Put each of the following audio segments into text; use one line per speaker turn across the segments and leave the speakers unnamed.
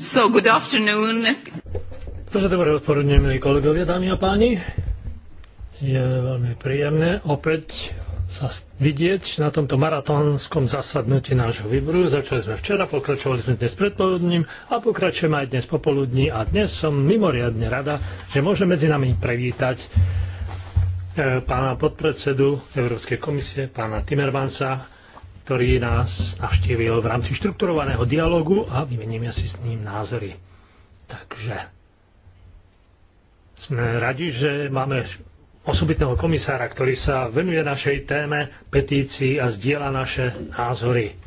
So, good afternoon. Takže dobré milí kolegovia, dámy a páni. Je veľmi príjemné opäť sa vidieť na tomto maratónskom zasadnutí nášho výboru. Začali sme včera, pokračovali sme dnes predpoludním a pokračujeme aj dnes popoludní. A dnes som mimoriadne rada, že môžem medzi nami privítať eh, pána podpredsedu Európskej komisie, pána Timmermansa, ktorý nás navštívil v rámci štrukturovaného dialogu a vymeníme si s ním názory. Takže sme radi, že máme osobitného komisára, ktorý sa venuje našej téme petícii a zdieľa naše názory.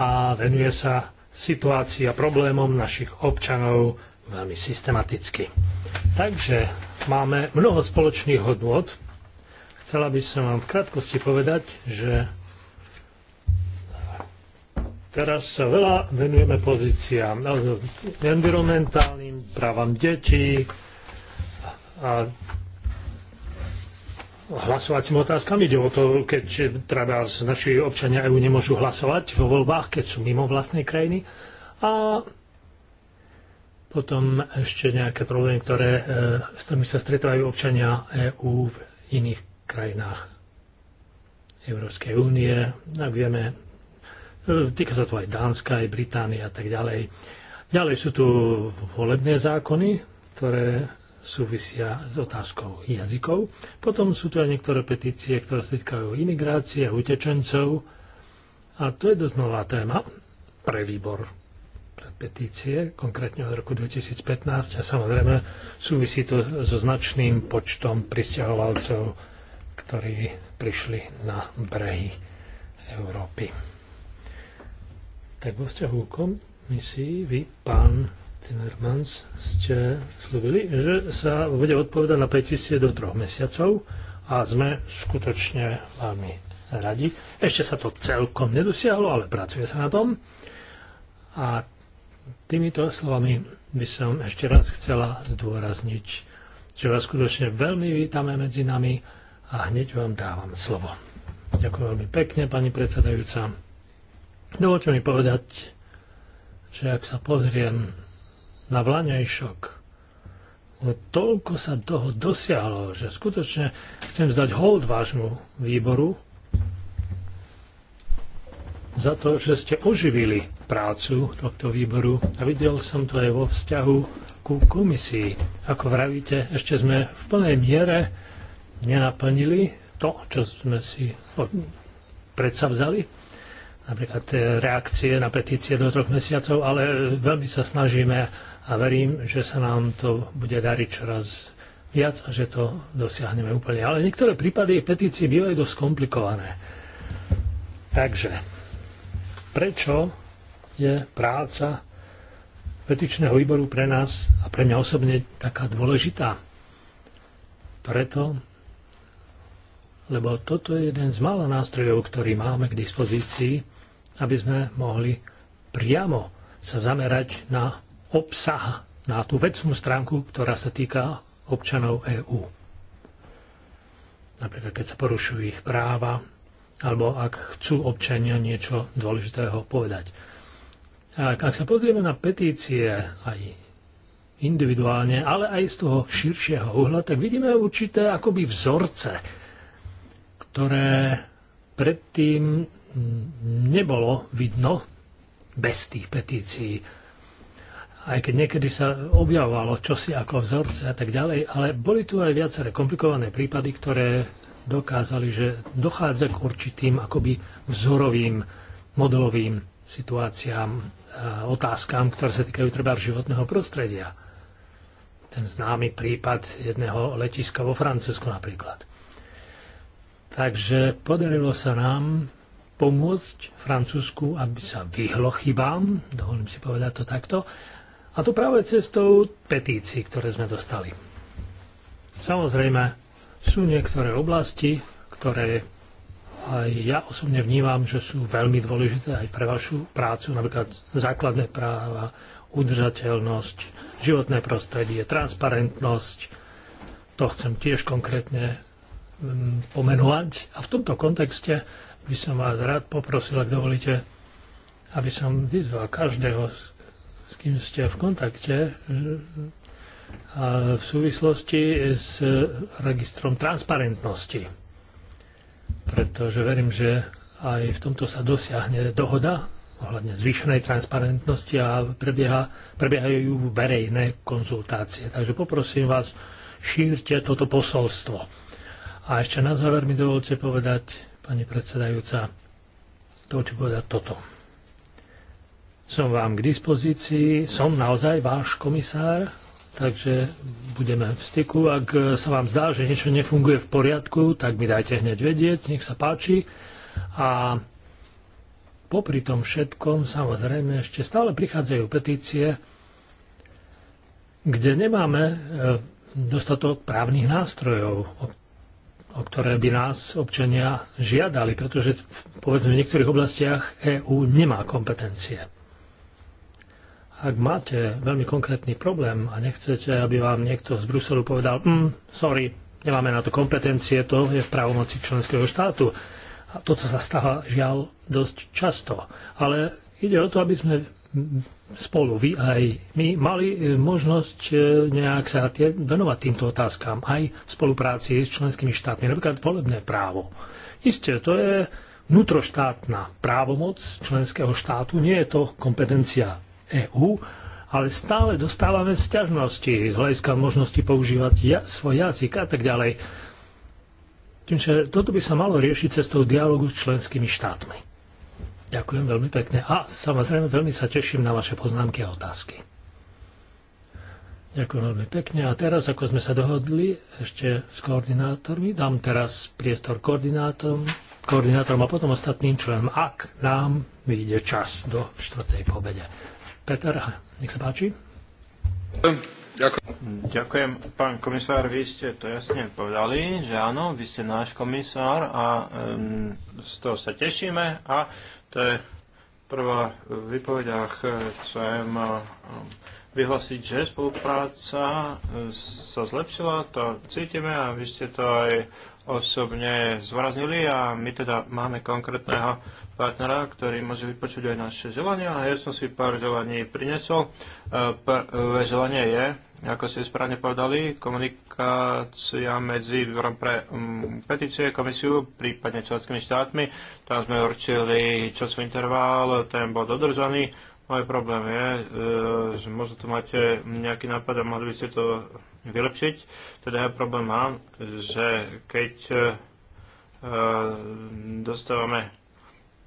A venuje sa situácii a problémom našich občanov veľmi systematicky. Takže máme mnoho spoločných hodnot. Chcela by som vám v krátkosti povedať, že Teraz sa veľa venujeme pozíciám, eh, environmentálnym, právam detí a hlasovacím otázkam. Ide o to, keď teda naši občania EU nemôžu hlasovať vo voľbách, keď sú mimo vlastnej krajiny. A potom ešte nejaké problémy, ktoré, eh, s ktorými sa stretávajú občania EÚ v iných krajinách Európskej únie. Ak vieme, E, týka sa to aj Dánska, aj Británia a tak ďalej. Ďalej sú tu volebné zákony, ktoré súvisia s otázkou jazykov. Potom sú tu aj niektoré petície, ktoré sa týkajú imigrácie a utečencov. A to je dosť nová téma pre výbor pre petície, konkrétne od roku 2015 a samozrejme súvisí to so značným počtom pristahovalcov, ktorí prišli na brehy Európy. Tak vo vzťahu k komisii vy, pán Timmermans, ste slúbili, že sa bude odpovedať na petície do troch mesiacov a sme skutočne veľmi radi. Ešte sa to celkom nedosiahlo, ale pracuje sa na tom. A týmito slovami by som ešte raz chcela zdôrazniť, že vás skutočne veľmi vítame medzi nami a hneď vám dávam slovo. Ďakujem veľmi pekne, pani predsedajúca. Dovolte mi povedať, že ak sa pozriem na vlaňajšok, no toľko sa toho dosiahlo, že skutočne chcem zdať hold vášmu výboru za to, že ste oživili prácu tohto výboru a videl som to aj vo vzťahu ku komisii. Ako vravíte, ešte sme v plnej miere nenaplnili to, čo sme si predsa vzali napríklad e, reakcie na petície do troch mesiacov, ale veľmi sa snažíme a verím, že sa nám to bude dariť čoraz viac a že to dosiahneme úplne. Ale niektoré prípady petície bývajú dosť komplikované. Takže, prečo je práca petičného výboru pre nás a pre mňa osobne taká dôležitá? Preto, lebo toto je jeden z mála nástrojov, ktorý máme k dispozícii aby sme mohli priamo sa zamerať na obsah, na tú vecnú stránku, ktorá sa týka občanov EÚ. Napríklad, keď sa porušujú ich práva, alebo ak chcú občania niečo dôležitého povedať. Ak, ak sa pozrieme na petície aj individuálne, ale aj z toho širšieho uhla, tak vidíme určité akoby vzorce, ktoré predtým Mm, nebolo vidno bez tých petícií. Aj keď niekedy sa objavovalo čosi ako vzorce a tak ďalej, ale boli tu aj viaceré komplikované prípady, ktoré dokázali, že dochádza k určitým akoby vzorovým, modelovým situáciám, otázkám, ktoré sa týkajú treba životného prostredia. Ten známy prípad jedného letiska vo Francúzsku napríklad. Takže podarilo sa nám pomôcť Francúzsku, aby sa vyhlo chybám, dovolím si povedať to takto, a to práve cestou petícií, ktoré sme dostali. Samozrejme, sú niektoré oblasti, ktoré aj ja osobne vnímam, že sú veľmi dôležité aj pre vašu prácu, napríklad základné práva, udržateľnosť, životné prostredie, transparentnosť. To chcem tiež konkrétne mm, pomenovať. A v tomto kontexte by som vás rád poprosil, ak dovolíte, aby som vyzval každého, s kým ste v kontakte, a v súvislosti s registrom transparentnosti. Pretože verím, že aj v tomto sa dosiahne dohoda ohľadne zvýšenej transparentnosti a prebieha, prebiehajú verejné konzultácie. Takže poprosím vás, šírte toto posolstvo. A ešte na záver mi dovolte povedať, pani predsedajúca, to ti povedať toto. Som vám k dispozícii, som naozaj váš komisár, takže budeme v styku. Ak sa vám zdá, že niečo nefunguje v poriadku, tak mi dajte hneď vedieť, nech sa páči. A popri tom všetkom, samozrejme, ešte stále prichádzajú petície, kde nemáme e, dostatok právnych nástrojov, o ktoré by nás občania žiadali, pretože povedzme v niektorých oblastiach EÚ nemá kompetencie. Ak máte veľmi konkrétny problém a nechcete, aby vám niekto z Bruselu povedal, mm, sorry, nemáme na to kompetencie, to je v právomoci členského štátu. A toto sa stáva žiaľ dosť často. Ale ide o to, aby sme spolu vy aj my mali e, možnosť e, nejak sa tie, venovať týmto otázkam aj v spolupráci s členskými štátmi, napríklad volebné právo. Isté, to je vnútroštátna právomoc členského štátu, nie je to kompetencia EÚ, ale stále dostávame sťažnosti z hľadiska možnosti používať ja, svoj jazyk a tak ďalej. Čiže toto by sa malo riešiť cestou dialogu s členskými štátmi. Ďakujem veľmi pekne a samozrejme veľmi sa teším na vaše poznámky a otázky. Ďakujem veľmi pekne. A teraz, ako sme sa dohodli ešte s koordinátormi, dám teraz priestor koordinátorom, koordinátorom a potom ostatným členom, ak nám vyjde čas do štvrtej pobede. Peter, nech sa páči.
Ďakujem. Ďakujem. Pán komisár, vy ste to jasne povedali, že áno, vy ste náš komisár a um, z toho sa tešíme a to je prvá výpoveď chcem eh, vyhlásiť, že spolupráca eh, sa zlepšila, to cítime a vy ste to aj osobne zvraznili a my teda máme konkrétneho partnera, ktorý môže vypočuť aj naše želania. A ja som si pár želaní prinesol. E, prvé želanie je, ako ste správne povedali, komunikácia medzi výborom pre um, petície, komisiu, prípadne členskými štátmi. Tam sme určili časový interval, ten bol dodržaný. Môj problém je, e, že možno tu máte nejaký nápad a mohli by ste to vylepšiť. Teda ja problém mám, že keď e, dostávame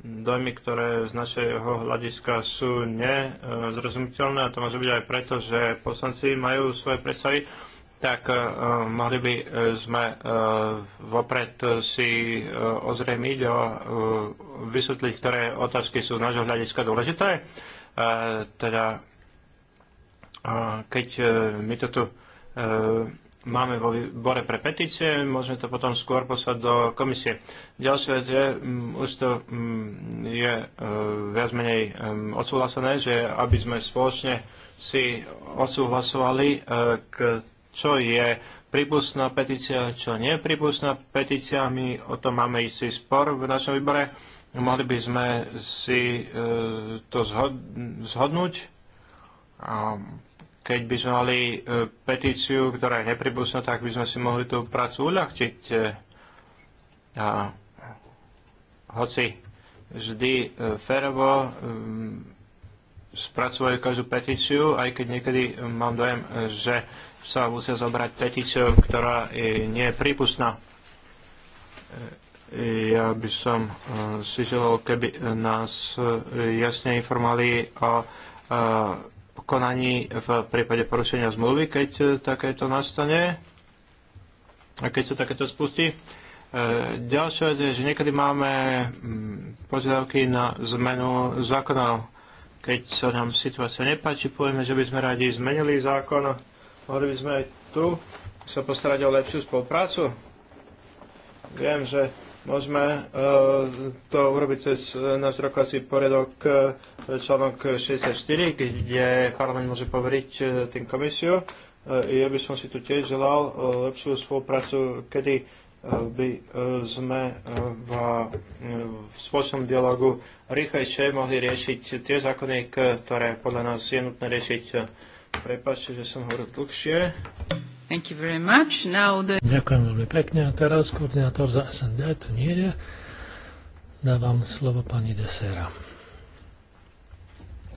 dojmy, ktoré z našeho hľadiska sú nezrozumiteľné a to môže byť aj preto, že poslanci majú svoje predstavy, tak uh, mohli by e, sme uh, vopred si uh, ozrejmiť a uh, vysvetliť, ktoré otázky sú z nášho hľadiska dôležité. Uh, teda, uh, keď uh, my to tu uh, máme vo výbore pre petície, môžeme to potom skôr poslať do komisie. Ďalšia vec je, mm, už to mm, je e, viac menej mm, odsúhlasené, že aby sme spoločne si odsúhlasovali, e, čo je prípustná petícia, čo nie je prípustná petícia. My o tom máme istý spor v našom výbore. Mohli by sme si e, to zhodnúť a keď by sme mali e, petíciu, ktorá je nepribusná, tak by sme si mohli tú prácu uľahčiť. E, a hoci vždy e, férovo spracovajú každú petíciu, aj keď niekedy mám dojem, že sa musia zobrať petíciu, ktorá nie je prípustná. Ja by som si želal, keby nás jasne informovali o konaní v prípade porušenia zmluvy, keď e, takéto nastane a keď sa takéto spustí. E, ďalšia vec je, že niekedy máme mm, požiadavky na zmenu zákona. Keď sa nám situácia nepáči, povieme, že by sme radi zmenili zákon. Mohli by sme aj tu sa postarať o lepšiu spoluprácu. Viem, že Môžeme e, to urobiť cez náš rokovací poriadok e, článok 64, kde parlament môže poveriť e, tým komisiu. Ja by som si tu tiež želal lepšiu spoluprácu, kedy by sme v, v spoločnom dialogu rýchlejšie mohli riešiť tie zákony, ktoré podľa nás je nutné riešiť. Prepačte, že som hovoril dlhšie.
Thank you very much. Now the... Ďakujem veľmi pekne. A teraz koordinátor za SND tu nie je. Dávam slovo pani Desera.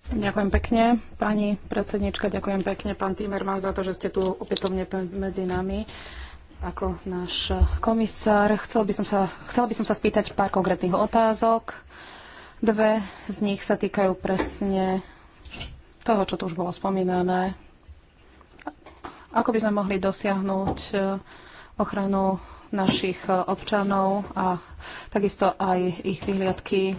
Ďakujem pekne, pani predsednička, ďakujem pekne, pán Timerman, za to, že ste tu opätovne medzi nami ako náš komisár. Chcel by som sa, chcela by som sa spýtať pár konkrétnych otázok. Dve z nich sa týkajú presne toho, čo tu už bolo spomínané, ako by sme mohli dosiahnuť e, ochranu našich e, občanov a takisto aj ich vyhliadky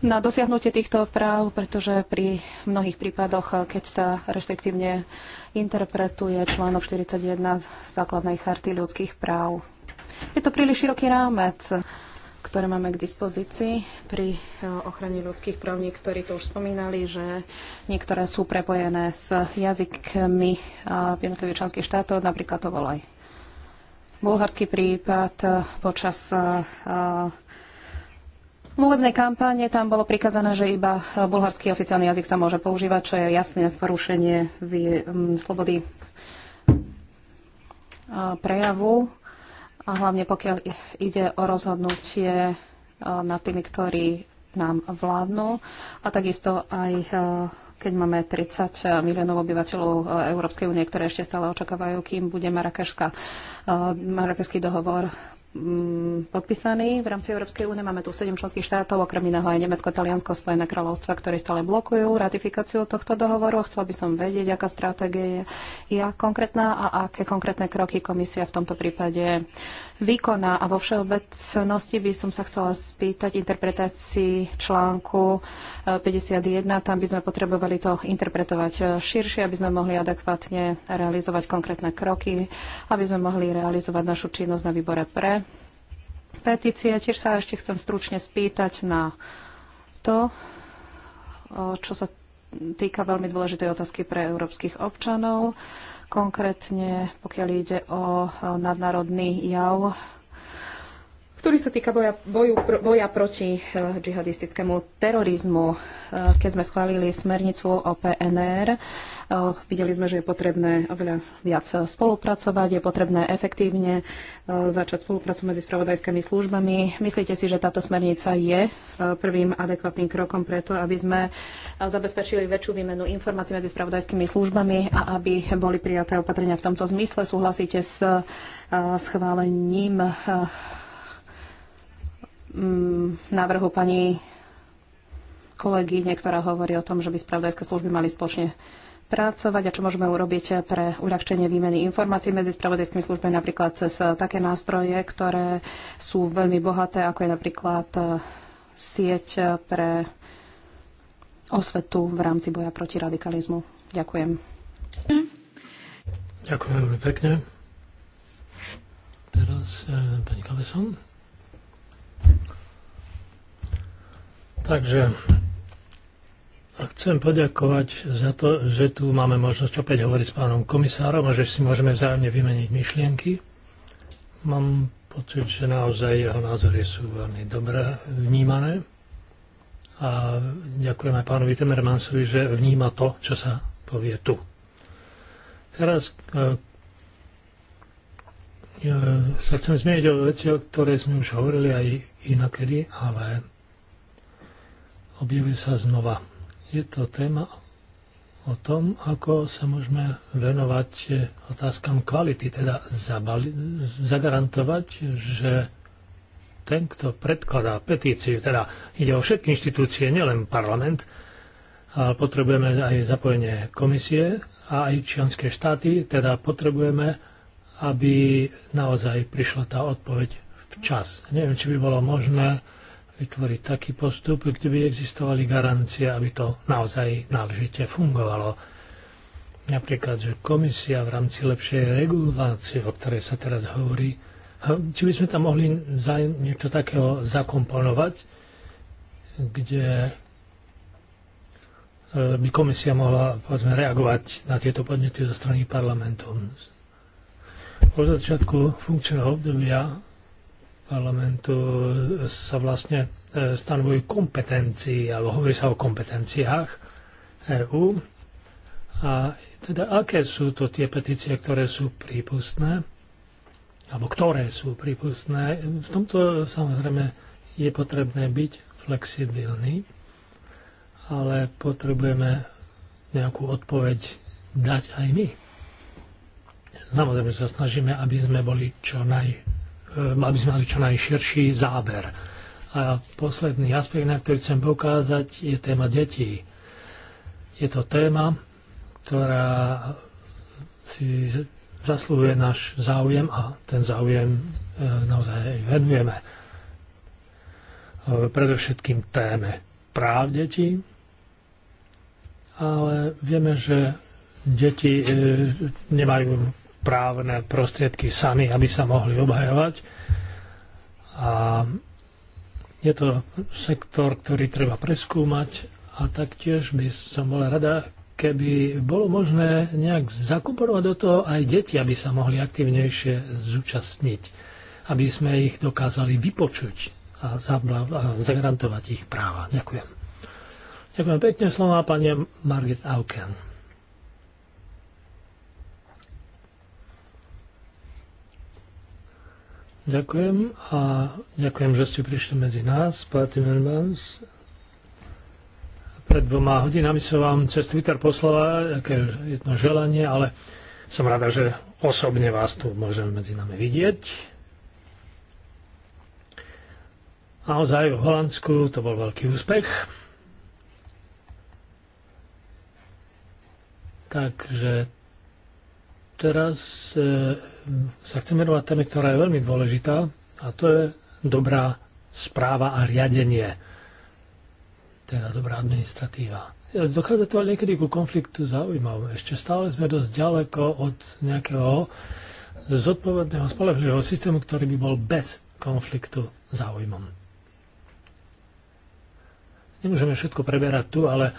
na dosiahnutie týchto práv, pretože pri mnohých prípadoch, e, keď sa reštriktívne interpretuje článok 41 základnej charty ľudských práv. Je to príliš široký rámec ktoré máme k dispozícii pri e, ochrane ľudských práv. Niektorí to už spomínali, že niektoré sú prepojené s jazykmi e, v jednotlivých členských štátov, napríklad to bol aj bulharský prípad e, počas volebnej kampáne tam bolo prikázané, že iba bulharský oficiálny jazyk sa môže používať, čo je jasné porušenie slobody prejavu a hlavne pokiaľ ide o rozhodnutie e, nad tými, ktorí nám vládnu a takisto aj e, keď máme 30 miliónov obyvateľov e, Európskej únie, ktoré ešte stále očakávajú, kým bude Marrakešská, Marrakešský dohovor Mm, podpísaný v rámci Európskej únie. Máme tu sedem členských štátov, okrem iného aj Nemecko, Taliansko, Spojené kráľovstva, ktorí stále blokujú ratifikáciu tohto dohovoru. Chcela by som vedieť, aká stratégia je ja konkrétna a aké konkrétne kroky komisia v tomto prípade vykoná. A vo všeobecnosti by som sa chcela spýtať interpretácii článku 51. Eh, Tam by sme potrebovali to interpretovať eh, širšie, aby sme mohli adekvátne realizovať konkrétne kroky, aby sme mohli realizovať našu činnosť na výbore pre petície. Tiež sa ešte chcem stručne spýtať na to, čo sa týka veľmi dôležitej otázky pre európskych občanov, konkrétne pokiaľ ide o nadnárodný jav ktorý sa týka boja, boju, boja proti eh, džihadistickému terorizmu. Eh, keď sme schválili smernicu o PNR, eh, videli sme, že je potrebné oveľa viac spolupracovať, je potrebné efektívne začať spolupracovať medzi spravodajskými službami. Myslíte si, že táto smernica je prvým adekvátnym krokom preto, aby sme zabezpečili väčšiu výmenu informácií medzi spravodajskými službami a aby boli prijaté opatrenia v tomto zmysle? Súhlasíte s schválením Mm, návrhu pani kolegyne, ktorá hovorí o tom, že by spravodajské služby mali spoločne pracovať a čo môžeme urobiť pre uľahčenie výmeny informácií medzi spravodajskými službami napríklad cez eh, také nástroje, ktoré sú veľmi bohaté, ako je napríklad eh, sieť eh, pre osvetu v rámci boja proti radikalizmu. Ďakujem.
Ďakujem veľmi pekne. Teraz pani Kaveson. Takže chcem poďakovať za to, že tu máme možnosť opäť hovoriť s pánom komisárom a že si môžeme vzájomne vymeniť myšlienky. Mám pocit, že naozaj jeho názory sú veľmi dobre vnímané. A ďakujem aj pánovi Temermansovi, že vníma to, čo sa povie tu. Teraz sa chcem zmieniť o veci, o ktoré sme už hovorili aj inakedy, ale objavuje sa znova. Je to téma o tom, ako sa môžeme venovať otázkam kvality, teda zabali, zagarantovať, že ten, kto predkladá petíciu, teda ide o všetky inštitúcie, nielen parlament, ale potrebujeme aj zapojenie komisie a aj členské štáty, teda potrebujeme aby naozaj prišla tá odpoveď včas. Neviem, či by bolo možné vytvoriť taký postup, kde by existovali garancie, aby to naozaj náležite fungovalo. Napríklad, že komisia v rámci lepšej regulácie, o ktorej sa teraz hovorí, hm, či by sme tam mohli niečo takého zakomponovať, kde e, by komisia mohla povedzme, reagovať na tieto podnety zo strany parlamentu. Po začiatku funkčného obdobia parlamentu sa vlastne e, stanovujú kompetencie, alebo hovorí sa o kompetenciách EÚ. A teda aké sú to tie petície, ktoré sú prípustné, alebo ktoré sú prípustné. V tomto samozrejme je potrebné byť flexibilný, ale potrebujeme nejakú odpoveď dať aj my. Samozrejme sa snažíme, aby sme boli čo naj, e, aby sme mali čo najširší záber. A posledný aspekt, na ktorý chcem poukázať, je téma detí. Je to téma, ktorá si zaslúhuje náš záujem a ten záujem e, naozaj venujeme. E, predovšetkým téme práv detí, ale vieme, že deti nemajú právne prostriedky sami, aby sa mohli obhajovať. A je to sektor, ktorý treba preskúmať a taktiež by som bola rada, keby bolo možné nejak zakupovať do toho aj deti, aby sa mohli aktívnejšie zúčastniť, aby sme ich dokázali vypočuť a zagarantovať ich práva. Ďakujem. Ďakujem pekne slova pani Margit Auken. Ďakujem a ďakujem, že ste prišli medzi nás, Páty Mermans. Pred dvoma hodinami som vám cez Twitter poslala aké jedno želanie, ale som rada, že osobne vás tu môžem medzi nami vidieť. Naozaj v Holandsku to bol veľký úspech. Takže teraz e, sa chcem venovať téme, ktorá je veľmi dôležitá a to je dobrá správa a riadenie, teda dobrá administratíva. E, dochádza to ale niekedy ku konfliktu zaujímavé. Ešte stále sme dosť ďaleko od nejakého zodpovedného, spolehlivého systému, ktorý by bol bez konfliktu záujmom. Nemôžeme všetko preberať tu, ale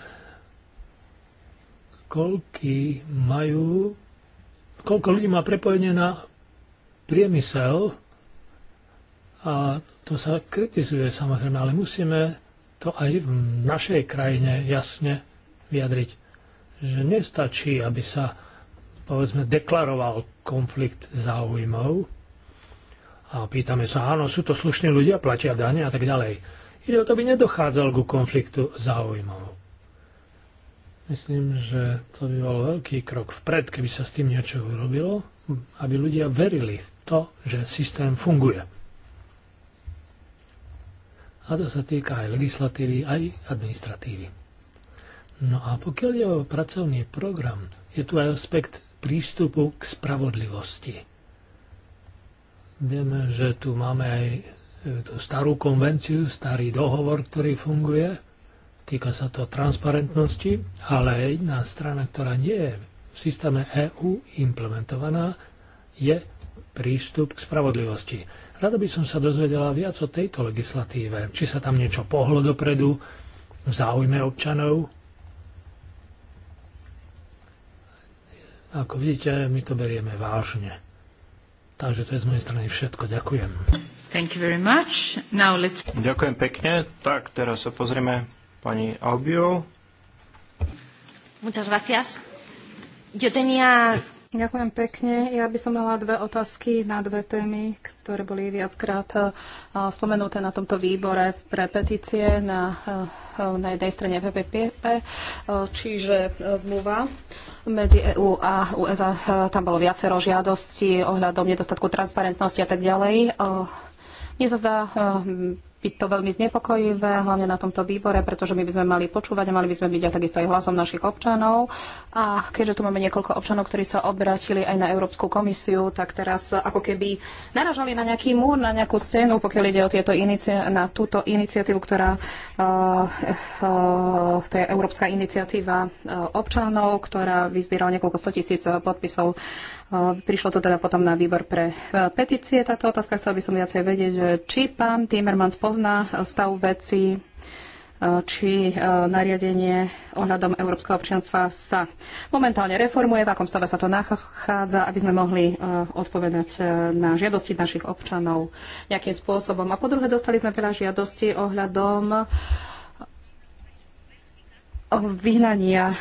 koľky majú koľko ľudí má prepojenie na priemysel a to sa kritizuje samozrejme, ale musíme to aj v našej krajine jasne vyjadriť, že nestačí, aby sa povedzme deklaroval konflikt záujmov a pýtame sa, áno, sú to slušní ľudia, platia dane a tak ďalej. Ide o to, aby nedochádzal ku konfliktu záujmov. Myslím, že to by bol veľký krok vpred, keby sa s tým niečo urobilo, aby ľudia verili v to, že systém funguje. A to sa týka aj legislatívy, aj administratívy. No a pokiaľ je o pracovný program, je tu aj aspekt prístupu k spravodlivosti. Vieme, že tu máme aj e, tú starú konvenciu, starý dohovor, ktorý funguje Týka sa to transparentnosti, ale jedna strana, ktorá nie je v systéme EU implementovaná, je prístup k spravodlivosti. Rada by som sa dozvedela viac o tejto legislatíve. Či sa tam niečo pohlo dopredu v záujme občanov? Ako vidíte, my to berieme vážne. Takže to je z mojej strany všetko. Ďakujem.
Thank you very much. Now let's...
Ďakujem pekne. Tak, teraz sa pozrieme Pani Albiol.
Muchas
gracias. Yo
tenía... Ďakujem pekne. Ja by som mala dve otázky na dve témy, ktoré boli viackrát eh, spomenuté na tomto výbore pre petície na, eh, na jednej strane PPP, eh, čiže zmluva medzi EÚ a USA. Tam bolo viacero žiadostí ohľadom nedostatku transparentnosti a tak ďalej. Mne sa zdá byť to veľmi znepokojivé, hlavne na tomto výbore, pretože my by sme mali počúvať a mali by sme byť aj takisto aj hlasom našich občanov. A keďže tu máme niekoľko občanov, ktorí sa obrátili aj na Európsku komisiu, tak teraz ako keby naražali na nejaký múr, na nejakú scénu, pokiaľ ide o tieto inici- na túto iniciatívu, ktorá uh, uh, to je Európska iniciatíva eh, občanov, ktorá vyzbierala niekoľko stotisíc podpisov Prišlo to teda potom na výbor pre petície táto otázka. Chcel by som viacej vedieť, či pán Timmermans po pozná stav veci, e, či e, nariadenie ohľadom európskeho občianstva sa momentálne reformuje, v akom stave sa to nachádza, aby sme mohli e, odpovedať na žiadosti našich občanov nejakým spôsobom. A po druhé, dostali sme veľa žiadosti ohľadom vyhnania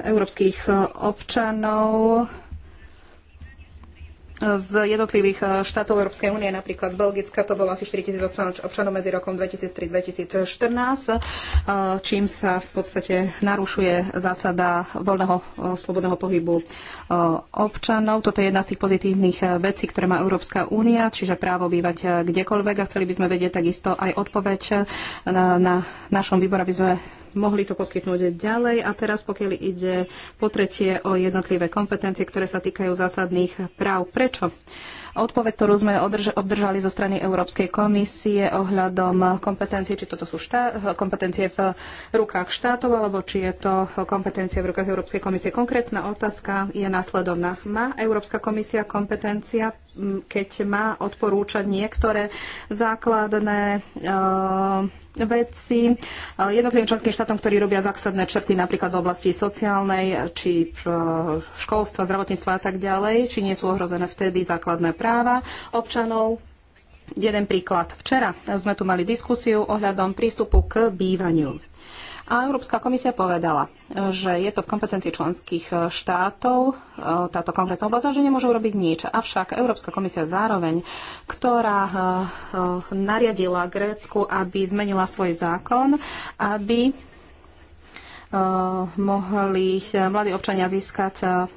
európskych občanov z jednotlivých e, štátov Európskej únie, napríklad z Belgicka to bolo asi 4000 občanov medzi rokom 2003-2014, e, čím sa v podstate narušuje zásada voľného e, slobodného pohybu občanov. Toto je jedna z tých pozitívnych vecí, ktoré má Európska únia, čiže právo bývať kdekoľvek a chceli by sme vedieť takisto aj odpoveď na našom výbore, aby sme mohli to poskytnúť ďalej. A teraz, pokiaľ ide po tretie o jednotlivé kompetencie, ktoré sa týkajú zásadných práv. Prečo? Odpoveď, ktorú sme obdržali zo strany Európskej komisie ohľadom kompetencie, či toto sú štá, kompetencie v rukách štátov, alebo či je to kompetencia v rukách Európskej komisie. Konkrétna otázka je následovná. Má Európska komisia kompetencia keď má odporúčať niektoré základné e, veci e, jednotlivým členským štátom, ktorí robia základné črty napríklad v oblasti sociálnej, či e, školstva, zdravotníctva a tak ďalej, či nie sú ohrozené vtedy základné práva občanov. Jeden príklad. Včera sme tu mali diskusiu ohľadom prístupu k bývaniu. A Európska komisia povedala, že je to v kompetencii členských e, štátov e, táto konkrétna oblasť, že nemôžu robiť nič. Avšak Európska komisia zároveň, ktorá e, nariadila Grécku, aby zmenila svoj zákon, aby mohli mladí občania získať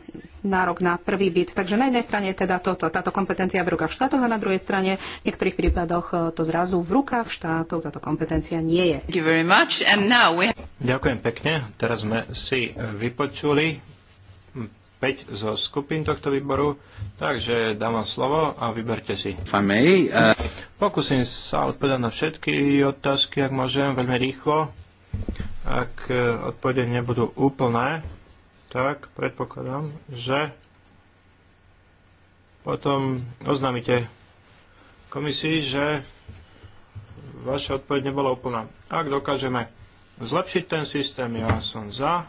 nárok na prvý byt. Takže na jednej strane teda toto, táto kompetencia v rukách štátov a na druhej strane v niektorých prípadoch e, to zrazu v rukách štátov táto kompetencia nie je.
Ďakujem pekne. Teraz sme si e, vypočuli 5 zo skupín tohto výboru, takže dám vám slovo a vyberte si.
Uh,
Pokúsim sa odpovedať na všetky otázky, ak môžem, veľmi rýchlo. Ak e, odpovede nebudú úplné, tak predpokladám, že potom oznámite komisii, že vaša odpoveď nebola úplná. Ak dokážeme zlepšiť ten systém, ja som za.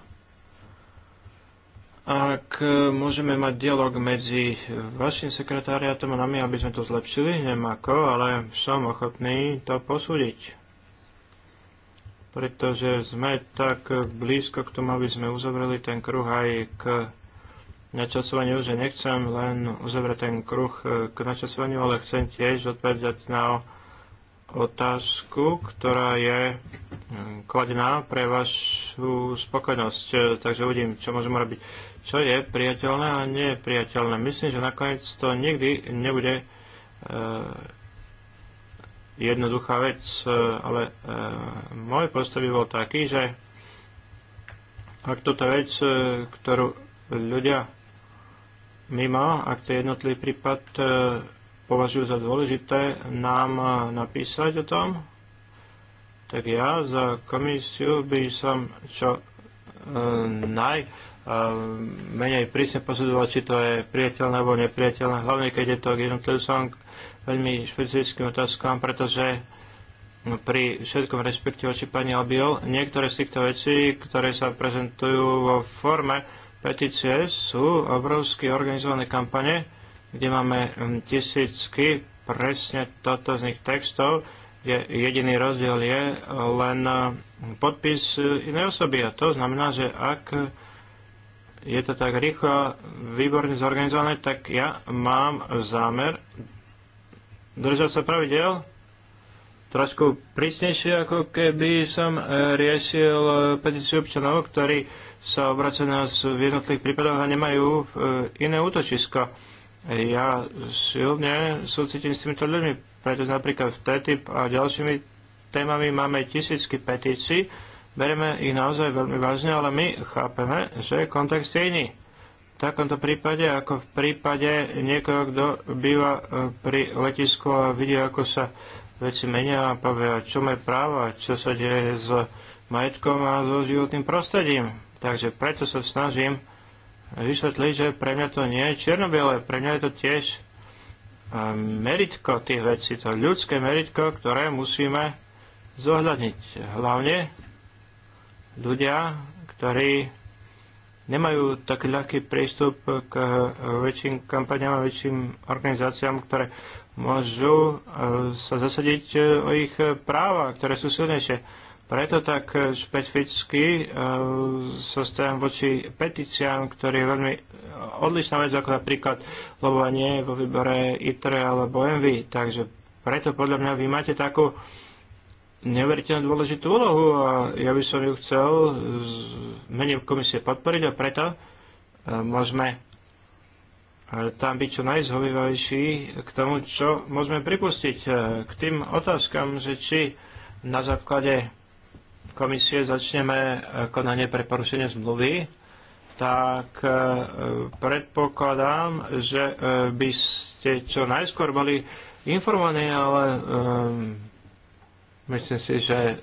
Ak môžeme mať dialog medzi vašim sekretáriatom a nami, aby sme to zlepšili, nemá ako, ale som ochotný to posúdiť pretože sme tak blízko k tomu, aby sme uzavreli ten kruh aj k načasovaniu, že nechcem len uzavrieť ten kruh k načasovaniu, ale chcem tiež odpovedať na otázku, ktorá je kladená pre vašu spokojnosť. Takže uvidím, čo môžeme robiť. Čo je priateľné a nie je priateľné. Myslím, že nakoniec to nikdy nebude eh, jednoduchá vec, e, ale e, môj postoj by bol taký, že ak toto vec, e, ktorú ľudia mimo, ak to jednotlivý prípad považujú za dôležité nám napísať o tom, tak ja za komisiu by som čo naj menej prísne posudoval, či to je priateľné alebo nepriateľné, hlavne keď je to k jednotlivcom, veľmi špecifickým otázkam, pretože no, pri všetkom respekte voči pani Albiol, niektoré z týchto vecí, ktoré sa prezentujú vo forme petície, sú obrovské organizované kampane, kde máme hm, tisícky presne toto nich textov, kde jediný rozdiel je len hm, podpis inej osoby. A to znamená, že ak je to tak rýchlo, výborne zorganizované, tak ja mám zámer držať sa pravidel, trošku prísnejšie, ako keby som e, riešil e, petíciu občanov, ktorí sa obracajú nás v jednotlivých prípadoch a nemajú e, iné útočisko. Ja silne súcitím s týmito ľuďmi, pretože napríklad v TTIP a ďalšími témami máme tisícky petícií, bereme ich naozaj veľmi vážne, ale my chápeme, že kontext je iný. V takomto prípade, ako v prípade niekoho, kto býva e, pri letisku a vidí, ako sa veci menia a povie, čo má práva, čo sa deje s majetkom a so životným prostredím. Takže preto sa snažím vysvetliť, že pre mňa to nie je čierno-biele, pre mňa je to tiež e, meritko tých vecí, to ľudské meritko, ktoré musíme zohľadniť. Hlavne ľudia, ktorí nemajú taký ľahký prístup k väčším kampaniám a väčším organizáciám, ktoré môžu eh, sa zasadiť eh, o ich práva, ktoré sú silnejšie. Preto tak eh, špecificky sa stávam voči petíciám, ktorý je veľmi odlišná vec ako napríklad lobovanie vo výbore ITRE alebo MV. Takže preto podľa mňa vy máte takú uh, neveriteľne dôležitú úlohu a ja by som ju chcel menej komisie podporiť a preto e, môžeme e, tam byť čo najzhovivajší k tomu, čo môžeme pripustiť e, k tým otázkam, že či na základe komisie začneme konanie pre porušenie zmluvy, tak predpokladám, že by ste čo najskôr boli informovaní, ale Myslím si, že e,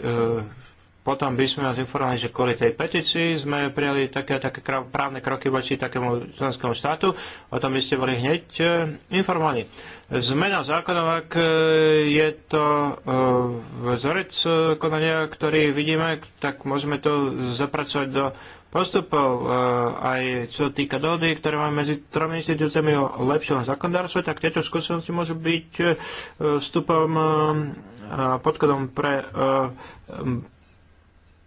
potom by sme vás informovali, že kvôli tej petícii sme prijali také, také právne kroky voči takému členskému štátu. O tom by ste boli hneď e, informovaní. Zmena zákonov, ak e, je to vzorec konania, ktorý vidíme, tak môžeme to zapracovať do postupov, e, aj čo týka dohody, ktoré máme medzi tromi inštitúciami o lepšom zákonodárstve, tak tieto skúsenosti môžu byť e, vstupom e, a podkladom pre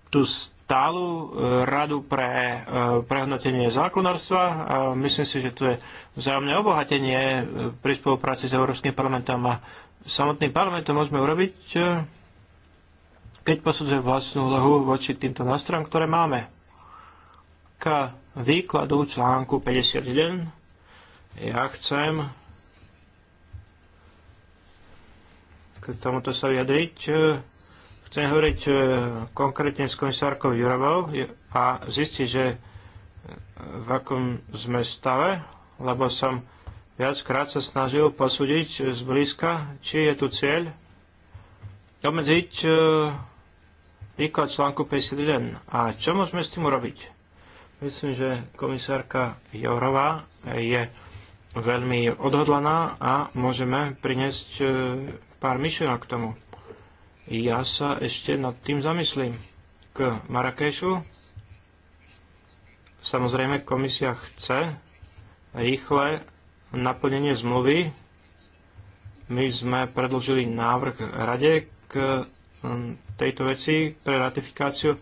tú stálu radu pre prehodnotenie zákonodárstva. Myslím si, že to je vzájomné obohatenie pri spolupráci s Európskym parlamentom a samotným parlamentom môžeme urobiť, keď posudzuje vlastnú lohu voči týmto nástrojom, ktoré máme týka výkladu článku 51, ja chcem k tomuto sa vyjadriť. Chcem hovoriť e, konkrétne s komisárkou Jurovou a zistiť, že e, v akom sme stave, lebo som viackrát sa snažil posúdiť zblízka, či je tu cieľ obmedziť e, výklad článku 51. A čo môžeme s tým urobiť? Myslím, že komisárka Jorová je veľmi odhodlaná a môžeme priniesť e, pár myšlienok k tomu. Ja sa ešte nad tým zamyslím. K Marrakešu samozrejme komisia chce rýchle naplnenie zmluvy. My sme predložili návrh rade k tejto veci pre ratifikáciu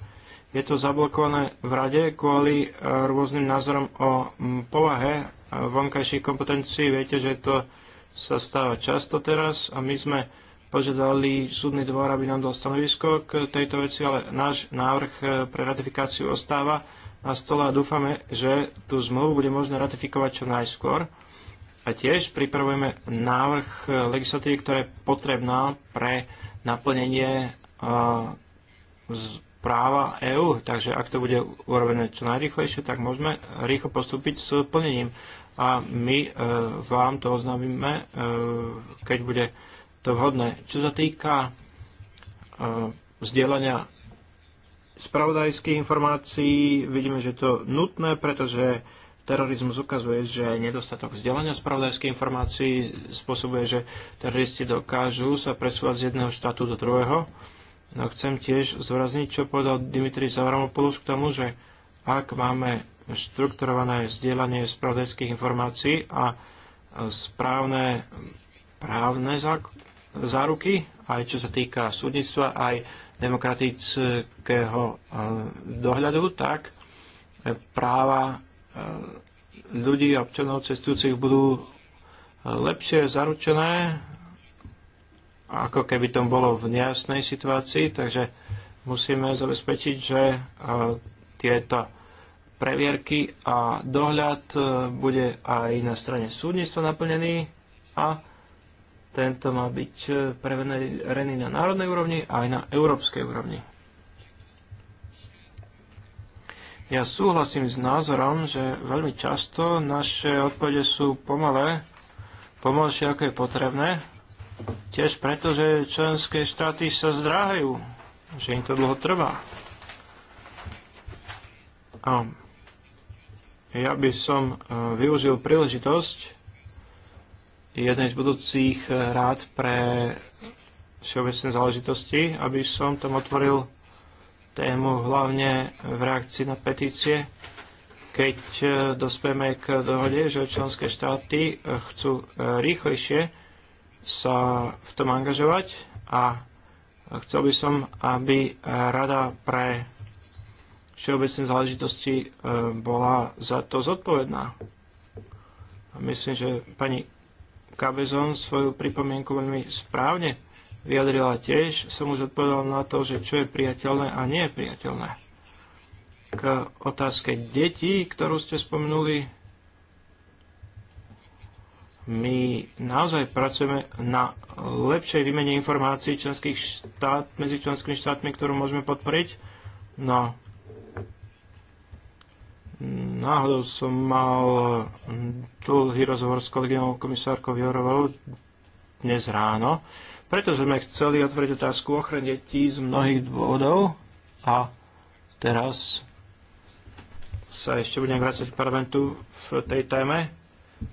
je to zablokované v rade kvôli e, rôznym názorom o povahe e, vonkajších kompetencií. Viete, že to sa stáva často teraz a my sme požiadali súdny dvor, aby nám dal stanovisko k tejto veci, ale náš návrh e, pre ratifikáciu ostáva na stole a dúfame, že tú zmluvu bude možné ratifikovať čo najskôr. A tiež pripravujeme návrh legislatívy, ktorá je potrebná pre naplnenie z práva EÚ. Takže ak to bude urobené čo najrychlejšie, tak môžeme rýchlo postúpiť s plnením. A my e, vám to oznámime, e, keď bude to vhodné. Čo sa týka e, vzdielania spravodajských informácií, vidíme, že je to nutné, pretože terorizmus ukazuje, že nedostatok vzdelania spravodajských informácií spôsobuje, že teroristi dokážu sa presúvať z jedného štátu do druhého No chcem tiež zvrazniť, čo povedal Dimitri Zavramopoulos k tomu, že ak máme štrukturované zdieľanie spravodajských informácií a správne právne záruky, aj čo sa týka súdnictva, aj demokratického e, dohľadu, tak e, práva e, ľudí a občanov cestujúcich budú lepšie zaručené ako keby to bolo v nejasnej situácii, takže musíme zabezpečiť, že e, tieto previerky a dohľad e, bude aj na strane súdnictva naplnený a tento má byť e, prevedený na národnej úrovni a aj na európskej úrovni. Ja súhlasím s názorom, že veľmi často naše odpovede sú pomalé, pomalšie ako je potrebné Tiež preto, že členské štáty sa zdráhajú, že im to dlho trvá. A ja by som e, využil príležitosť jednej z budúcich e, rád pre všeobecné záležitosti, aby som tam otvoril tému hlavne v reakcii na petície, keď e, dospieme k dohode, že členské štáty chcú rýchlejšie sa v tom angažovať a chcel by som, aby Rada pre všeobecné záležitosti e, bola za to zodpovedná. Myslím, že pani Kabezon svoju pripomienku veľmi správne vyjadrila tiež. Som už odpovedal na to, že čo je priateľné a nie je priateľné. K otázke detí, ktorú ste spomenuli, my naozaj pracujeme na lepšej výmene informácií členských štát, medzi členskými štátmi, ktorú môžeme podporiť. No, náhodou som mal dlhý rozhovor s kolegyňou komisárkou Jorovou dnes ráno, pretože sme chceli otvoriť otázku ochrany detí z mnohých dôvodov a teraz sa ešte budem vrácať k parlamentu v tej téme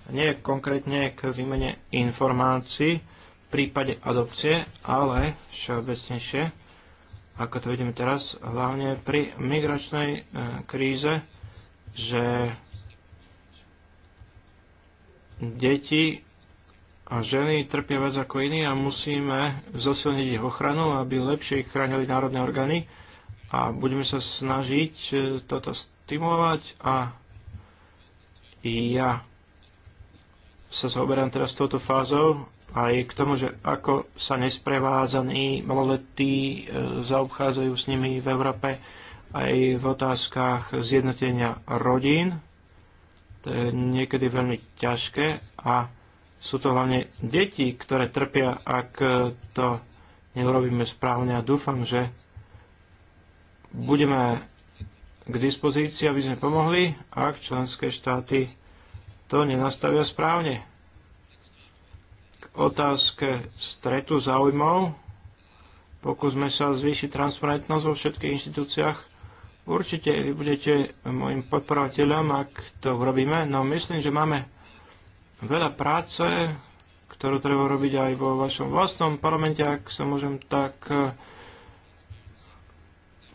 nie konkrétne k výmene informácií v prípade adopcie, ale všeobecnejšie, ako to vidíme teraz, hlavne pri migračnej e, kríze, že deti a ženy trpia viac ako iní a musíme zosilniť ich ochranu, aby lepšie ich chránili národné orgány a budeme sa snažiť e, toto stimulovať a ja sa zaoberám teraz touto fázou aj k tomu, že ako sa nesprevádzaní maloletí e, zaobchádzajú s nimi v Európe aj v otázkach zjednotenia rodín. To je niekedy veľmi ťažké a sú to hlavne deti, ktoré trpia, ak to neurobíme správne a dúfam, že budeme k dispozícii, aby sme pomohli, ak členské štáty to nenastavia správne. K otázke stretu záujmov pokúsme sa zvýšiť transparentnosť vo všetkých inštitúciách. Určite vy budete môjim podporovateľom, ak to urobíme, no myslím, že máme veľa práce, ktorú treba robiť aj vo vašom vlastnom parlamente, ak sa môžem tak uh,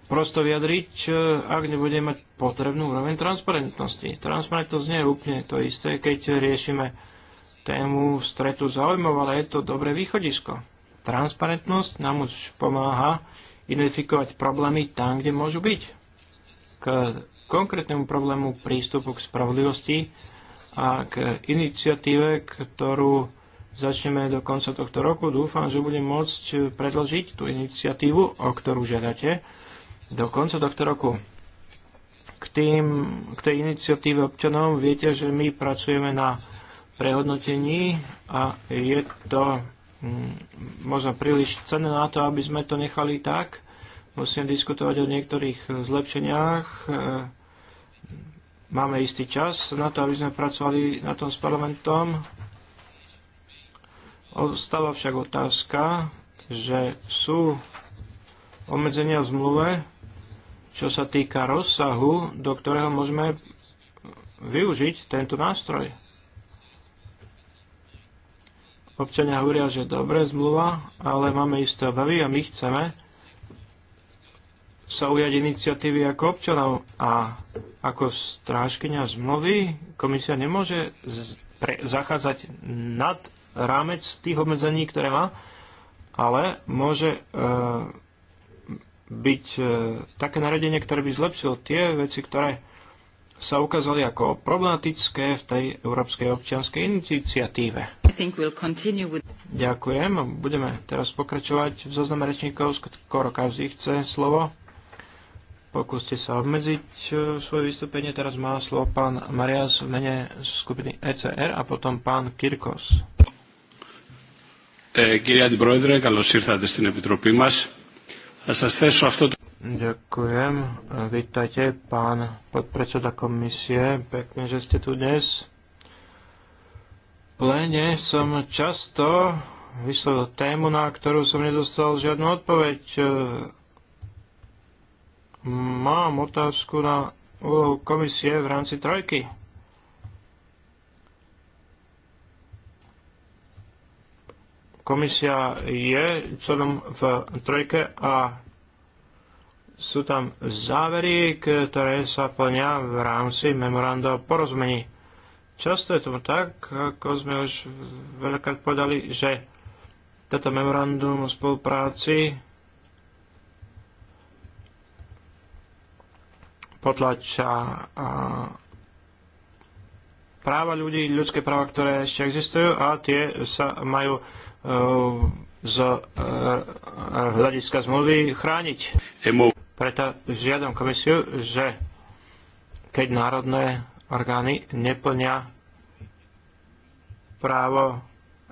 prosto vyjadriť, e, ak nebudeme mať potrebnú úroveň transparentnosti. Transparentnosť nie je úplne to isté, keď riešime tému stretu záujmov, ale je to dobré východisko. Transparentnosť nám už pomáha identifikovať problémy tam, kde môžu byť. K konkrétnemu problému prístupu k spravodlivosti a k iniciatíve, ktorú začneme do konca tohto roku. Dúfam, že budem môcť predložiť tú iniciatívu, o ktorú žiadate do konca tohto roku. K, tým, k tej iniciatíve občanom, viete, že my pracujeme na prehodnotení a je to mm, možno príliš cenné na to, aby sme to nechali tak. Musím diskutovať o niektorých zlepšeniach. E, máme istý čas na to, aby sme pracovali na tom s parlamentom. Ostáva však otázka, že sú obmedzenia v zmluve, čo sa týka rozsahu, do ktorého môžeme využiť tento nástroj. Občania hovoria, že dobre zmluva, ale máme isté obavy a my chceme sa ujať iniciatívy ako občanov a ako strážkynia zmluvy komisia nemôže pre, zachádzať nad rámec tých obmedzení, ktoré má, ale môže e, byť e, také naredenie, ktoré by zlepšilo tie veci, ktoré sa ukázali ako problematické v tej Európskej občianskej iniciatíve. We'll with... Ďakujem. Budeme teraz pokračovať v zozname rečníkov, skoro každý chce slovo. Pokúste sa obmedziť e, svoje vystúpenie. Teraz má slovo pán Marias v mene skupiny ECR a potom pán Kirkos. E, sa v toto... Ďakujem. Vítajte, pán podpredseda komisie. Pekne, že ste tu dnes. Plene som často vyslovil tému, na ktorú som nedostal žiadnu odpoveď. Mám otázku na úlohu komisie v rámci trojky. Komisia je členom v trojke a sú tam závery, ktoré sa plnia v rámci memoranda o porozumení. Často je tomu tak, ako sme už veľakrát povedali, že toto memorandum o spolupráci potlača práva ľudí, ľudské práva, ktoré ešte existujú a tie sa majú Ehm, z eh, hľadiska zmluvy chrániť. Preto žiadam komisiu, že keď národné orgány neplnia právo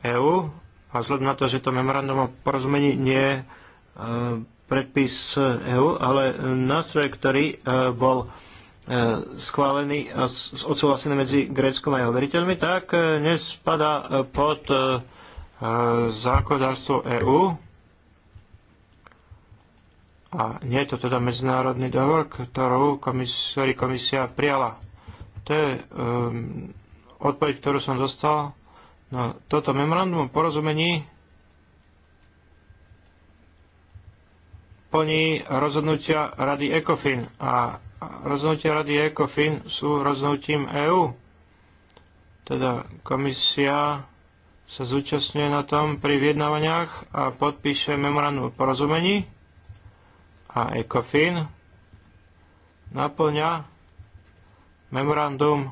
EÚ a vzhľadom na to, že to memorandum o porozumení nie je eh, predpis EÚ, ale nástroj, ktorý eh, bol schválený a odsúhlasený medzi Gréckom a jeho veriteľmi, tak nespadá pod zákonodárstvo EÚ a nie je to teda medzinárodný dohovor, ktorú komisári komisia prijala. To je um, odpoveď, ktorú som dostal. na toto memorandum o porozumení plní rozhodnutia Rady ECOFIN a rozhodnutia Rady ECOFIN sú rozhodnutím EÚ. Teda komisia sa zúčastňuje na tom pri vyjednávaniach a podpíše memorandum o porozumení a ECOFIN naplňa memorandum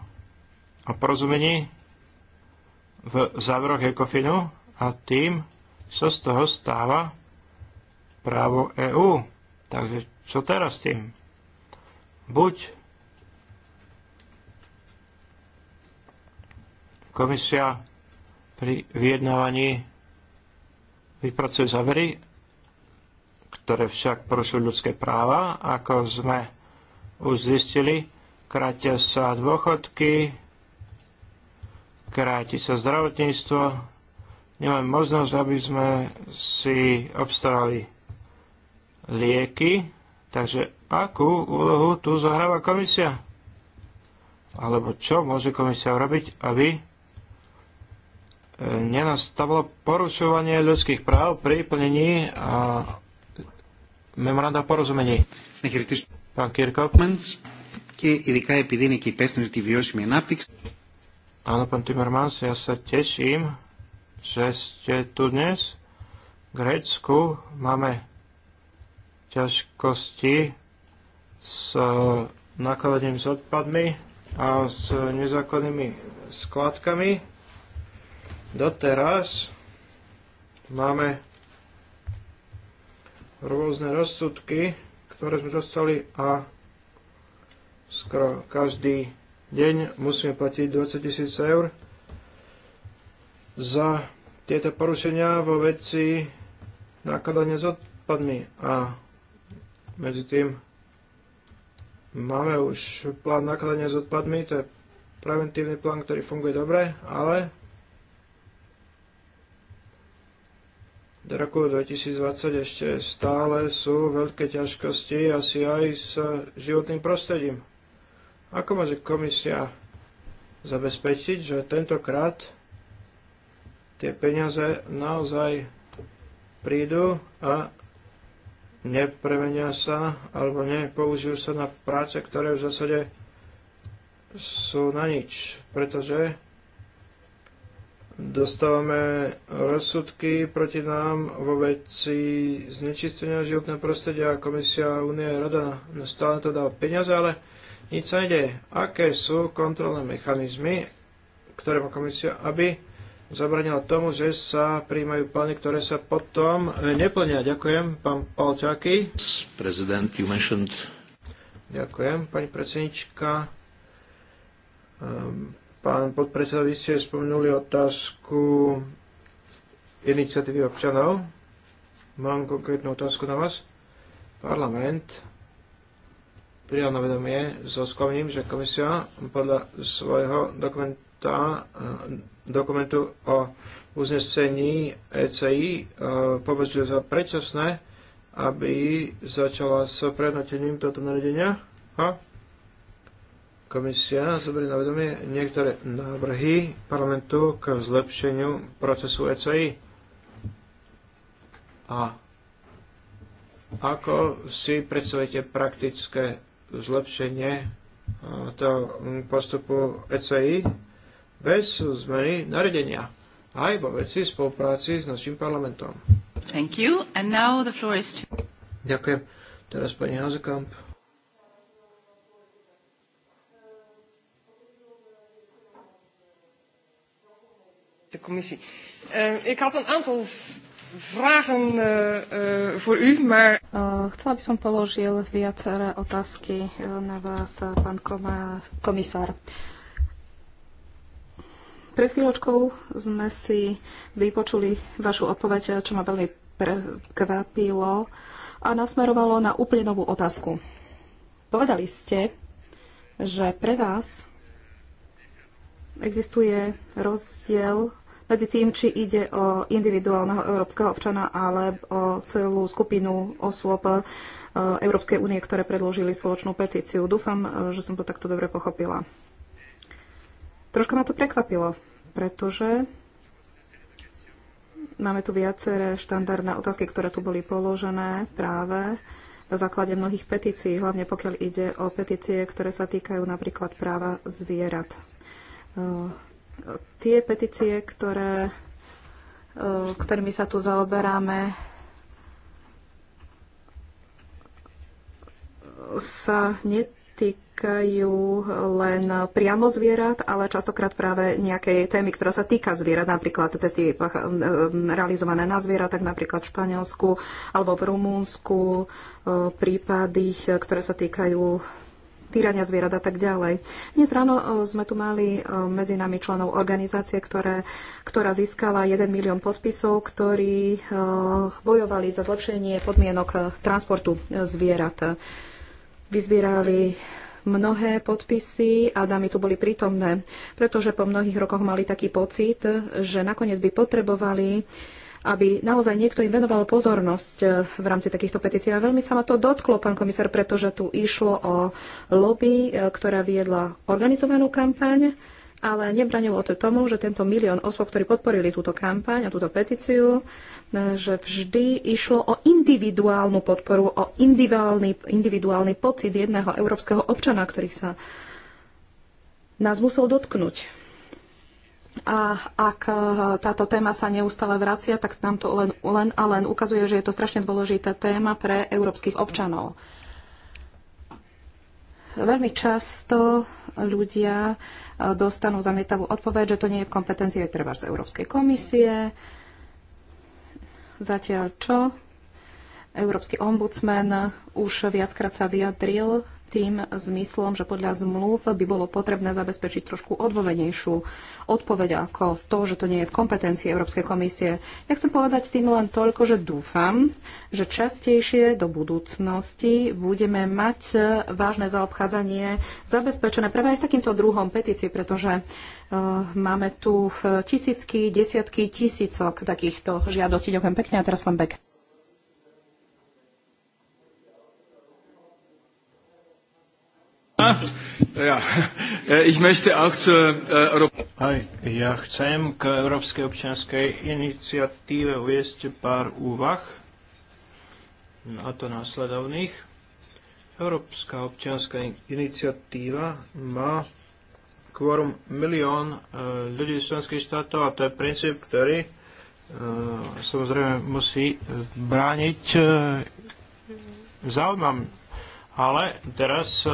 o porozumení v záveroch ECOFINu a tým sa z toho stáva právo EÚ. Takže čo teraz s tým? Buď komisia pri vyjednávaní vypracuje závery, ktoré však porušujú ľudské práva. Ako sme už zistili, krátia sa dôchodky, kráti sa zdravotníctvo, nemáme možnosť, aby sme si obstarali lieky. Takže akú úlohu tu zahráva komisia? Alebo čo môže komisia urobiť, aby nenastalo porušovanie ľudských práv pri plnení a memoranda porozumení. Pán Kirkov. Áno, pán Timmermans, ja sa teším, že ste tu dnes. V Grécku máme ťažkosti s e, nakladaním s odpadmi a s nezákonnými skladkami. Doteraz máme rôzne rozsudky, ktoré sme dostali a skoro každý deň musíme platiť 20 tisíc eur za tieto porušenia vo veci nakladania s odpadmi a medzi tým máme už plán nakladania s odpadmi, to je preventívny plán, ktorý funguje dobre, ale roku 2020 ešte stále sú veľké ťažkosti asi aj s životným prostredím. Ako môže komisia zabezpečiť, že tentokrát tie peniaze naozaj prídu a nepremenia sa alebo nepoužijú sa na práce, ktoré v zásade sú na nič, pretože dostávame rozsudky proti nám vo veci znečistenia životného prostredia. Komisia Únie Rada stále to dá peniaze, ale nič sa nedieje. Aké sú kontrolné mechanizmy, ktoré má komisia, aby zabranila tomu, že sa príjmajú plány, ktoré sa potom neplnia. Ďakujem, pán Palčáky.
Prezident, you mentioned...
Ďakujem, pani predsednička ehm, Pán podpredseda, vy ste spomenuli otázku iniciatívy občanov. Mám konkrétnu otázku na vás. Parlament prijal na vedomie so sklamením, že komisia podľa svojho dokumenta, dokumentu o uznesení ECI e, považuje za predčasné, aby začala s prednotením tohto nariadenia Ha? Komisia zoberie na vedomie niektoré návrhy parlamentu k zlepšeniu procesu ECI. A ako si predstavíte praktické zlepšenie e, toho postupu ECI bez zmeny nariadenia aj vo veci spolupráci s našim parlamentom?
Thank you. And now the floor is to...
Ďakujem. Teraz pani Hazekamp. de commissie. Uh, ik had een aantal vragen uh, uh, voor u, maar...
Uh, chcela by som položil viaceré otázky na vás, pán komisár. Pred chvíľočkou sme si vypočuli vašu odpoveď, čo ma veľmi prekvapilo a nasmerovalo na úplne novú otázku. Povedali ste, že pre vás existuje rozdiel medzi tým, či ide o individuálneho európskeho občana alebo o celú skupinu osôb e, Európskej únie, ktoré predložili spoločnú petíciu. Dúfam, e, že som to takto dobre pochopila. Troška ma to prekvapilo, pretože máme tu viaceré štandardné otázky, ktoré tu boli položené práve na základe mnohých petícií, hlavne pokiaľ ide o petície, ktoré sa týkajú napríklad práva zvierat e, tie petície, ktoré, e, ktorými sa tu zaoberáme, sa netýkajú len priamo zvierat, ale častokrát práve nejakej témy, ktorá sa týka zvierat, napríklad testy e, realizované na zvierat, tak napríklad v Španielsku alebo v Rumúnsku, e, prípady, ktoré sa týkajú týrania zvierat a tak ďalej. Dnes ráno e, sme tu mali e, medzi nami členov organizácie, ktoré, ktorá získala 1 milión podpisov, ktorí e, bojovali za zlepšenie podmienok transportu zvierat. Vyzbierali mnohé podpisy a dámy tu boli prítomné, pretože po mnohých rokoch mali taký pocit, že nakoniec by potrebovali uh, aby naozaj niekto im venoval pozornosť eh, v rámci takýchto petícií. A veľmi sa ma to dotklo, pán komisár, pretože tu išlo o lobby, eh, ktorá viedla organizovanú kampaň, ale nebranilo to tomu, že tento milión osôb, ktorí podporili túto kampaň a túto petíciu, eh, že vždy išlo o individuálnu podporu, o individuálny, individuálny pocit jedného európskeho občana, ktorý sa nás musel dotknúť. A ak e, táto téma sa neustále vracia, tak nám to len, len a len ukazuje, že je to strašne dôležitá téma pre európskych občanov. Veľmi často ľudia e, dostanú zamietavú odpoveď, že to nie je v kompetencii treba z Európskej komisie. Zatiaľ čo? Európsky ombudsman už viackrát sa vyjadril, tým zmyslom, že podľa zmluv by bolo potrebné zabezpečiť trošku odvovenejšiu odpoveď ako to, že to nie je v kompetencii Európskej komisie. Ja chcem povedať tým len toľko, že dúfam, že častejšie do budúcnosti budeme mať vážne zaobchádzanie zabezpečené práve aj s takýmto druhom petície, pretože eh, máme tu tisícky, desiatky tisícok takýchto žiadostí. Ďakujem pekne a teraz pán Beck.
Aj ah, eh, eh, ja chcem k Európskej občianskej iniciatíve uviesť pár úvah, a to následovných. Európska občianská iniciatíva má kvorum milión eh, ľudí z členských štátov a to je princíp, ktorý samozrejme musí brániť záujmom ale teraz e,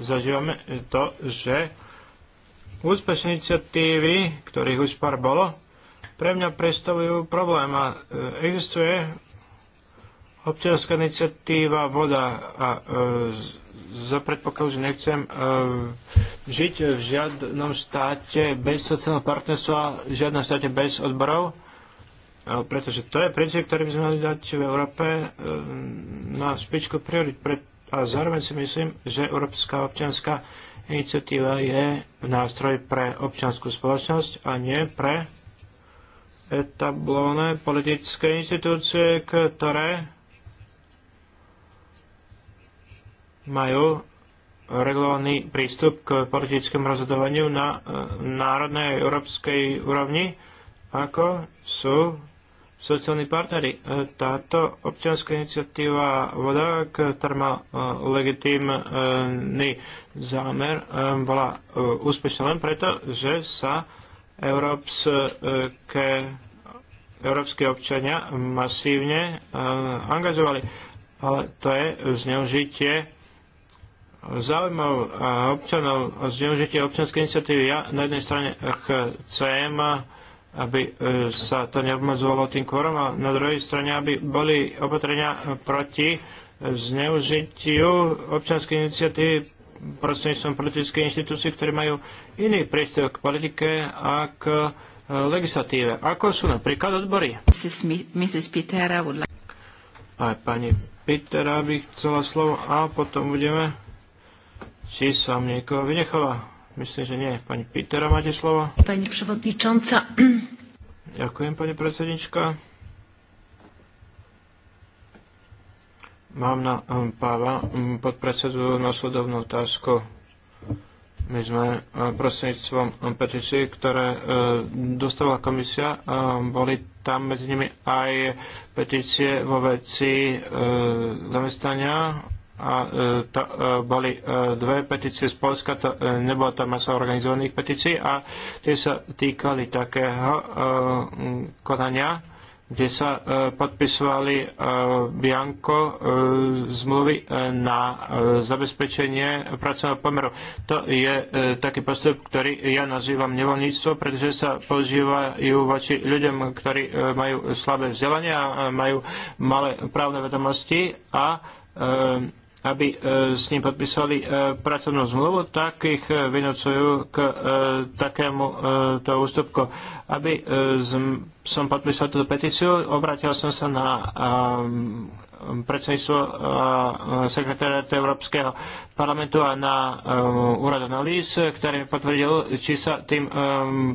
zažívame to, že úspešné iniciatívy, ktorých už pár bolo, pre mňa predstavujú problém a e, existuje občianská iniciatíva voda a e, za predpokladu, že nechcem e, žiť v žiadnom štáte bez sociálneho partnerstva, v žiadnom štáte bez odborov, e, pretože to je princíp, ktorý by sme mali dať v Európe e, na špičku priorit. Pre, a zároveň si myslím, že Európska občianská iniciatíva je nástroj pre občianskú spoločnosť a nie pre etablované politické inštitúcie, ktoré majú regulovaný prístup k politickému rozhodovaniu na eh, národnej a európskej úrovni, ako sú sociálni partneri, e, Táto občianská iniciatíva Voda, ktorá má e, legitímny zámer, e, bola úspešná len preto, že sa európske, európske občania masívne angažovali. Ale to je zneužitie záujmov občanov, zneužitie občianskej iniciatívy. Ja na jednej strane chcem aby e, sa to neobmedzovalo tým kvorom a na druhej strane, aby boli opatrenia proti zneužitiu občanskej iniciatívy prostredníctvom politických inštitúcií, ktoré majú iný prístup k politike a k e, legislatíve, ako sú napríklad odbory.
Mrs. Pitera would like...
Aj pani Pitera by chcela slovo a potom budeme, či som niekoho vynechala. Myslím, že nie. Pani Pitera, máte slovo?
Pani przewodnicząca.
Ďakujem, pani predsednička. Mám na um, Páva um, podpredsedu nasledovnú otázku. My sme uh, prostredníctvom um, petícií, ktoré uh, dostala komisia, boli tam medzi nimi aj petície vo veci uh, zamestnania a e, to e, boli e, dve petície z Polska, to nebolo tam masa organizovaných petícií a tie sa týkali takého konania, kde sa podpisovali Bianko zmluvy na zabezpečenie pracovného pomeru. To je taký postup, ktorý ja nazývam nevoľníctvo, pretože sa používajú voči ľuďom, ktorí majú slabé vzdelanie a majú malé právne vedomosti a aby e, s ním podpísali e, pracovnú zmluvu, tak ich e, vynocujú k takému to ústupku. Aby som podpísal túto petíciu, obrátil som sa na predsedníctvo e, sekretariátu Európskeho parlamentu a na e, úrad analýz, ktorý mi potvrdil, či sa tým e,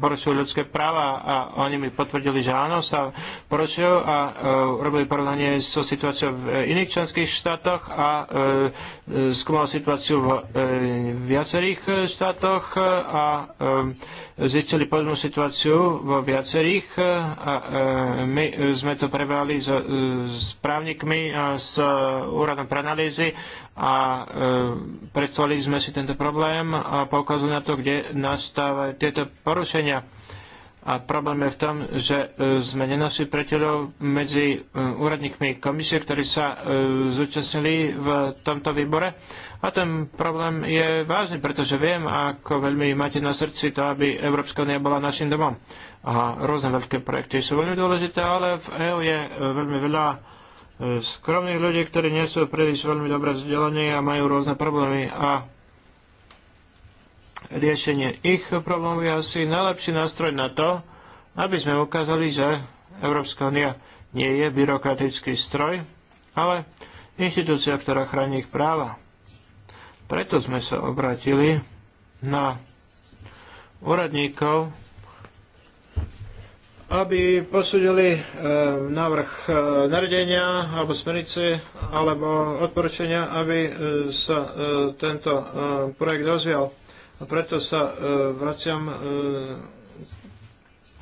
porušujú ľudské práva a oni mi potvrdili, že áno, sa porušujú a robili porovnanie so situáciou v iných členských štátoch a skúmal situáciu v viacerých štátoch a zistili podobnú situáciu vo viacerých a my sme to prebrali s, s právnikmi s e, úradom pre analýzy a e, predstavili sme si tento problém a poukázali na to, kde nastávajú tieto porušenia. A problém je v tom, že e, sme nenosili priateľov medzi úradníkmi komisie, ktorí sa zúčastnili v tomto výbore. A ten problém je vážny, pretože viem, ako veľmi máte na srdci to, aby Európska unia bola našim domom. A rôzne veľké projekty sú veľmi dôležité, ale v EÚ je veľmi veľa skromných ľudí, ktorí nie sú príliš veľmi dobre vzdelaní a majú rôzne problémy a riešenie ich problémov je asi najlepší nástroj na to, aby sme ukázali, že Európska únia nie je byrokratický stroj, ale inštitúcia, ktorá chráni ich práva. Preto sme sa obratili na úradníkov aby posudili e, návrh e, nariadenia alebo smernice alebo odporúčania, aby e, sa tento projekt rozvial. A preto sa vraciam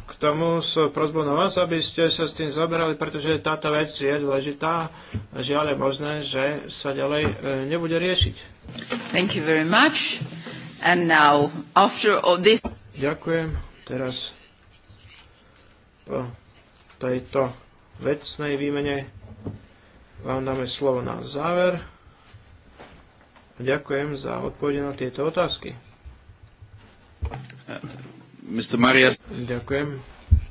k tomu s prozbou na vás, aby ste sa s tým zaberali, pretože táto vec je dôležitá. a Žiaľ je možné, že sa ďalej nebude riešiť. Thank you very much. And now, after all this... Ďakujem. Teraz po tejto vecnej výmene vám dáme slovo na záver. Ďakujem za odpovede na tieto otázky. Mr. Marias. Ďakujem.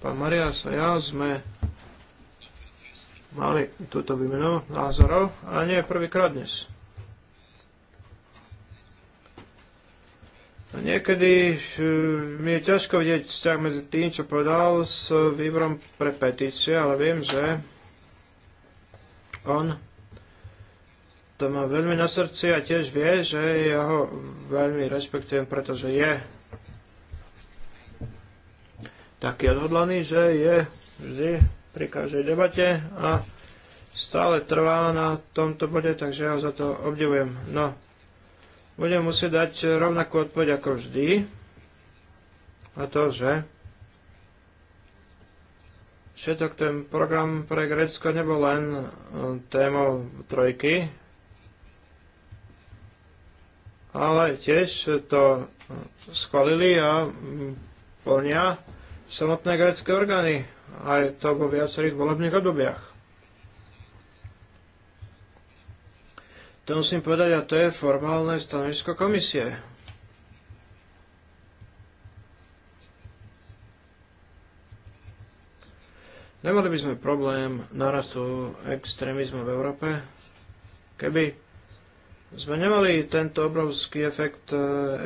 Pán Marias a ja sme mali túto výmenu názorov a nie prvýkrát dnes. Niekedy e, mi je ťažko vidieť vzťah medzi tým, čo povedal, s výborom pre petície, ale viem, že on to má veľmi na srdci a tiež vie, že ja ho veľmi rešpektujem, pretože je taký odhodlaný, že je vždy pri každej debate a stále trvá na tomto bode, takže ja ho za to obdivujem. No, budem musieť dať rovnakú odpoveď ako vždy. A to, že všetok ten program pre Grécko nebol len e, témou trojky, ale tiež to schválili a plnia samotné grecké orgány. Aj to vo viacerých volebných obdobiach. To musím povedať, a to je formálne stanovisko komisie. Nemali by sme problém narastu extrémizmu v Európe, keby sme nemali tento obrovský efekt eh,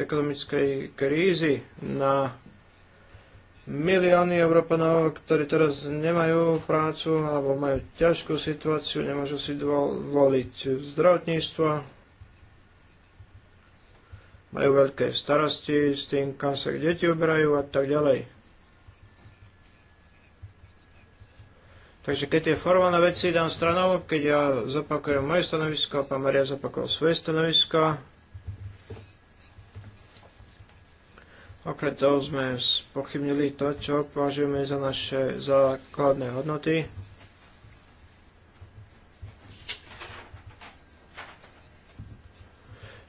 ekonomickej krízy na milióny Európanov, ktorí teraz nemajú prácu alebo majú ťažkú situáciu, nemôžu si dovoliť zdravotníctvo, majú veľké starosti s tým, kam sa deti uberajú a tak ďalej. Takže keď tie formálne veci dám stranou, keď ja zopakujem moje stanovisko, pán Maria zopakoval svoje stanovisko, Okrem toho sme spochybnili to, čo považujeme za naše základné hodnoty.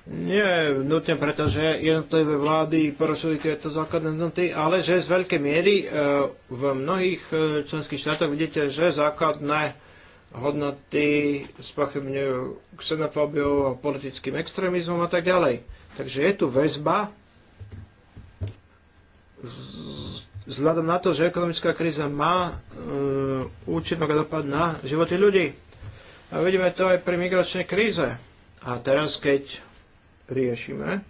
Nie nutne preto, že jednotlivé vlády porušili tieto základné hodnoty, ale že z veľkej miery e, v mnohých e, členských štátoch vidíte, že základné hodnoty spochybňujú xenofóbiou, politickým extrémizmom a tak ďalej. Takže je tu väzba vzhľadom na to, že ekonomická kríza má e, účinok a dopad na životy ľudí. A vidíme to aj pri migračnej kríze. A teraz, keď riešime,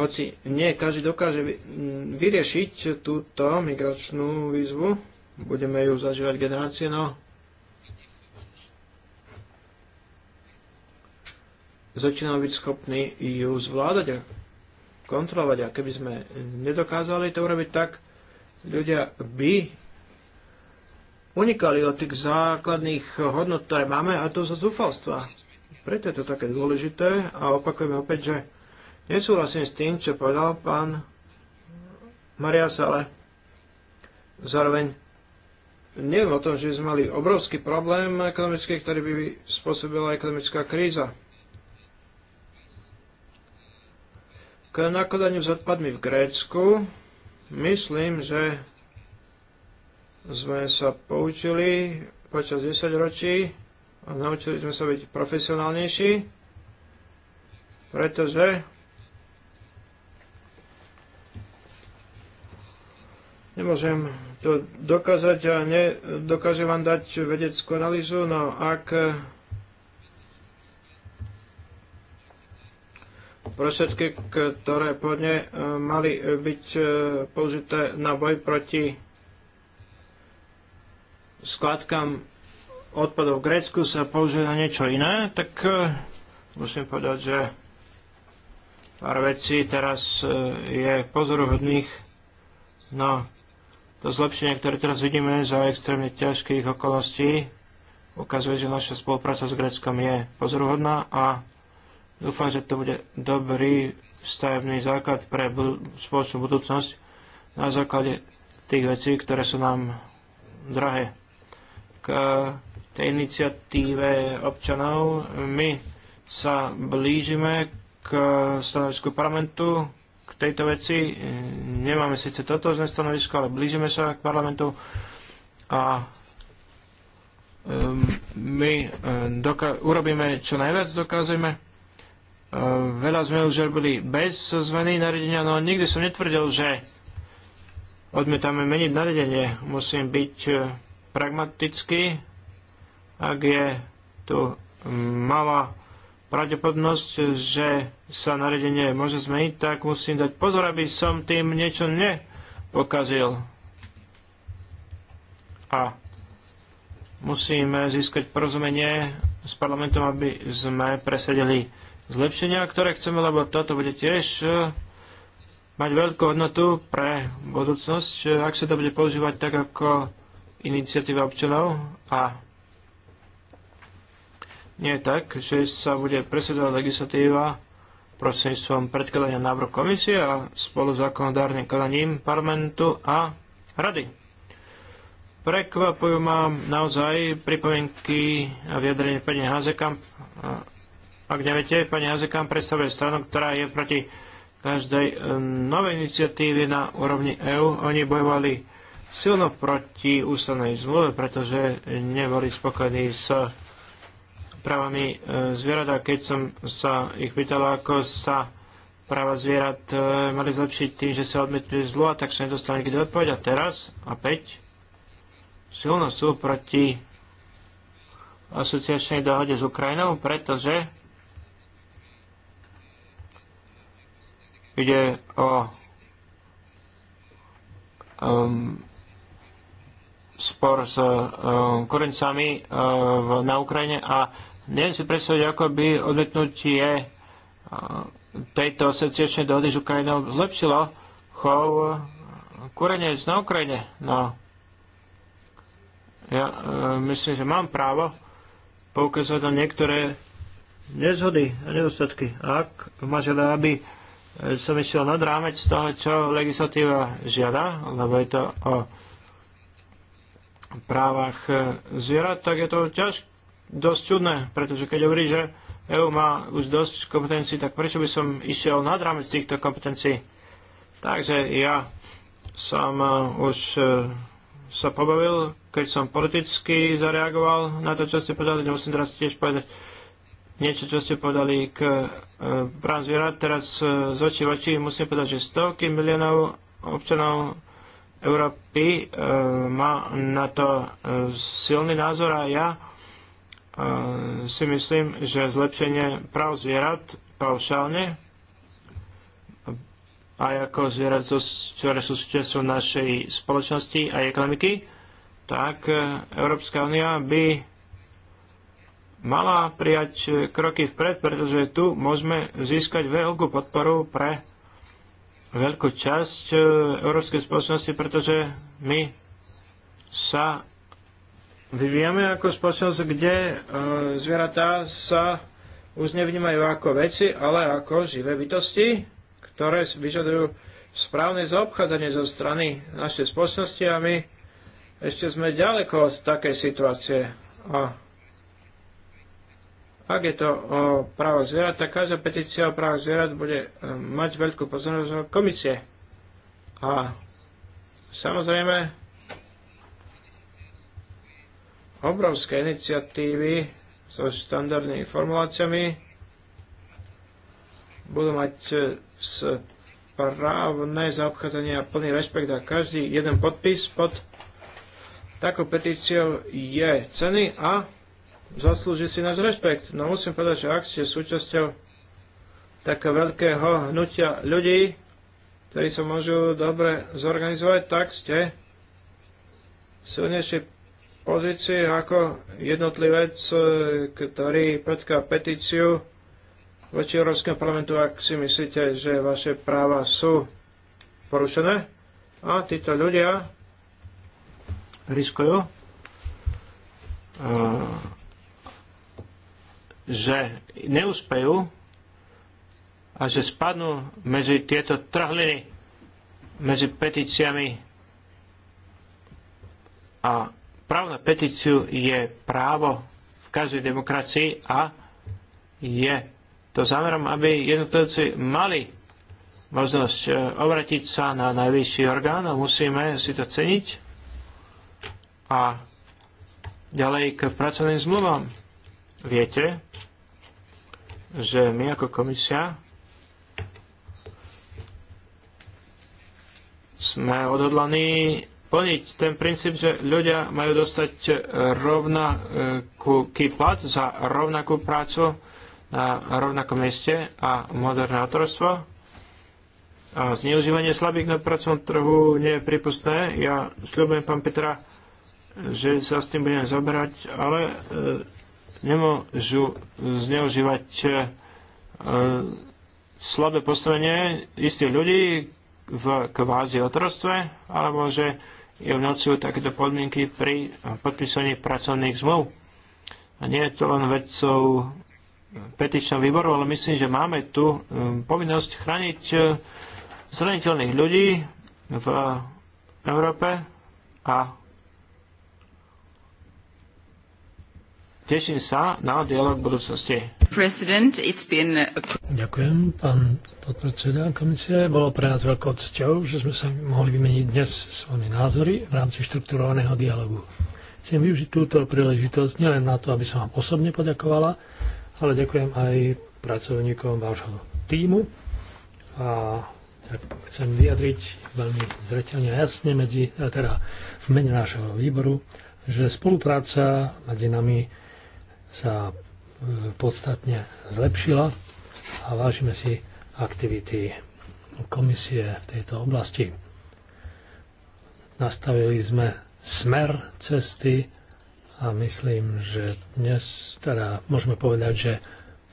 hoci nie každý dokáže vyriešiť túto migračnú výzvu, budeme ju zažívať generácie, no začíname byť schopní ju zvládať kontrolovať. A keby sme nedokázali to urobiť tak, ľudia by unikali od tých základných hodnot, ktoré máme, a to zo zúfalstva. Preto je to také dôležité a opakujeme opäť, že nesúhlasím s tým, čo povedal pán Marias, ale zároveň neviem o tom, že sme mali obrovský problém ekonomický, ktorý by spôsobila ekonomická kríza. K nakladaniu s odpadmi v Grécku myslím, že sme sa poučili počas 10 ročí a naučili sme sa byť profesionálnejší, pretože nemôžem to dokázať a nedokážem vám dať vedeckú analýzu, no ak prostriedky, ktoré pôvodne e, mali e, byť e, použité na boj proti skladkám odpadov v Grécku sa použili na niečo iné, tak musím povedať, že pár vecí teraz je pozoruhodných na no, to zlepšenie, ktoré teraz vidíme za extrémne ťažkých okolností, ukazuje, že naša spolupráca s Gréckom je pozoruhodná a Dúfam, že to bude dobrý stavebný základ pre budu- spoločnú budúcnosť na základe tých vecí, ktoré sú nám drahé. K tej iniciatíve občanov my sa blížime k stanovisku parlamentu, k tejto veci. Nemáme síce toto stanovisko, ale blížime sa k parlamentu a my urobíme čo najviac dokážeme Eh, veľa sme už robili bez zmeny nariadenia, no nikdy som netvrdil, že odmietame meniť nariadenie. Musím byť eh, pragmatický, ak je tu malá pravdepodobnosť, že sa nariadenie môže zmeniť, tak musím dať pozor, aby som tým niečo nepokazil. A musíme získať porozumenie s parlamentom, aby sme presedili zlepšenia, ktoré chceme, lebo toto bude tiež e, mať veľkú hodnotu pre budúcnosť, e, ak sa to bude používať tak ako iniciatíva občanov a nie je tak, že sa bude presedovať legislatíva prostredníctvom predkladania návrhu komisie a spolu zákonodárnym konaním parlamentu a rady. Prekvapujú ma naozaj pripomienky a vyjadrenie pani Hazekamp e, ak neviete, pani Hazekam predstavuje stranu, ktorá je proti každej e, novej iniciatíve na úrovni EÚ. Oni bojovali silno proti ústavnej zmluve, pretože neboli spokojní s právami e, zvierat a keď som sa ich pýtala, ako sa práva zvierat e, mali zlepšiť tým, že sa odmietli zlo, tak sa nedostali nikdy odpoveď. A teraz, a 5, silno sú proti asociačnej dohode s Ukrajinou, pretože Ide o um, spor s um, korencami um, na Ukrajine a neviem si predstaviť, ako by odmietnutie uh, tejto asociačnej dohody s Ukrajinou zlepšilo chov uh, kurenec na Ukrajine. No, ja e, myslím, že mám právo poukázať na niektoré nezhody a nedostatky. Ak máš aby E, som išiel nad rámec toho, čo legislatíva žiada, lebo je to o právach e, zvierat, tak je to ťažké, dosť čudné, pretože keď hovorí, že EU má už dosť kompetencií, tak prečo by som išiel nad rámec týchto kompetencií? Takže ja som e, už sa pobavil, keď som politicky zareagoval na to, čo ste povedali, nemusím teraz tiež povedať, niečo, čo ste povedali k e, práv zvierat. Teraz e, z očí v oči musím povedať, že stovky miliónov občanov Európy e, má na to silný názor a ja si myslím, že zlepšenie práv zvierat paušálne a ako zvierat, ktoré sú súčasťou našej spoločnosti a ekonomiky, tak Európska únia by mala prijať eh, kroky vpred, pretože tu môžeme získať veľkú podporu pre veľkú časť eh, európskej spoločnosti, pretože my sa vyvíjame ako spoločnosť, kde eh, zvieratá sa už nevnímajú ako veci, ale ako živé bytosti, ktoré vyžadujú správne zaobchádzanie zo strany našej spoločnosti a my ešte sme ďaleko od takej situácie. A ak je to o právo zvierat, tak každá petícia o právo zvierat bude eh, mať veľkú pozornosť komisie. A samozrejme, obrovské iniciatívy so štandardnými formuláciami budú mať eh, správne zaobchádzanie a plný rešpekt a každý jeden podpis pod takou petíciou je ceny a zaslúži si náš rešpekt. No musím povedať, že ak ste súčasťou také veľkého hnutia ľudí, ktorí sa môžu dobre zorganizovať, tak ste silnejšie pozícii ako jednotlivec, ktorý predká petíciu voči Európskeho parlamentu, ak si myslíte, že vaše práva sú porušené. A títo ľudia riskujú eh, že neúspejú a že spadnú medzi tieto trhliny, medzi petíciami. A právo na petíciu je právo v každej demokracii a je to zámerom, aby jednotlivci mali možnosť e, obratiť sa na najvyšší orgán a musíme si to ceniť. A ďalej k pracovným zmluvám viete, že my ako komisia sme odhodlaní plniť ten princíp, že ľudia majú dostať rovnaký plat za rovnakú prácu na rovnakom mieste a moderné autorstvo a zneužívanie slabých na pracovnom trhu nie je prípustné. Ja sľubujem pán Petra, že sa s tým budem zaberať, ale e, nemôžu zneužívať e, slabé postavenie istých ľudí v kvázi otrostve, alebo že im vnúcujú takéto podmienky pri podpísaní pracovných zmluv. A nie je to len vedcov petičného výboru, ale myslím, že máme tu e, povinnosť chrániť e, zraniteľných ľudí v Európe a Teším sa na dialog v budúcnosti.
Been... Ďakujem, pán podpredseda komisie. Bolo pre nás veľkou cťou, že sme sa mohli vymeniť dnes svojimi názory v rámci štrukturovaného dialogu. Chcem využiť túto príležitosť nielen na to, aby som vám osobne poďakovala, ale ďakujem aj pracovníkom vášho týmu a chcem vyjadriť veľmi zreteľne a jasne medzi, teda v mene nášho výboru, že spolupráca medzi nami sa e, podstatne zlepšila a vážime si aktivity komisie v tejto oblasti. Nastavili sme smer cesty a myslím, že dnes teda môžeme povedať, že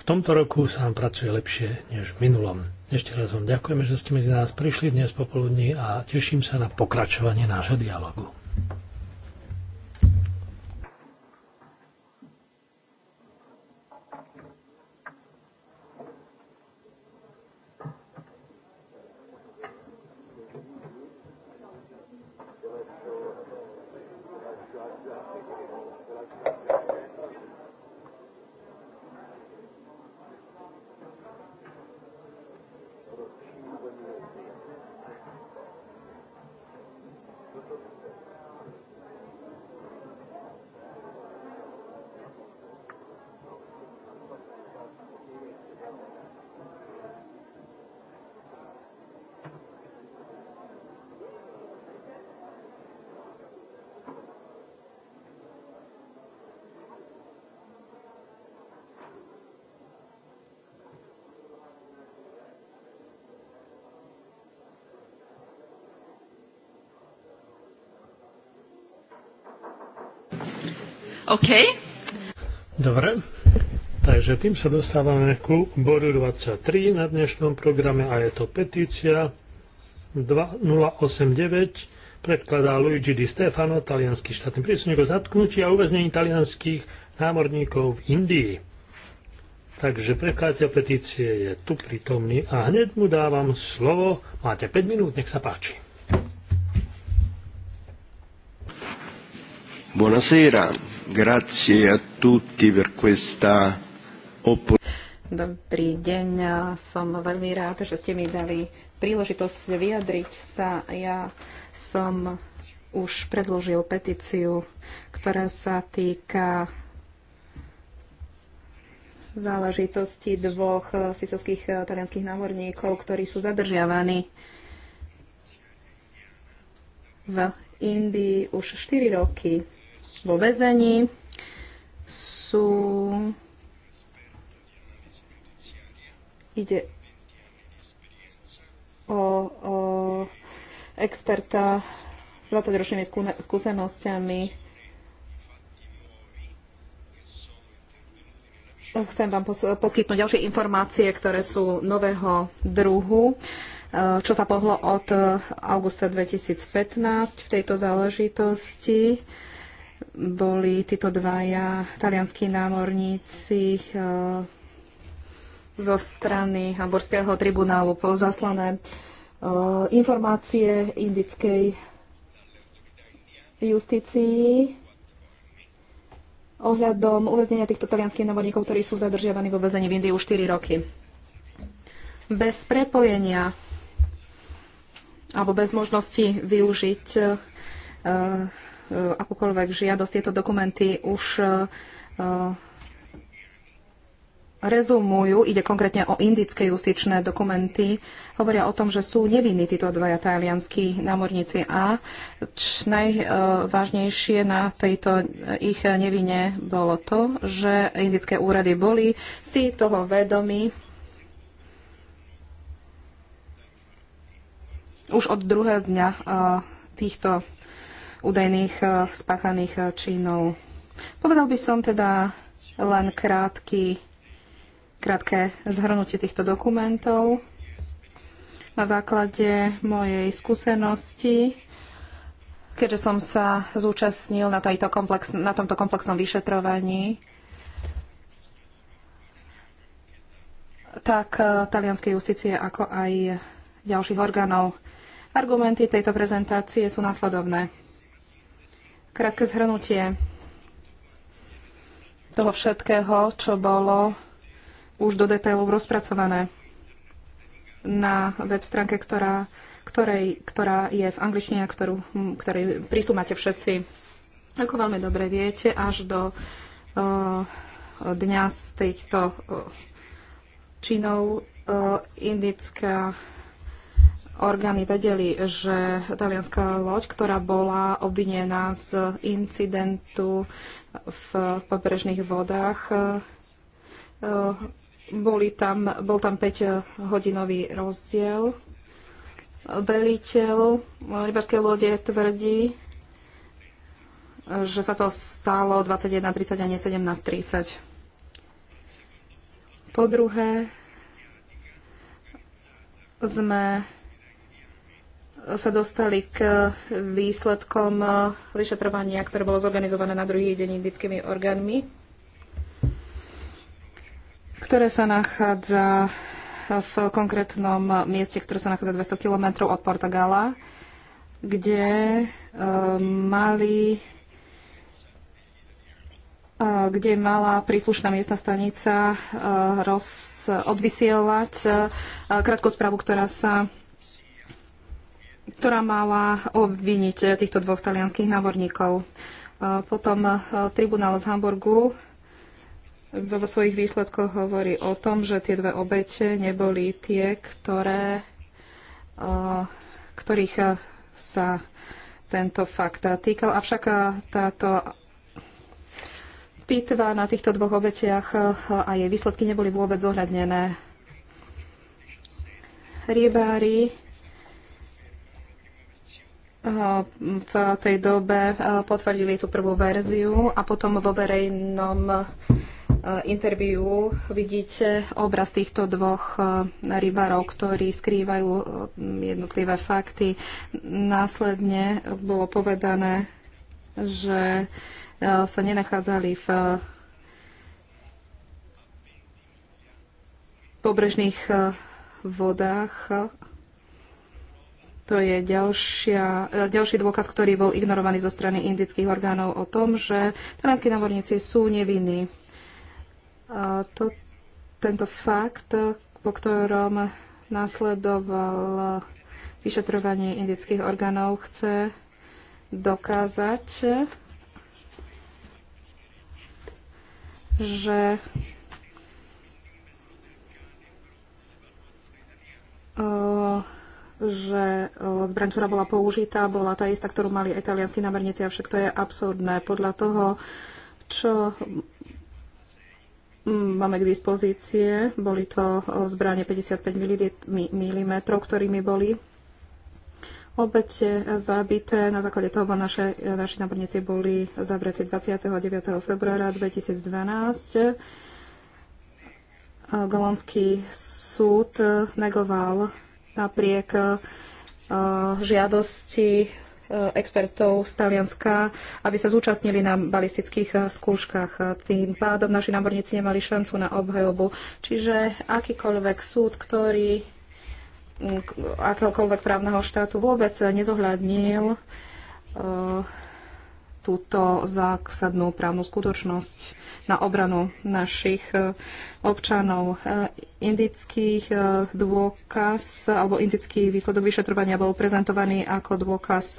v tomto roku sa nám pracuje lepšie než v minulom. Ešte raz vám ďakujeme, že ste medzi nás prišli dnes popoludní a teším sa na pokračovanie nášho dialogu. OK. Dobre. Takže tým sa dostávame ku bodu 23 na dnešnom programe a je to petícia 2089 predkladá Luigi Di Stefano, talianský štátny príslušník o zatknutí a uväznení talianských námorníkov v Indii. Takže predkladateľ petície je tu prítomný a hneď mu dávam slovo. Máte 5 minút, nech sa páči.
Buonasera. Grazie a tutti per questa
Dobrý deň, som veľmi rád, že ste mi dali príležitosť vyjadriť sa. Ja som už predložil petíciu, ktorá sa týka záležitosti dvoch sicilských eh, talianských námorníkov, ktorí sú zadržiavaní v Indii už 4 roky vo väzení, sú... Ide o, o experta s 20-ročnými skúsenosťami Chcem vám poskytnúť ďalšie informácie, ktoré sú nového druhu, eh, čo sa pohlo od augusta 2015 v tejto záležitosti boli títo dvaja talianskí námorníci eh, zo strany Hamburského tribunálu pozaslané eh, informácie indickej justícii ohľadom uväznenia týchto talianských námorníkov, ktorí sú zadržiavaní vo väzení v Indii už 4 roky. Bez prepojenia alebo bez možnosti využiť uh, E, akúkoľvek žiadosť. Tieto dokumenty už e, e, rezumujú, ide konkrétne o indické justičné dokumenty, hovoria o tom, že sú nevinní títo dvaja talianskí námorníci a najvážnejšie na tejto ich nevine bolo to, že indické úrady boli si toho vedomi už od druhého dňa týchto údajných e, spáchaných e, činov. Povedal by som teda len krátky, krátke zhrnutie týchto dokumentov. Na základe mojej skúsenosti, keďže som sa zúčastnil na, komplex, na tomto komplexnom vyšetrovaní, tak e, talianskej justície, ako aj ďalších orgánov. Argumenty tejto prezentácie sú následovné. Krátke zhrnutie toho všetkého, čo bolo už do detailov rozpracované na web stránke, ktorá, ktorej, ktorá je v angličtine a ktorú, ktorej prístup máte všetci. Ako veľmi dobre viete, až do uh, dňa z týchto uh, činov uh, indická orgány vedeli, že talianská loď, ktorá bola obvinená z incidentu v pobrežných vodách, e, boli tam, bol tam 5-hodinový rozdiel. Veliteľ rybárskej lode tvrdí, že sa to stalo 21.30 a nie 17.30. Po druhé, sme sa dostali k výsledkom vyšetrovania, ktoré bolo zorganizované na druhý deň indickými orgánmi, ktoré sa nachádza v konkrétnom mieste, ktoré sa nachádza 200 km od Portugala, kde um, mali uh, kde mala príslušná miestna stanica uh, roz, odvysielať uh, krátku správu, ktorá sa ktorá mala obviniť týchto dvoch talianských námorníkov. Potom e, tribunál z Hamburgu vo svojich výsledkoch hovorí o tom, že tie dve obete neboli tie, ktoré, e, ktorých e, sa tento fakt týkal. Avšak táto pitva na týchto dvoch obetiach a jej výsledky neboli vôbec zohľadnené. Rybári v tej dobe eh, potvrdili tú prvú verziu a potom vo verejnom eh, interviu vidíte obraz týchto dvoch eh, rybarov, ktorí skrývajú jednotlivé fakty. Následne bolo povedané, že sa nenachádzali v pobrežných vodách to je ďalšia, e, ďalší dôkaz, ktorý bol ignorovaný zo strany indických orgánov o tom, že tránsky námorníci sú nevinní. E, to, tento fakt, po ktorom nasledoval vyšetrovanie indických orgánov, chce dokázať, že uh, že e, zbraň, ktorá bola použitá, bola tá istá, ktorú mali italianskí námerníci avšak to je absurdné. Podľa toho, čo máme k dispozície, boli to zbranie 55 mm, ktorými boli obete zabité. Na základe toho naše, naši námorníci boli zavretí 29. februára 2012. E, Golonský súd negoval napriek e, e, žiadosti e, expertov z Talianska, aby sa zúčastnili na balistických skúškach. Tým pádom naši námorníci nemali šancu na obhajobu. Čiže akýkoľvek súd, ktorý akéhokoľvek právneho štátu vôbec nezohľadnil túto zásadnú právnu skutočnosť na obranu našich e, občanov. E, indický e, dôkaz alebo indický výsledok vyšetrovania bol prezentovaný ako dôkaz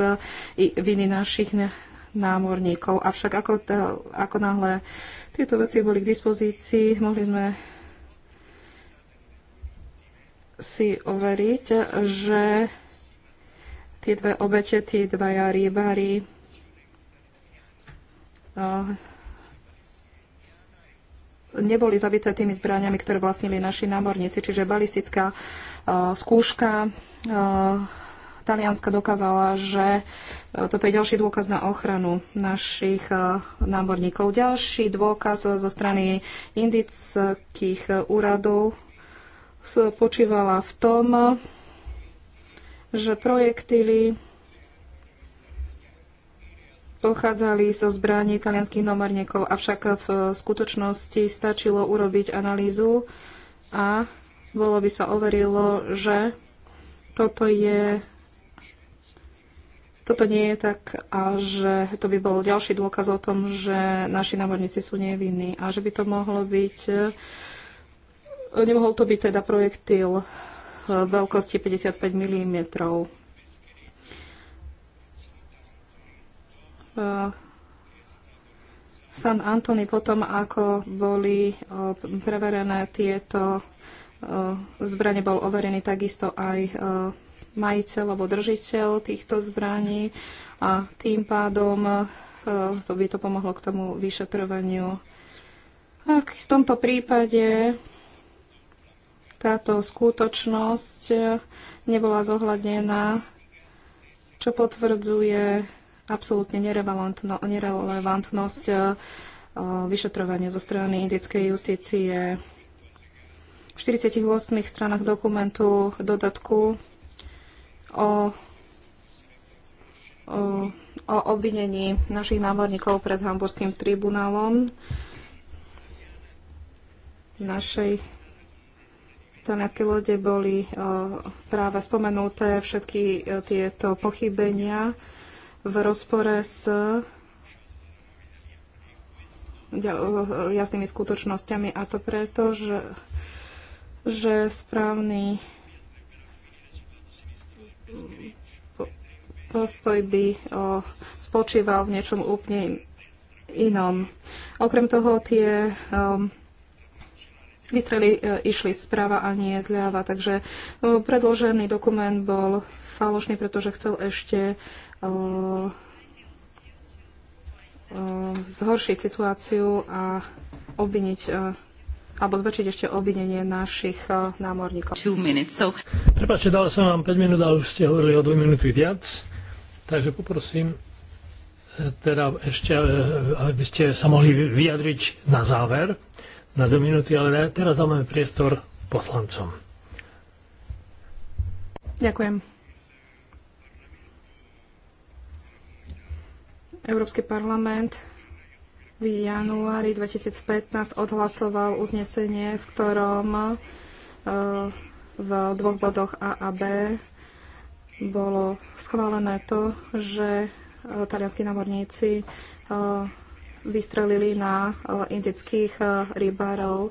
viny našich námorníkov. Avšak ako, ako náhle tieto veci boli k dispozícii, mohli sme si overiť, že tie dve obete, tie dvaja rybári Eh, neboli zabité tými zbraniami, ktoré vlastnili naši námorníci. Čiže balistická eh, skúška eh, Talianska dokázala, že toto je ďalší dôkaz na ochranu našich námorníkov. Ďalší dôkaz zo strany indických úradov spočívala v tom, že projektily pochádzali zo so zbraní italianských nomarníkov, avšak v skutočnosti stačilo urobiť analýzu a bolo by sa overilo, že toto je toto nie je tak a že to by bol ďalší dôkaz o tom, že naši námorníci sú nevinní a že by to mohlo byť nemohol to byť teda projektil veľkosti 55 mm. Eh, San Antony potom, ako boli eh, preverené tieto eh, zbranie, bol overený takisto aj majiteľ alebo držiteľ týchto zbraní a tým pádom to by to pomohlo k tomu vyšetrovaniu. A v tomto prípade táto skutočnosť nebola zohľadnená, čo potvrdzuje absolútne no, nerelevantnosť e, e, vyšetrovania zo strany indickej justície. V 48 stranách dokumentu dodatku o, o, o obvinení našich námorníkov pred Hamburským tribunálom našej talianskej lode boli e, práve spomenuté všetky tieto pochybenia v rozpore s jasnými skutočnosťami a to preto, že, že správny postoj by spočíval v niečom úplne inom. Okrem toho tie um, Výstrely e, išli zprava a nie zľava, takže e, predložený dokument bol falošný, pretože chcel ešte e, zhoršiť situáciu a obviniť alebo zväčšiť ešte obvinenie našich námorníkov. So...
Prepačte, dal som vám 5 minút, ale už ste hovorili o 2 minúty viac, takže poprosím, teda ešte, aby ste sa mohli vyjadriť na záver na dve minúty, ale teraz dáme priestor poslancom.
Ďakujem. Európsky parlament v januári 2015 odhlasoval uznesenie, v ktorom eh, v dvoch bodoch A a B bolo schválené to, že eh, talianskí námorníci eh, vystrelili na eh, indických eh, rybárov. Eh,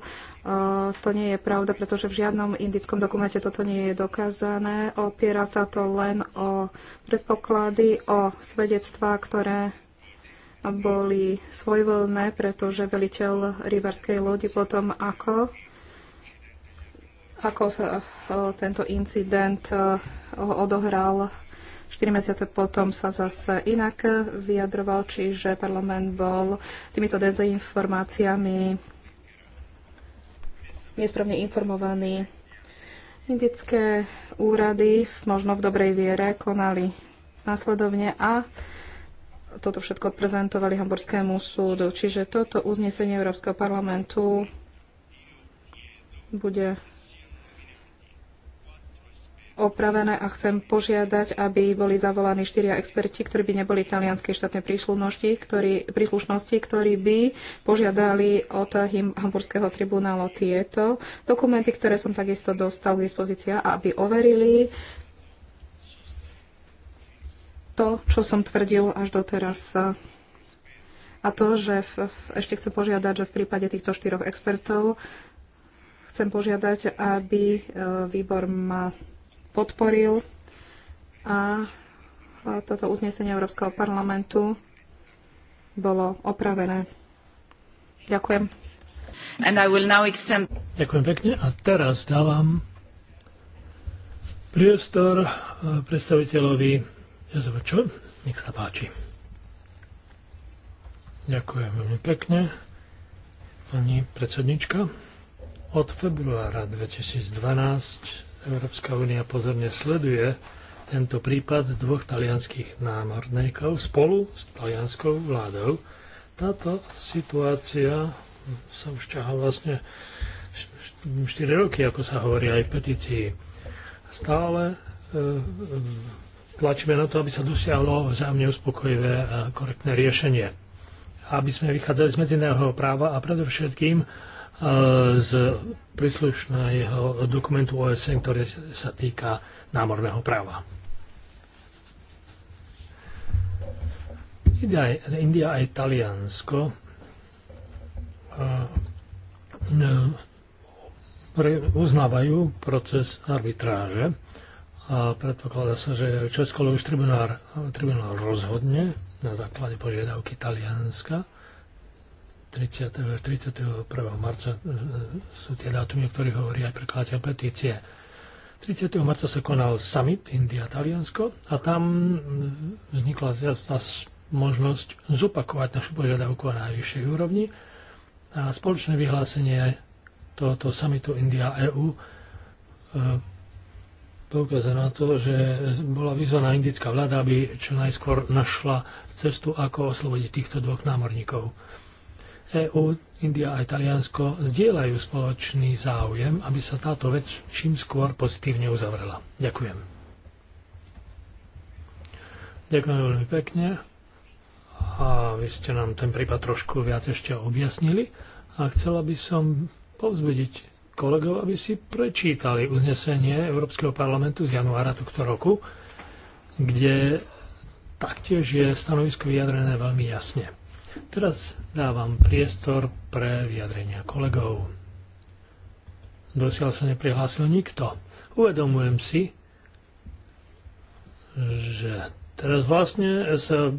to nie je pravda, pretože v žiadnom indickom dokumente toto nie je dokázané. Opiera sa to len o predpoklady, o svedectvá, ktoré boli svojvoľné, pretože veliteľ rybarskej lodi potom ako ako sa tento incident odohral, 4 mesiace potom sa zase inak vyjadroval, čiže parlament bol týmito dezinformáciami nesprávne informovaný. Indické úrady možno v dobrej viere konali následovne a toto všetko prezentovali Hamburskému súdu. Čiže toto uznesenie Európskeho parlamentu bude opravené a chcem požiadať, aby boli zavolaní štyria experti, ktorí by neboli talianskej štátnej príslušnosti, ktorí, príslušnosti, ktorí by požiadali od Hamburského tribunálu tieto dokumenty, ktoré som takisto dostal k dispozícii, aby overili to, čo som tvrdil až doteraz. A to, že v, v, ešte chcem požiadať, že v prípade týchto štyroch expertov chcem požiadať, aby e, výbor ma podporil a toto uznesenie Európskeho parlamentu bolo opravené. Ďakujem.
And I will now extend... Ďakujem pekne a teraz dávam priestor e, predstaviteľovi SVČ. Nech sa páči. Ďakujem veľmi pekne, pani predsednička. Od februára 2012 Európska únia pozorne sleduje tento prípad dvoch talianských námorníkov spolu s talianskou vládou. Táto situácia sa už ťahá vlastne 4 roky, ako sa hovorí aj v petícii. Stále e, tlačíme na to, aby sa dosiahlo vzájomne uspokojivé a korektné riešenie. Aby sme vychádzali z medzinného práva a predovšetkým E, z príslušného dokumentu OSN, ktoré sa týka námorného práva. India a Taliansko e, e, uznávajú proces arbitráže a predpokladá sa, že Českolo už tribunál, tribunál rozhodne na základe požiadavky Talianska 30. 31. marca e, e, sú tie dátumy, o ktorých hovorí aj prekladateľ petície. 30. marca sa konal summit India-Taliansko a tam vznikla možnosť zopakovať našu požiadavku na najvyššej úrovni a spoločné vyhlásenie tohoto summitu India-EU e, poukazuje na to, že bola vyzvaná indická vláda, aby čo najskôr našla cestu, ako oslobodiť týchto dvoch námorníkov. EÚ, India a Taliansko zdieľajú spoločný záujem, aby sa táto vec čím skôr pozitívne uzavrela. Ďakujem. Ďakujem veľmi pekne. A vy ste nám ten prípad trošku viac ešte objasnili. A chcela by som povzbudiť kolegov, aby si prečítali uznesenie Európskeho parlamentu z januára tohto roku, kde taktiež je stanovisko vyjadrené veľmi jasne. Teraz dávam priestor pre vyjadrenia kolegov. Dosiaľ sa neprihlásil nikto. Uvedomujem si, že teraz vlastne sa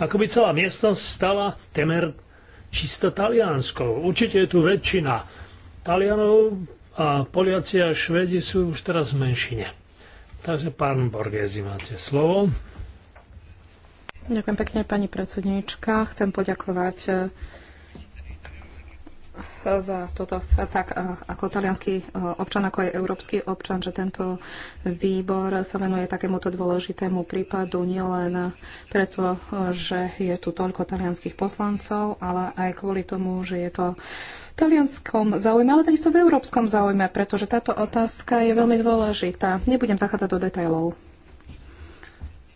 akoby celá miestnosť stala temer čisto talianskou. Určite je tu väčšina Talianov a Poliaci a Švedi sú už teraz v menšine. Takže pán Borgesi, máte slovo.
Ďakujem pekne, pani predsedníčka. Chcem poďakovať eh, za toto, tak eh, ako talianský eh, občan, ako aj európsky občan, že tento výbor sa venuje takémuto dôležitému prípadu nielen preto, že je tu toľko talianských poslancov, ale aj kvôli tomu, že je to v talianskom záujme, ale takisto v európskom záujme, pretože táto otázka je veľmi dôležitá. Nebudem zachádzať do detailov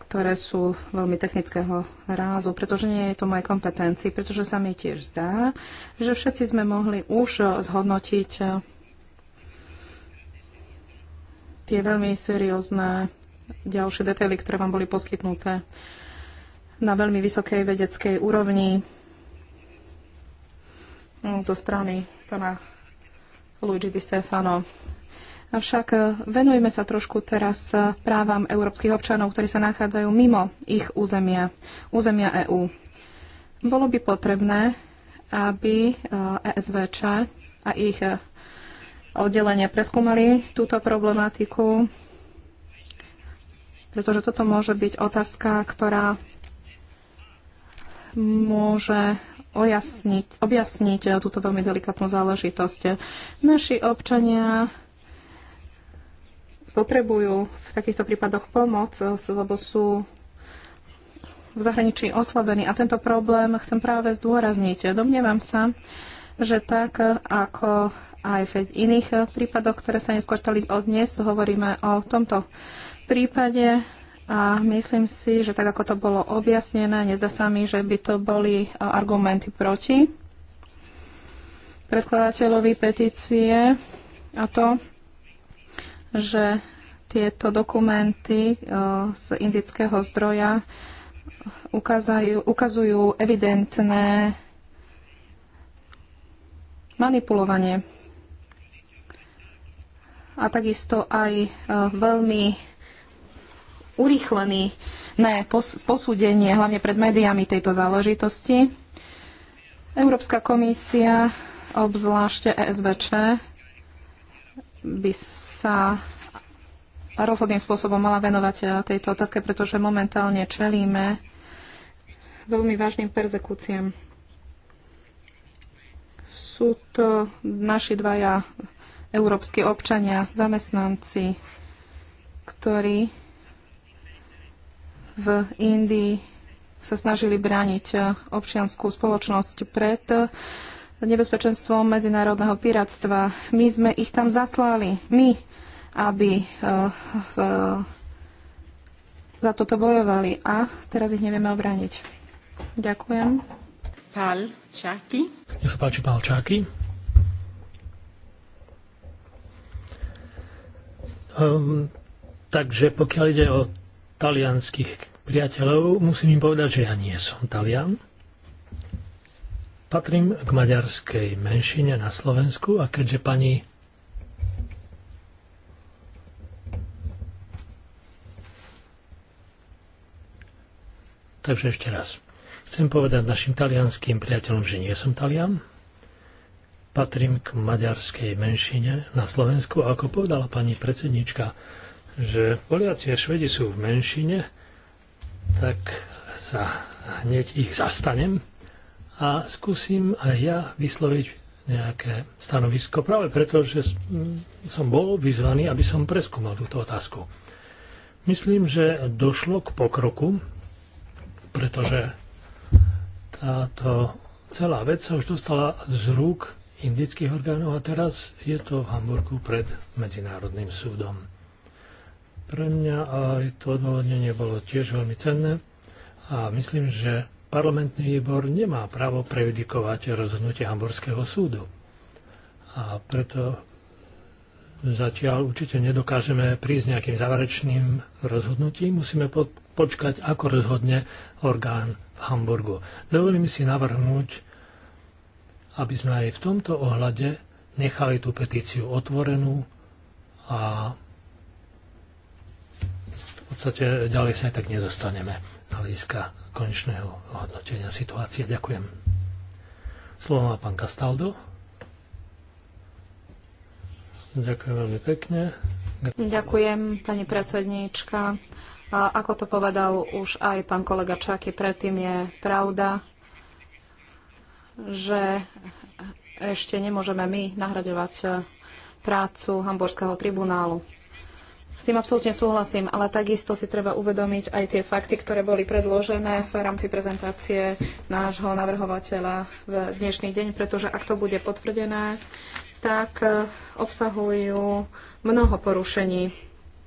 ktoré sú veľmi technického rázu, pretože nie je to moje kompetencii, pretože sa mi tiež zdá, že všetci sme mohli už zhodnotiť eh, tie veľmi seriózne ďalšie detaily, ktoré vám boli poskytnuté na veľmi vysokej vedeckej úrovni mm, zo strany pána Luigi Di Stefano. Avšak eh, venujme sa trošku teraz eh, právam európskych občanov, ktorí sa nachádzajú mimo ich územia, územia EÚ. Bolo by potrebné, aby ESVČ eh, e a ich oddelenia preskúmali túto problematiku, pretože toto môže byť otázka, ktorá môže ojasniť, objasniť túto veľmi delikátnu záležitosť. Naši občania potrebujú v takýchto prípadoch pomoc, eh, lebo sú v zahraničí oslabení. A tento problém chcem práve zdôrazniť. Domnievam sa, že tak eh, ako aj v iných eh, prípadoch, ktoré sa neskôr stali od dnes, hovoríme o tomto prípade a myslím si, že tak ako to bolo objasnené, nezdá sa mi, že by to boli argumenty proti predkladateľovi petície a to, že tieto dokumenty e, z indického zdroja ukazajú, ukazujú evidentné manipulovanie a takisto aj e, veľmi urýchlený ne, posúdenie, hlavne pred médiami tejto záležitosti. Európska komisia, obzvlášť ESVČ, by sa rozhodným spôsobom mala venovať eh, tejto otázke, pretože momentálne čelíme veľmi vážnym perzekúciám. Sú to naši dvaja európsky občania, zamestnanci, ktorí v Indii sa snažili brániť eh, občianskú spoločnosť pred nebezpečenstvom medzinárodného piratstva. My sme ich tam zaslali. My, aby eh, za toto bojovali a teraz ich nevieme obrániť. Ďakujem. Pál Čáky.
Nech sa páči, Pál Čáky. Um, takže pokiaľ ide o talianských priateľov, musím im povedať, že ja nie som talian. Patrím k maďarskej menšine na Slovensku a keďže pani Takže ešte raz. Chcem povedať našim talianským priateľom, že nie som talian. Patrím k maďarskej menšine na Slovensku. A ako povedala pani predsednička, že Poliaci a Švedi sú v menšine, tak sa hneď ich zastanem a skúsim aj ja vysloviť nejaké stanovisko, práve preto, že som bol vyzvaný, aby som preskúmal túto otázku. Myslím, že došlo k pokroku pretože táto celá vec sa už dostala z rúk indických orgánov a teraz je to v Hamburgu pred Medzinárodným súdom. Pre mňa aj to odôvodnenie bolo tiež veľmi cenné a myslím, že parlamentný výbor nemá právo prejudikovať rozhodnutie Hamburského súdu. A preto zatiaľ určite nedokážeme prísť nejakým záverečným rozhodnutím. Musíme po- počkať, ako rozhodne orgán v Hamburgu. Dovolím si navrhnúť, aby sme aj v tomto ohľade nechali tú petíciu otvorenú a v podstate ďalej sa aj tak nedostaneme hľadiska konečného hodnotenia situácie. Ďakujem. Slovo má pán Castaldo. Ďakujem veľmi pekne. Ďakujem,
pani predsedníčka. A ako to povedal už aj pán kolega Čaky, predtým je pravda, že ešte nemôžeme my nahraďovať prácu Hamburského tribunálu. S tým absolútne súhlasím, ale takisto si treba uvedomiť aj tie fakty, ktoré boli predložené v rámci prezentácie nášho navrhovateľa v dnešný deň, pretože ak to bude potvrdené, tak e, obsahujú mnoho porušení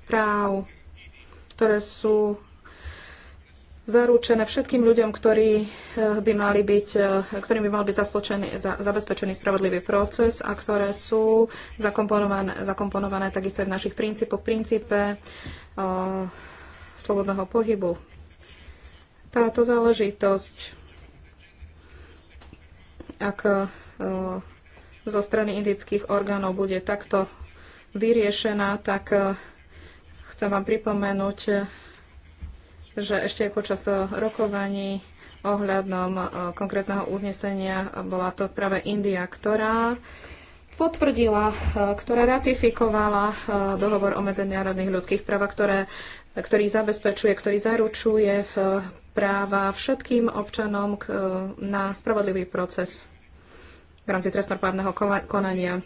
práv, ktoré sú zaručené všetkým ľuďom, ktorí e, by mali byť, e, ktorým by mal byť zabezpečený spravodlivý proces a ktoré sú zakomponované, zakomponované takisto aj v našich princípoch, princípe slobodného pohybu. Táto záležitosť, ak zo strany indických orgánov bude takto vyriešená, tak e, chcem vám pripomenúť, e, že ešte aj počas e, rokovaní ohľadnom konkrétneho uznesenia bola to práve India, ktorá potvrdila, ktorá ratifikovala dohovor o medzinárodných ľudských právach, ktoré, ktorý zabezpečuje, ktorý zaručuje práva všetkým občanom na spravodlivý proces v rámci trestnoprávneho konania.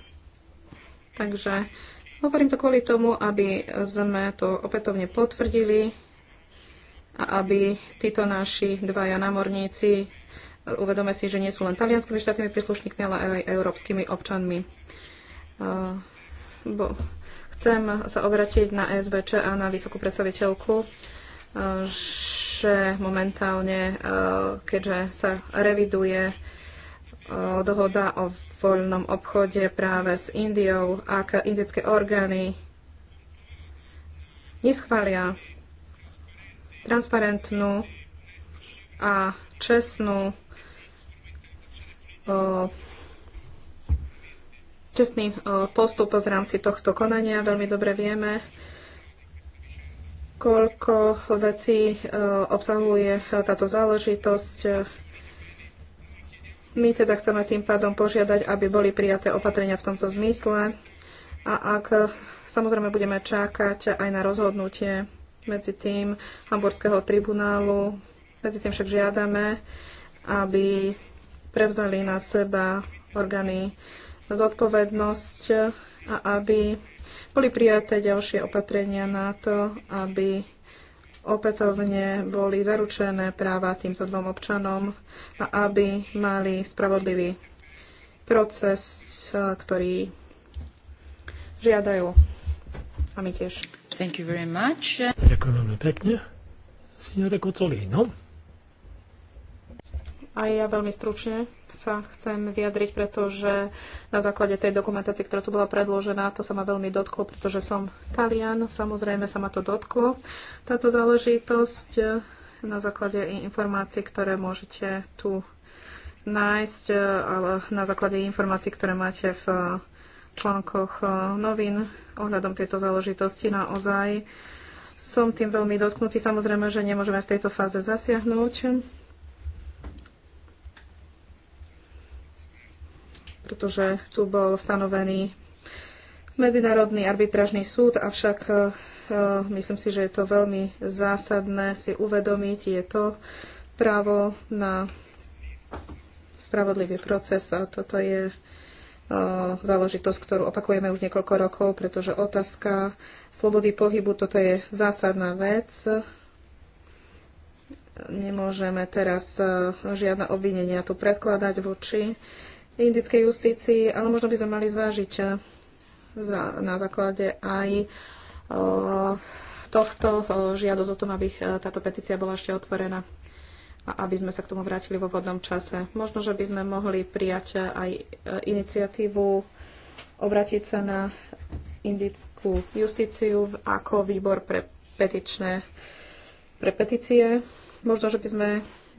Takže hovorím to kvôli tomu, aby sme to opätovne potvrdili a aby títo naši dvaja námorníci uvedome si, že nie sú len talianskými štátnymi príslušníkmi, ale aj európskymi občanmi. Uh, bo chcem sa obratiť na SVČ a na vysokú predstaviteľku, uh, že momentálne, uh, keďže sa reviduje E, dohoda o voľnom obchode práve s Indiou, ak indické orgány neschvália transparentnú a čestnú e, čestný e, postup v rámci tohto konania. Veľmi dobre vieme, koľko vecí obsahuje táto záležitosť my teda chceme tým pádom požiadať, aby boli prijaté opatrenia v tomto zmysle a ak eh, samozrejme budeme čakať aj na rozhodnutie medzi tým Hamburského tribunálu, medzi tým však žiadame, aby prevzali na seba orgány zodpovednosť a aby boli prijaté ďalšie opatrenia na to, aby opätovne boli zaručené práva týmto dvom občanom a aby mali spravodlivý proces, ktorý žiadajú. A my tiež. Thank you very much.
Ďakujem veľmi pekne. Signore Cozzolino.
Aj ja veľmi stručne sa chcem vyjadriť, pretože na základe tej dokumentácie, ktorá tu bola predložená, to sa ma veľmi dotklo, pretože som Talian, samozrejme sa ma to dotklo. Táto záležitosť na základe informácií, ktoré môžete tu nájsť, ale na základe informácií, ktoré máte v článkoch eh, novín ohľadom tejto záležitosti naozaj som tým veľmi dotknutý. Samozrejme, že nemôžeme v tejto fáze zasiahnuť pretože tu bol stanovený Medzinárodný arbitražný súd, avšak e, e, myslím si, že je to veľmi zásadné si uvedomiť, je to právo na spravodlivý proces a toto je e, záležitosť, ktorú opakujeme už niekoľko rokov, pretože otázka slobody pohybu, toto je zásadná vec. Nemôžeme teraz žiadne obvinenia tu predkladať voči indickej justícii, ale možno by sme mali zvážiť eh, za, na základe aj eh, tohto eh, žiadosť o tom, aby táto petícia bola ešte otvorená a aby sme sa k tomu vrátili vo vodnom čase. Možno, že by sme mohli prijať aj iniciatívu obrátiť sa na indickú justíciu ako výbor pre petičné pre petície. Možno, že by sme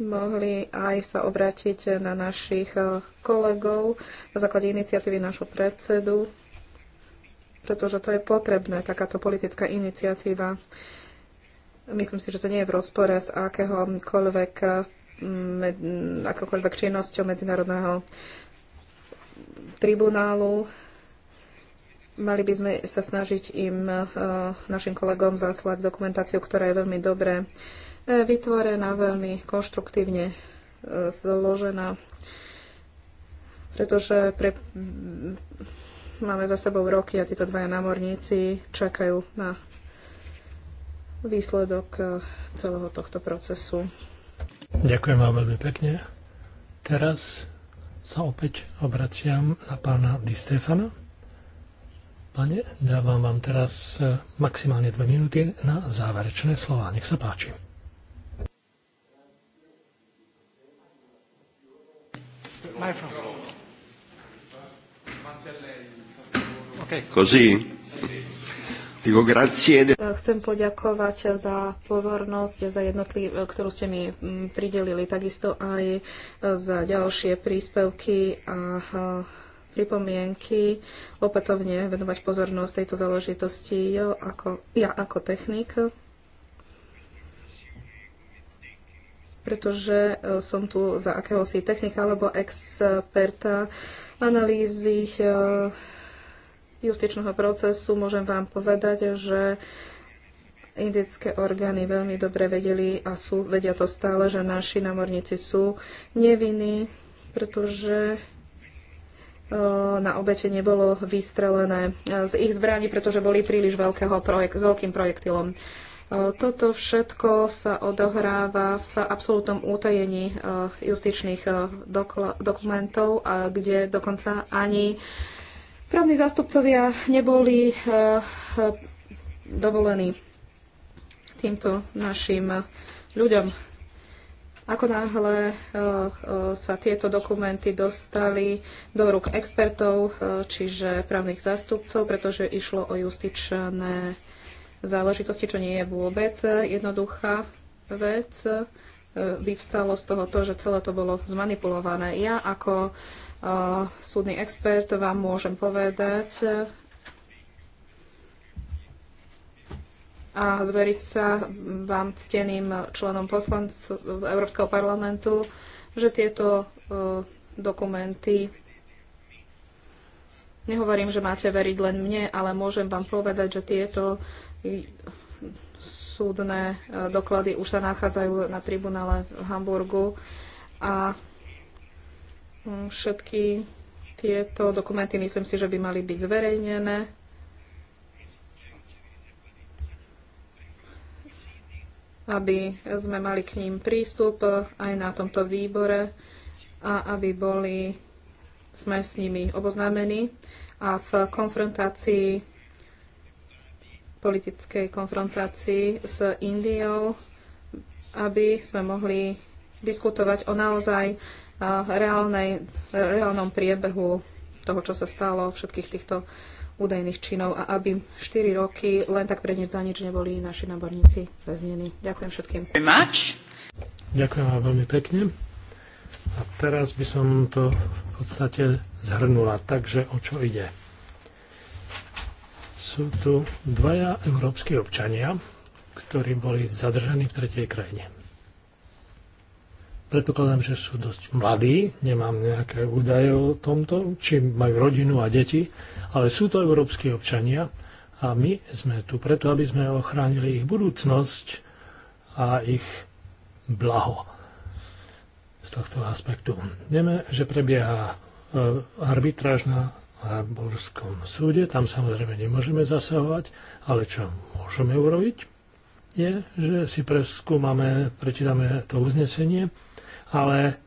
mohli aj sa obrátiť na našich e, kolegov na základe iniciatívy našho predsedu, pretože to je potrebné, takáto politická iniciatíva. Myslím si, že to nie je v rozpore s akéhokoľvek, e, akokoľvek činnosťou Medzinárodného tribunálu. Mali by sme sa snažiť im, e, našim kolegom, zaslať dokumentáciu, ktorá je veľmi dobré. E, vytvorená, veľmi konštruktívne e, zložená, pretože pre, mm, máme za sebou roky a títo dvaja námorníci čakajú na výsledok e, celého tohto procesu.
Ďakujem vám veľmi pekne. Teraz sa opäť obraciam na pána Di Stefana. Pane, dávam vám teraz maximálne dve minúty na záverečné slova. Nech sa páči.
Così? Eh,
chcem poďakovať za pozornosť, za jednotliv, eh, ktorú ste mi mm, pridelili, takisto aj eh, za ďalšie príspevky a pripomienky, opätovne venovať pozornosť tejto záležitosti jo, ako, ja ako technik pretože e, som tu za akéhosi technika alebo experta analýzy e, justičného procesu. Môžem vám povedať, že indické orgány veľmi dobre vedeli a sú, vedia to stále, že naši námorníci sú nevinní, pretože e, na obete nebolo vystrelené z ich zbraní, pretože boli príliš veľkého projek- s veľkým projektilom. E, toto všetko sa odohráva v absolútnom útajení e, justičných e, dokumentov, kde dokonca ani právni zástupcovia neboli dovolení týmto našim ľuďom. Ako náhle sa tieto dokumenty dostali do rúk expertov, čiže právnych zástupcov, pretože išlo o justičné záležitosti, čo nie je vôbec jednoduchá vec. E, vyvstalo z toho to, že celé to bolo zmanipulované. Ja ako uh, súdny expert vám môžem povedať a zveriť sa vám cteným členom poslancov Európskeho parlamentu, že tieto uh, dokumenty Nehovorím, že máte veriť len mne, ale môžem vám povedať, že tieto súdne e, doklady už sa nachádzajú na tribunále v Hamburgu a mm, všetky tieto dokumenty myslím si, že by mali byť zverejnené. aby sme mali k ním prístup e, aj na tomto výbore a aby boli, sme s nimi oboznámení a v konfrontácii politickej konfrontácii s Indiou, aby sme mohli diskutovať o naozaj reálnej, reálnom priebehu toho, čo sa stalo, všetkých týchto údajných činov a aby 4 roky len tak pre nič za nič neboli naši náborníci väznení. Ďakujem všetkým.
Ďakujem vám veľmi pekne. A teraz by som to v podstate zhrnula. Takže o čo ide? sú tu dvaja európsky občania, ktorí boli zadržaní v tretej krajine. Predpokladám, že sú dosť mladí, nemám nejaké údaje o tomto, či majú rodinu a deti, ale sú to európsky občania a my sme tu preto, aby sme ochránili ich budúcnosť a ich blaho z tohto aspektu. Vieme, že prebieha e, arbitrážna Harborskom súde. Tam samozrejme nemôžeme zasahovať, ale čo môžeme urobiť, je, že si preskúmame, prečítame to uznesenie, ale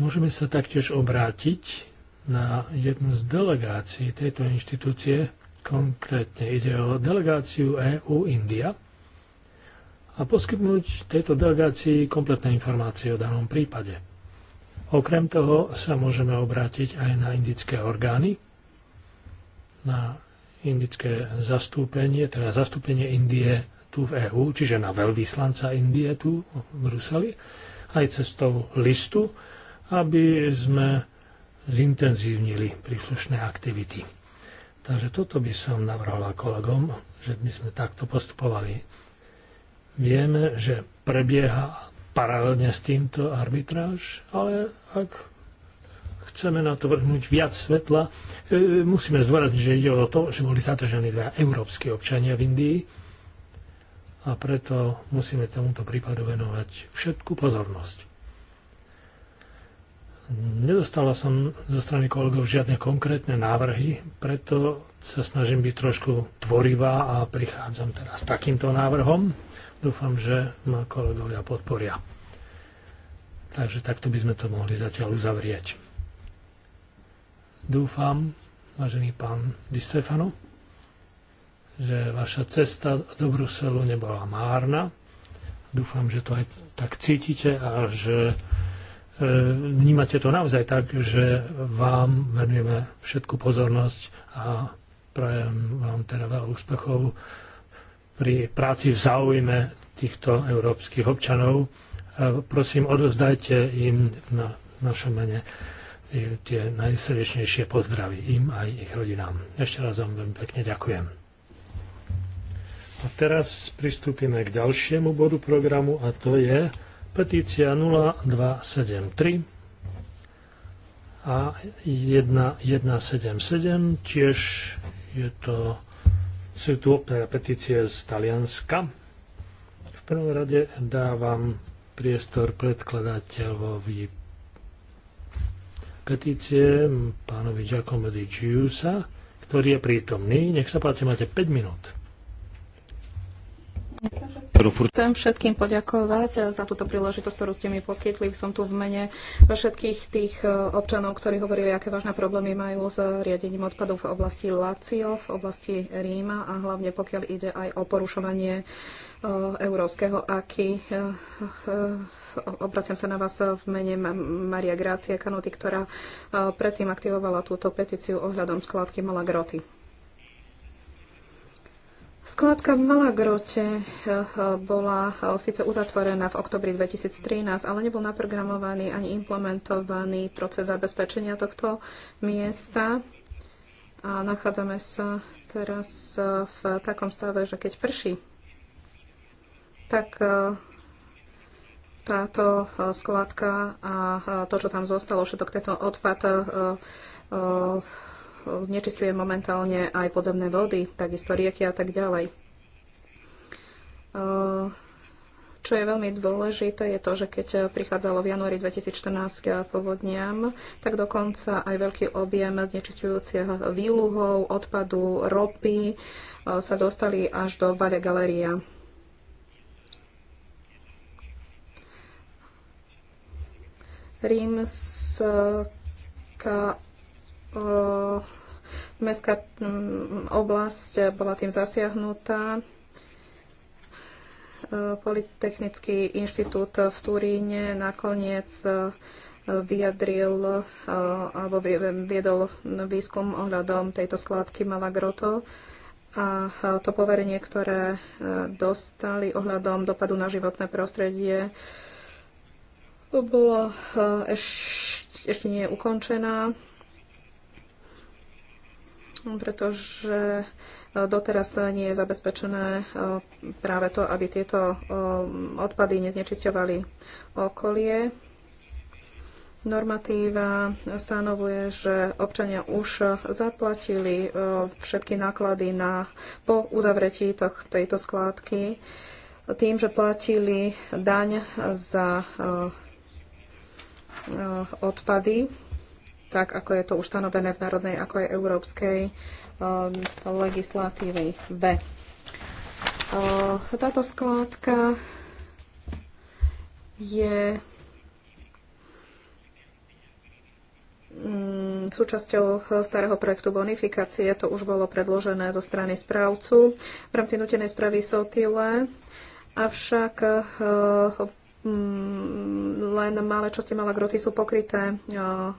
môžeme sa taktiež obrátiť na jednu z delegácií tejto inštitúcie, konkrétne ide o delegáciu EU-India, a poskytnúť tejto delegácii kompletné informácie o danom prípade. Okrem toho sa môžeme obrátiť aj na indické orgány, na indické zastúpenie, teda zastúpenie Indie tu v EU, čiže na veľvyslanca Indie tu v Bruseli, aj cestou listu, aby sme zintenzívnili príslušné aktivity. Takže toto by som navrhala kolegom, že by sme takto postupovali. Vieme, že prebieha paralelne s týmto arbitráž, ale ak chceme na to vrhnúť viac svetla, e, musíme zdôrazniť, že ide o to, že boli zadržaní dva európske občania v Indii a preto musíme tomuto prípadu venovať všetku pozornosť. Nedostala som zo strany kolegov žiadne konkrétne návrhy, preto sa snažím byť trošku tvorivá a prichádzam teraz s takýmto návrhom. Dúfam, že ma kolegovia podporia. Takže takto by sme to mohli zatiaľ uzavrieť. Dúfam, vážený pán Di Stefano, že vaša cesta do Bruselu nebola márna. Dúfam, že to aj tak cítite a že e, vnímate to naozaj tak, že vám venujeme všetku pozornosť a prajem vám teda veľa úspechov pri práci v záujme týchto európskych občanov. Prosím, odovzdajte im na našom mene e, tie najsrdečnejšie pozdravy im aj ich rodinám. Ešte raz vám veľmi pekne ďakujem. A teraz pristúpime k ďalšiemu bodu programu a to je petícia 0273 a 1177, tiež je to sú tu petície z Talianska. V prvom rade dávam priestor predkladateľovi petície pánovi Giacomo di Giusa, ktorý je prítomný. Nech sa páči, máte 5 minút.
Chcem všetkým poďakovať za túto príležitosť, ktorú ste mi poskytli. Som tu v mene všetkých tých e, občanov, ktorí hovorili, aké vážne problémy majú s riadením odpadov v oblasti Lazio, v oblasti Ríma a hlavne pokiaľ ide aj o porušovanie e, európskeho aky. E, obraciam sa na vás v mene Maria Grácia Kanoty, ktorá predtým aktivovala túto petíciu ohľadom skladky Malagroty. Skládka v Malagrote eh, bola eh, síce uzatvorená v oktobri 2013, ale nebol naprogramovaný ani implementovaný proces zabezpečenia tohto miesta. A nachádzame sa teraz eh, v takom stave, že keď prší, tak táto skládka a to, čo tam zostalo, všetok tento odpad znečistuje momentálne aj podzemné vody, takisto rieky a tak ďalej. Eh, čo je veľmi dôležité, je to, že keď prichádzalo v januári 2014 k povodniam, tak dokonca aj veľký objem znečistujúcich výluhov, odpadu, ropy eh, sa dostali až do Vale Galeria. Rímska eh, Mestská mm, oblasť eh, bola tým zasiahnutá. Eh, Politechnický inštitút v Turíne nakoniec eh, vyjadril alebo viedol výskum ohľadom tejto skládky Malagroto a to poverenie, ktoré dostali ohľadom dopadu na životné prostredie, bolo ešte nie ukončená pretože e, doteraz nie je zabezpečené e, práve to, aby tieto e, odpady neznečisťovali okolie. Normatíva stanovuje, že občania už zaplatili všetky náklady na, po uzavretí tejto skládky tým, že platili daň za odpady tak ako je to ustanovené v národnej ako aj európskej um, legislatívy B. Uh, táto skládka je mm, súčasťou starého projektu bonifikácie. To už bolo predložené zo strany správcu v rámci nutenej správy Sotile. Avšak uh, mm, len malé časti malagroty sú pokryté uh,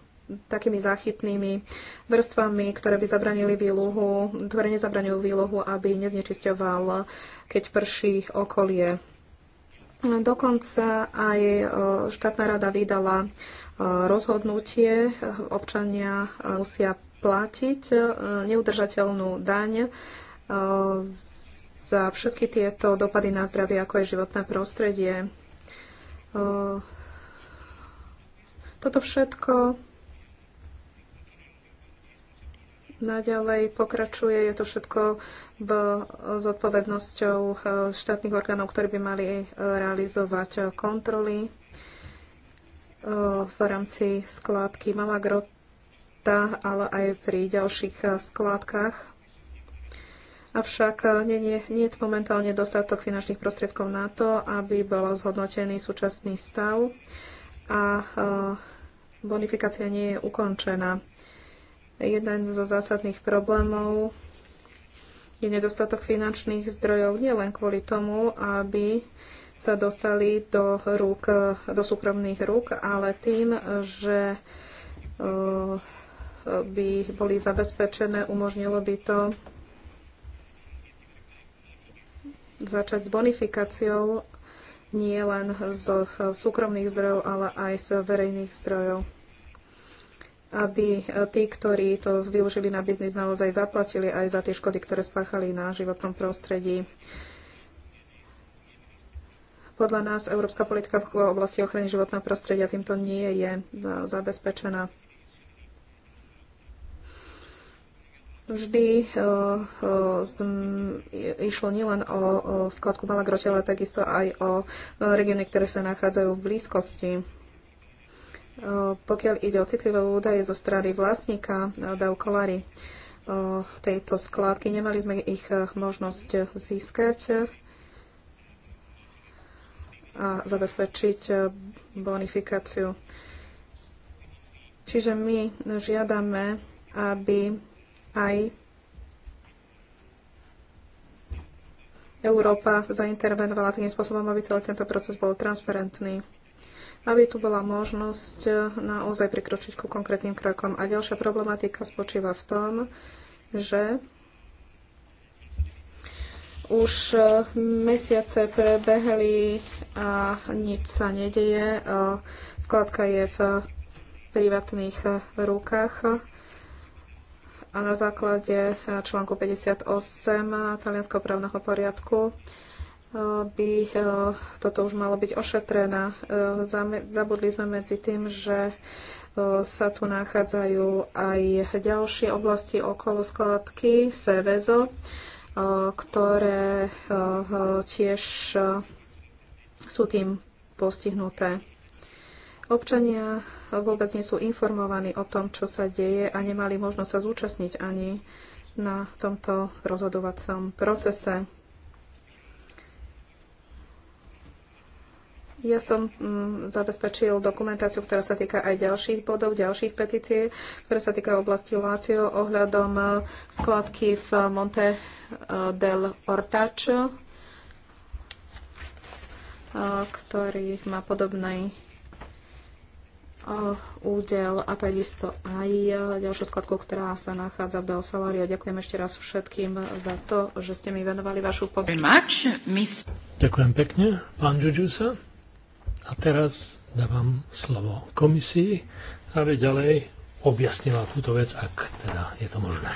takými záchytnými vrstvami, ktoré by zabranili výluhu, ktoré nezabraňujú výlohu, aby neznečisťoval, keď prší okolie. Dokonca aj e, štátna rada vydala e, rozhodnutie, e, občania musia platiť neudržateľnú daň za všetky tieto dopady na zdravie, ako je životné prostredie. Toto všetko naďalej pokračuje. Je to všetko v zodpovednosťou eh, štátnych orgánov, ktorí by mali eh, realizovať eh, kontroly v rámci skládky Malagrota, ale aj pri ďalších skládkach. Avšak nie, nie, nie je momentálne dostatok finančných prostriedkov na to, aby bol zhodnotený súčasný stav a bonifikácia nie je ukončená. Jeden zo zásadných problémov je nedostatok finančných zdrojov nielen kvôli tomu, aby sa dostali do, rúk, do súkromných rúk, ale tým, že eh, by boli zabezpečené, umožnilo by to začať s bonifikáciou nie len z súkromných zdrojov, ale aj z verejných zdrojov aby eh, tí, ktorí to využili na biznis, naozaj zaplatili aj za tie škody, ktoré spáchali na životnom prostredí. Podľa nás európska politika v oblasti ochrany životného prostredia týmto nie je eh, zabezpečená. Vždy eh, išlo nielen o, o skladku Malagrote, ale takisto aj o regióny, ktoré sa nachádzajú v blízkosti pokiaľ ide o citlivé údaje zo strany vlastníka e, Del Colari e, tejto skládky, nemali sme ich e, možnosť získať a zabezpečiť bonifikáciu. Čiže my žiadame, aby aj Európa zaintervenovala tým spôsobom, aby celý tento proces bol transparentný aby tu bola možnosť eh, naozaj prikročiť ku konkrétnym krokom. A ďalšia problematika spočíva v tom, že už eh, mesiace prebehli a nič sa nedeje. Eh, skladka je v privátnych rukách a na základe článku 58 talianského právneho poriadku by eh, toto už malo byť ošetrené. Eh, zabudli sme medzi tým, že eh, sa tu nachádzajú aj ďalšie oblasti okolo skladky Sevezo, ktoré tiež sú tým postihnuté. Občania vôbec nie sú informovaní o tom, čo sa deje a nemali možnosť sa zúčastniť ani na tomto rozhodovacom procese. Ja som mm, zabezpečil dokumentáciu, ktorá sa týka aj ďalších bodov, ďalších petícií, ktoré sa týka oblasti Lácio ohľadom e, skladky v Monte e, del Ortač, e, ktorý má podobný údel a takisto aj ďalšiu skladku, ktorá sa nachádza v Del Salario. Ďakujem ešte raz všetkým za to, že ste mi venovali vašu pozornosť.
Ďakujem pekne, pán Žužusa. A teraz dávam slovo komisii, aby ďalej objasnila túto vec, ak teda je to možné.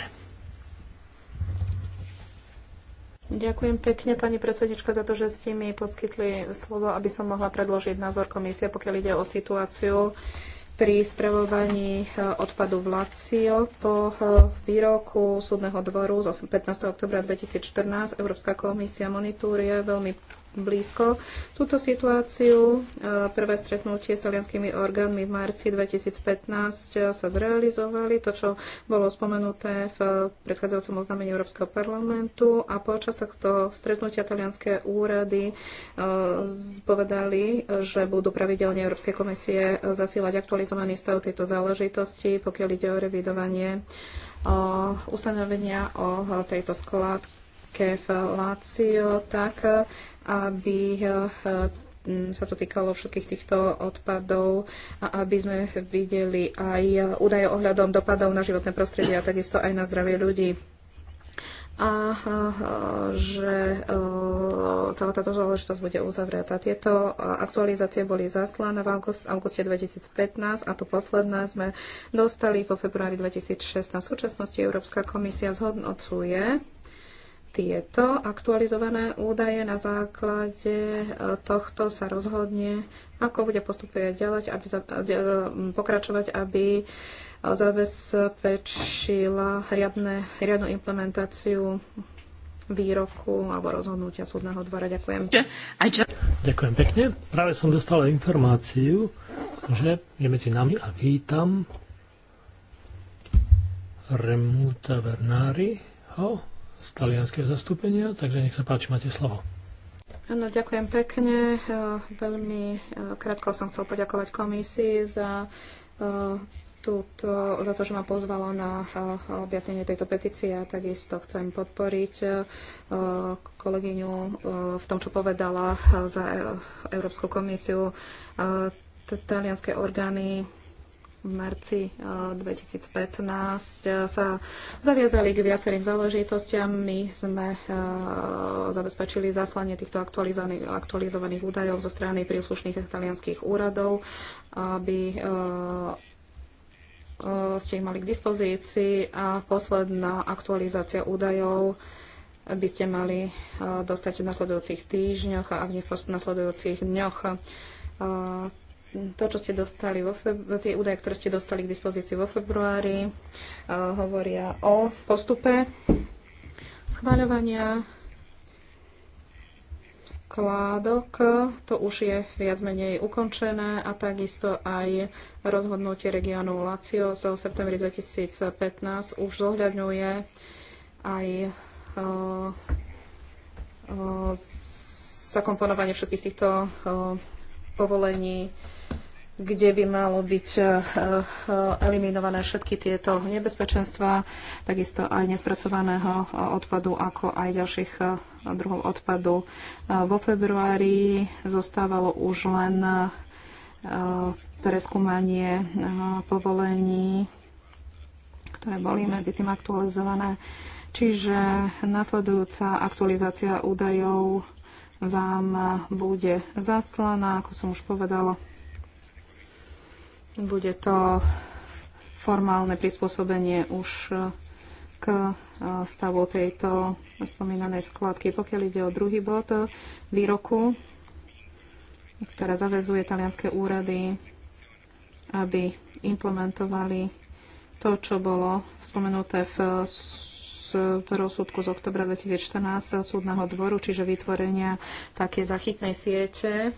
Ďakujem pekne, pani predsednička, za to, že ste mi poskytli slovo, aby som mohla predložiť názor komisie, pokiaľ ide o situáciu pri spravovaní eh, odpadu v Lazio po eh, výroku súdneho dvoru z 15. oktobra 2014 Európska komisia monitúruje veľmi blízko túto situáciu. E, prvé stretnutie s talianskými orgánmi v marci 2015 e, sa zrealizovali, to, čo bolo spomenuté v predchádzajúcom oznámení Európskeho parlamentu a počas tohto stretnutia talianské úrady e, povedali, že budú pravidelne Európskej komisie zasilať aktualizovaný stav tejto záležitosti, pokiaľ ide o revidovanie o ustanovenia o tejto skládke v Lácio, tak aby eh, sa to týkalo všetkých týchto odpadov a aby sme videli aj eh, údaje ohľadom dopadov na životné prostredie a takisto aj na zdravie ľudí. A eh, že celá táto záležitosť bude uzavretá. Tieto aktualizácie boli zaslané v auguste 2015 a tu posledné sme dostali vo februári 2016. V súčasnosti Európska komisia zhodnocuje tieto aktualizované údaje na základe e, tohto sa rozhodne, ako bude postupovať ďalej, aby za, de, e, pokračovať, aby e, zabezpečila riadne, riadnu implementáciu výroku alebo rozhodnutia súdneho dvora. Ďakujem.
Ďakujem pekne. Práve som dostala informáciu, že je medzi nami a vítam Remuta Oh z talianského zastúpenia, takže nech sa páči, máte slovo.
Áno, ďakujem pekne. E, veľmi e, krátko som chcel poďakovať komisii za, e, túto, za to, že ma pozvala na objasnenie tejto petície a takisto chcem podporiť kolegyňu v tom, čo povedala za Európsku komisiu. Talianské orgány v marci 2015 eh, eh, sa zaviazali k viacerým záležitostiam. My sme eh, zabezpečili zaslanie týchto aktualizovaných, aktualizovaných údajov zo strany príslušných talianských úradov, aby ste ich mali k dispozícii a posledná aktualizácia údajov by ste mali dostať v nasledujúcich týždňoch a ak nie v nasledujúcich dňoch to, čo ste dostali vo febru- tie údaje, ktoré ste dostali k dispozícii vo februári, e, hovoria o postupe schváľovania skládok. To už je viac menej ukončené a takisto aj rozhodnutie regiónu Lazio z septembri 2015 už zohľadňuje aj e, e, zakomponovanie všetkých týchto povolení kde by malo byť eh, eh, eliminované všetky tieto nebezpečenstva, takisto aj nespracovaného eh, odpadu, ako aj ďalších druhov odpadu. Vo februári zostávalo už len preskúmanie povolení, ktoré boli medzi tým aktualizované. Čiže nasledujúca aktualizácia údajov vám bude zaslaná, ako som už povedala. Bude to formálne prispôsobenie už e, k e, stavu tejto spomínanej skladky. Pokiaľ ide o druhý bod e, výroku, ktorá zavezuje talianské úrady, aby implementovali to, čo bolo spomenuté v v rozsudku z oktobra 2014 súdneho dvoru, čiže vytvorenia také zachytnej siete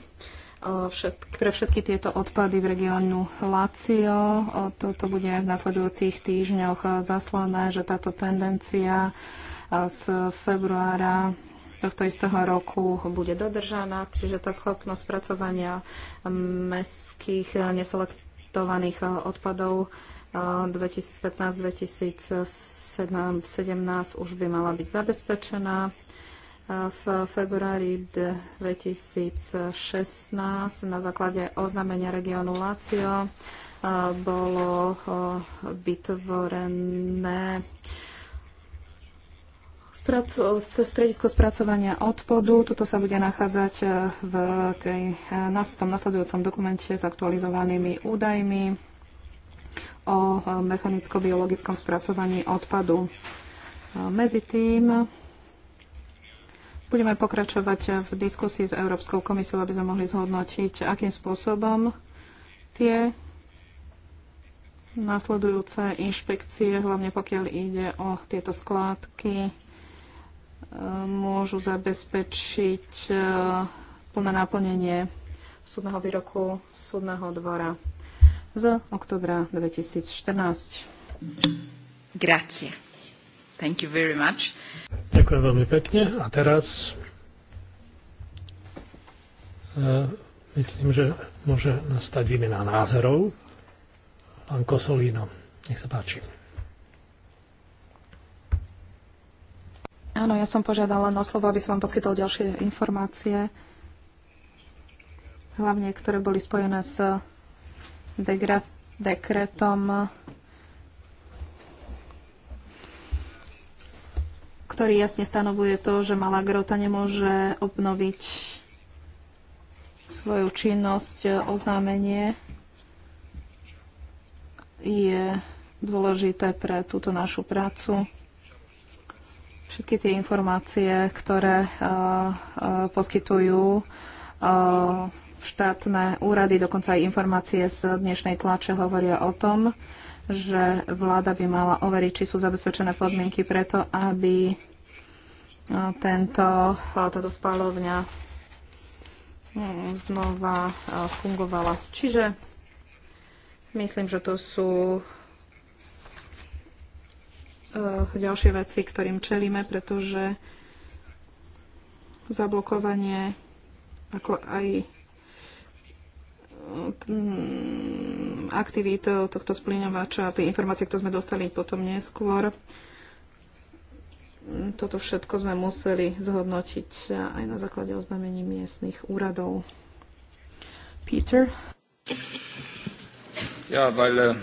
Eh, všetky, pre všetky tieto odpady v regiónu Lazio. Eh, toto bude v nasledujúcich týždňoch eh, zaslané, že táto tendencia z februára tohto istého roku bude dodržaná, čiže tá schopnosť pracovania mestských neselektovaných odpadov 2015-2017 už by mala byť zabezpečená v februári 2016 na základe oznámenia regiónu Lácio bolo vytvorené stredisko spracovania odpadu. Toto sa bude nachádzať v tej, tom nasledujúcom dokumente s aktualizovanými údajmi o mechanicko-biologickom spracovaní odpadu. Medzi tým Budeme pokračovať v diskusii s Európskou komisiou, aby sme mohli zhodnotiť, akým spôsobom tie následujúce inšpekcie, hlavne pokiaľ ide o tieto skládky, e, môžu zabezpečiť e, plné naplnenie súdneho výroku súdneho dvora z oktobra 2014. Grazie. Thank you very much.
Ďakujem veľmi pekne. A teraz e, myslím, že môže nastať výmena názorov. Pán Kosolino, nech sa páči.
Áno, ja som požiadala len o slovo, aby som vám poskytol ďalšie informácie, hlavne ktoré boli spojené s dekretom ktorý jasne stanovuje to, že malá grota nemôže obnoviť svoju činnosť, oznámenie je dôležité pre túto našu prácu. Všetky tie informácie, ktoré poskytujú štátne úrady, dokonca aj informácie z dnešnej tlače hovoria o tom, že vláda by mala overiť, či sú zabezpečené podmienky preto, aby e, tento, e, táto spálovňa e, znova fungovala. Čiže myslím, že to sú ďalšie veci, ktorým čelíme, pretože zablokovanie ako aj aktivít tohto splíňovača a tie informácie, ktoré sme dostali potom neskôr, toto všetko sme museli zhodnotiť aj na základe oznámení miestnych
úradov. Peter?
Ja, weil... Äh,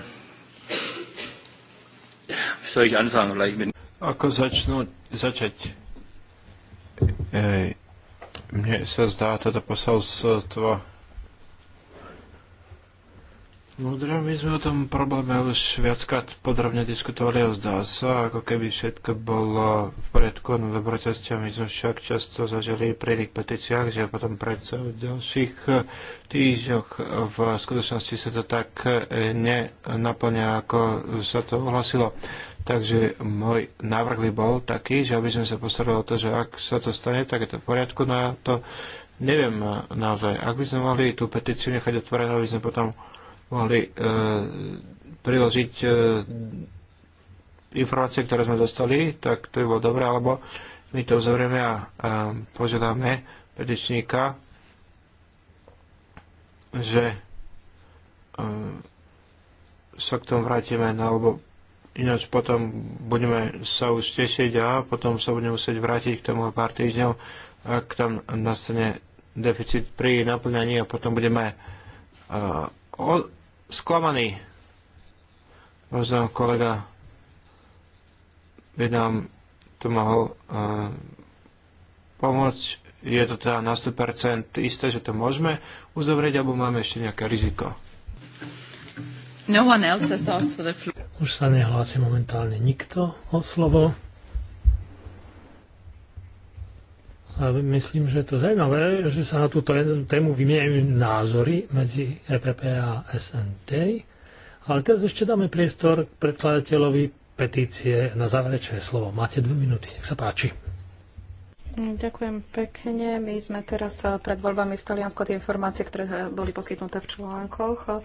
soll ich anfangen? Vielleicht mit...
Ako začnú, začať? Ej, mne sa zdá toto posolstvo
Mudro, no, my sme
o tom probléme už viackrát podrobne diskutovali a zdá sa, ako keby všetko bolo v poriadku, no dobroťasťou my sme však často zažili pri iných petíciách, že potom predsa v ďalších eh, týždňoch v skutočnosti sa to tak eh, nenaplňa, ako sa to ohlasilo. Takže môj návrh by bol taký, že aby sme sa postarali o to, že ak sa to stane, tak je to v poriadku, no ja to neviem eh, naozaj. Ak by sme mohli tú petíciu nechať otvorenú, aby sme potom mohli e, priložiť e, informácie, ktoré sme dostali, tak to by bolo dobré, alebo my to uzavrieme a požiadame petičníka, že e, sa k tomu vrátime, no, alebo ináč potom budeme sa už tešiť a potom sa budeme musieť vrátiť k tomu pár týždňov, ak tam nastane deficit pri naplňaní a potom budeme sklamaný. Možno kolega by nám to mohol uh, pomôcť. Je to teda na 100% isté, že to môžeme uzavrieť, alebo máme ešte nejaké riziko?
No one else has asked for the flu.
Už sa nehlási momentálne nikto o slovo. A myslím, že to zaujímavé, že sa na túto tému vymieňajú názory medzi EPP a SNT. Ale teraz ešte dáme priestor k predkladateľovi petície na záverečné slovo. Máte dve minúty, nech sa páči.
Mm, ďakujem pekne. My sme teraz eh, pred voľbami v Taliansku tie informácie, ktoré eh, boli poskytnuté v článkoch, eh,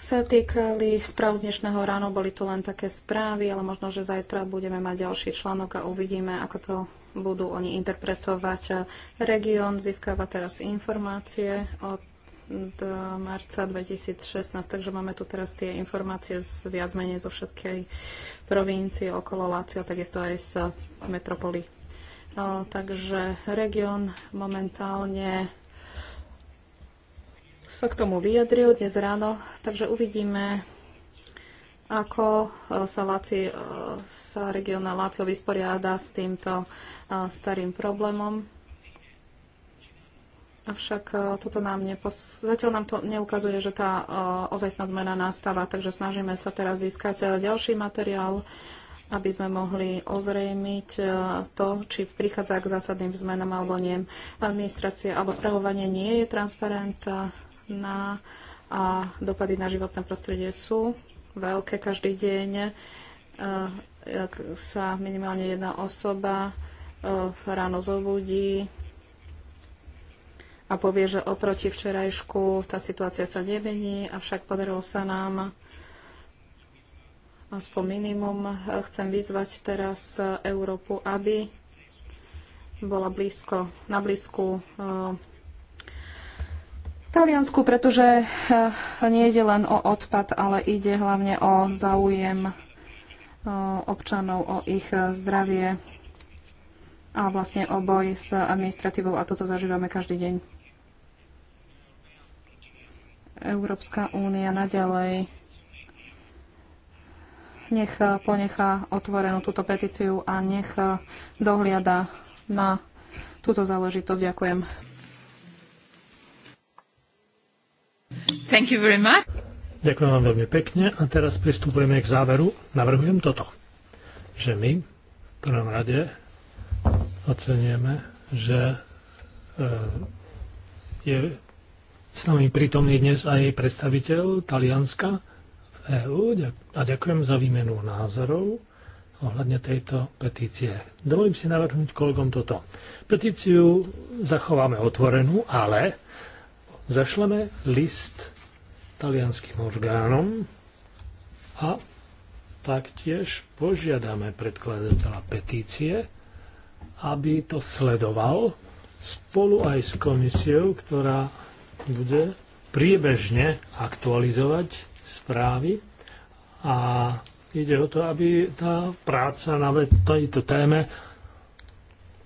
sa týkali správ z dnešného ráno, boli to len také správy, ale možno, že zajtra budeme mať ďalší článok a uvidíme, ako to budú oni interpretovať. Eh, región získava teraz informácie od eh, marca 2016, takže máme tu teraz tie informácie z viac menej zo všetkej provincie okolo Lácia, takisto aj z metropoly. No, takže región momentálne sa k tomu vyjadril dnes ráno, takže uvidíme, ako e, sa, Laci, e, sa regionál Lácio vysporiada s týmto e, starým problémom. Avšak toto nám nepos- zatiaľ nám to neukazuje, že tá ozajstná zmena nastáva, takže snažíme sa teraz získať ďalší materiál, aby sme mohli ozrejmiť to, či prichádza k zásadným zmenám alebo nie. Administrácia alebo spravovanie nie je transparentná a dopady na životné prostredie sú veľké každý deň. E, ak sa minimálne jedna osoba e, ráno zobudí a povie, že oproti včerajšku tá situácia sa nemení, avšak podarilo sa nám aspoň minimum. E, chcem vyzvať teraz Európu, aby bola blízko, na blízku Taliansku, pretože eh, nie ide len o odpad, ale ide hlavne o záujem eh, občanov, o ich eh, zdravie a vlastne o boj s administratívou a toto zažívame každý deň. Európska únia naďalej nech ponechá otvorenú túto petíciu a nech dohliada na túto záležitosť. Ďakujem. Thank you very much.
Ďakujem vám veľmi pekne a teraz pristupujeme k záveru. Navrhujem toto, že my v prvom rade ocenieme, že eh, je s nami prítomný dnes aj predstaviteľ Talianska v EÚ a ďakujem za výmenu názorov ohľadne tejto petície. Dovolím si navrhnúť kolegom toto. Petíciu zachováme otvorenú, ale zašleme list talianským orgánom a taktiež požiadame predkladateľa petície, aby to sledoval spolu aj s komisiou, ktorá bude priebežne aktualizovať správy a ide o to, aby tá práca na tejto téme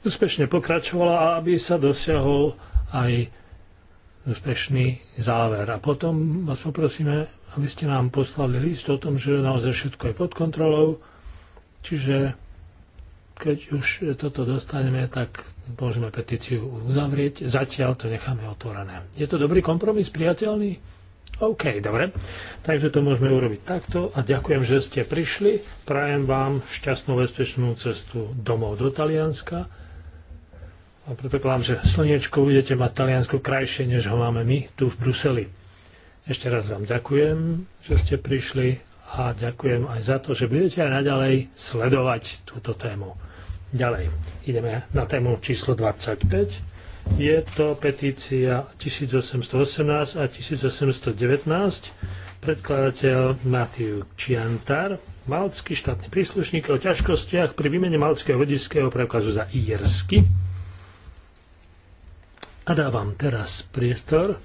úspešne pokračovala a aby sa dosiahol aj úspešný záver. A potom vás poprosíme, aby ste nám poslali list o tom, že naozaj všetko je pod kontrolou. Čiže keď už toto dostaneme, tak môžeme petíciu uzavrieť. Zatiaľ to necháme otvorené. Je to dobrý kompromis, priateľný? OK, dobre. Takže to môžeme urobiť takto a ďakujem, že ste prišli. Prajem vám šťastnú, bezpečnú cestu domov do Talianska. A predpokladám, že slniečko budete mať Taliansko krajšie, než ho máme my tu v Bruseli. Ešte raz vám ďakujem, že ste prišli a ďakujem aj za to, že budete aj naďalej sledovať túto tému. Ďalej, ideme na tému číslo 25. Je to petícia 1818 a 1819. Predkladateľ Matiu Čiantar, malcký štátny príslušník o ťažkostiach pri výmene malckého vodického preukazu za írsky. A dávam teraz priestor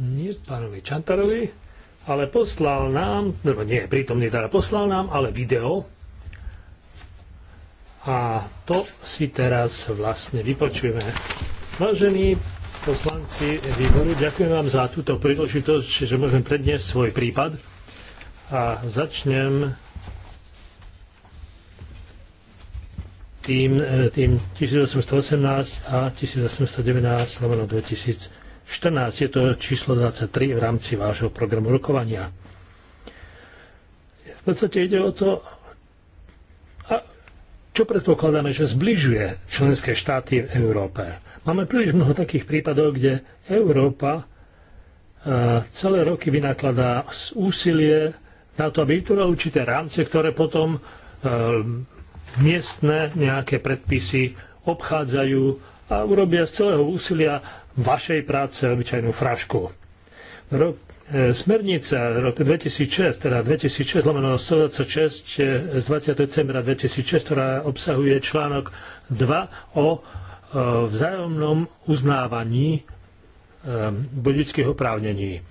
nie pánovi Čantarovi, ale poslal nám, no nie, prítomný teda poslal nám, ale video. A to si teraz vlastne vypočujeme. Vážení poslanci výboru, ďakujem vám za túto príležitosť, že môžem predniesť svoj prípad. A začnem tým, e, tým 1818 a 1819 lomeno 2014. Je to číslo 23 v rámci vášho programu rokovania. V podstate ide o to, a čo predpokladáme, že zbližuje členské štáty v Európe. Máme príliš mnoho takých prípadov, kde Európa e, celé roky vynakladá úsilie na to, aby vytvorila určité rámce, ktoré potom e, miestne nejaké predpisy obchádzajú a urobia z celého úsilia vašej práce obyčajnú frašku. Rok, e, smernica rok 2006, teda 2006 lomeno 126 e, z 20. decembra 2006, ktorá obsahuje článok 2 o e, vzájomnom uznávaní e, oprávnení.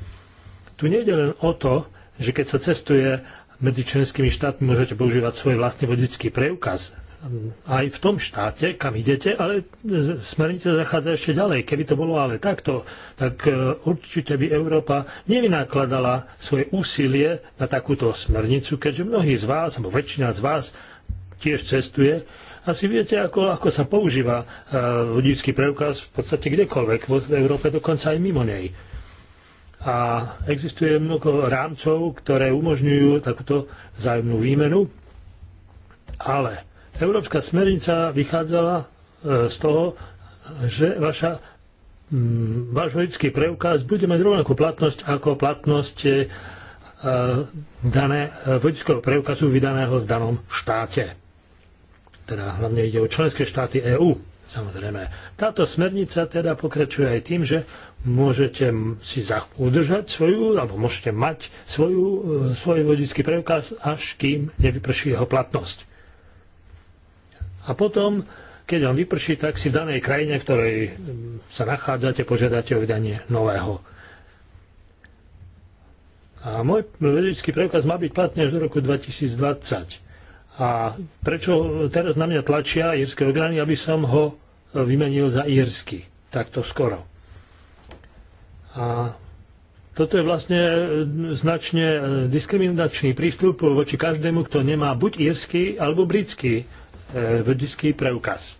Tu nejde len o to, že keď sa cestuje medzi členskými štátmi môžete používať svoj vlastný vodický preukaz aj v tom štáte, kam idete, ale smernica zachádza ešte ďalej. Keby to bolo ale takto, tak e, určite by Európa nevynákladala svoje úsilie na takúto smernicu, keďže mnohí z vás, alebo väčšina z vás tiež cestuje. Asi viete, ako, ako sa používa e, vodický preukaz v podstate kdekoľvek, v Európe dokonca aj mimo nej a existuje mnoho rámcov, ktoré umožňujú takúto vzájomnú výmenu, ale Európska smernica vychádzala e, z toho, že vaša mm, váš vedecký preukaz bude mať rovnakú platnosť ako platnosť e, dané, e, vedeckého preukazu vydaného v danom štáte. Teda hlavne ide o členské štáty EÚ, samozrejme. Táto smernica teda pokračuje aj tým, že môžete si udržať svoju, alebo môžete mať svoju, e, svoj vodický preukaz, až kým nevyprší jeho platnosť. A potom, keď on vyprší, tak si v danej krajine, v ktorej sa nachádzate, požiadate o vydanie nového. A môj vodický preukaz má byť platný až do roku 2020. A prečo teraz na mňa tlačia írske orgány, aby som ho e, vymenil za írsky? Takto skoro. A toto je vlastne e, značne e, diskriminačný prístup voči každému, kto nemá buď írsky alebo britský vodický e, preukaz.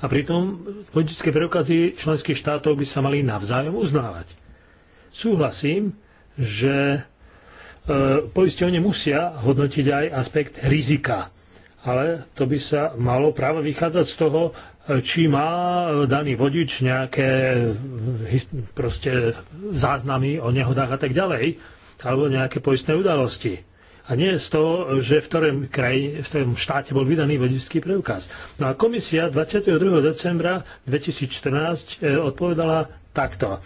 A pritom vodické preukazy členských štátov by sa mali navzájom uznávať. Súhlasím, že poisťovne musia hodnotiť aj aspekt rizika. Ale to by sa malo práve vychádzať z toho, či má e, daný vodič nejaké e, proste záznamy o nehodách a tak ďalej, alebo nejaké poistné udalosti. A nie z toho, že v ktorom, kraji, v ktorom štáte bol vydaný vodičský preukaz. No a komisia 22. decembra 2014 e, odpovedala takto.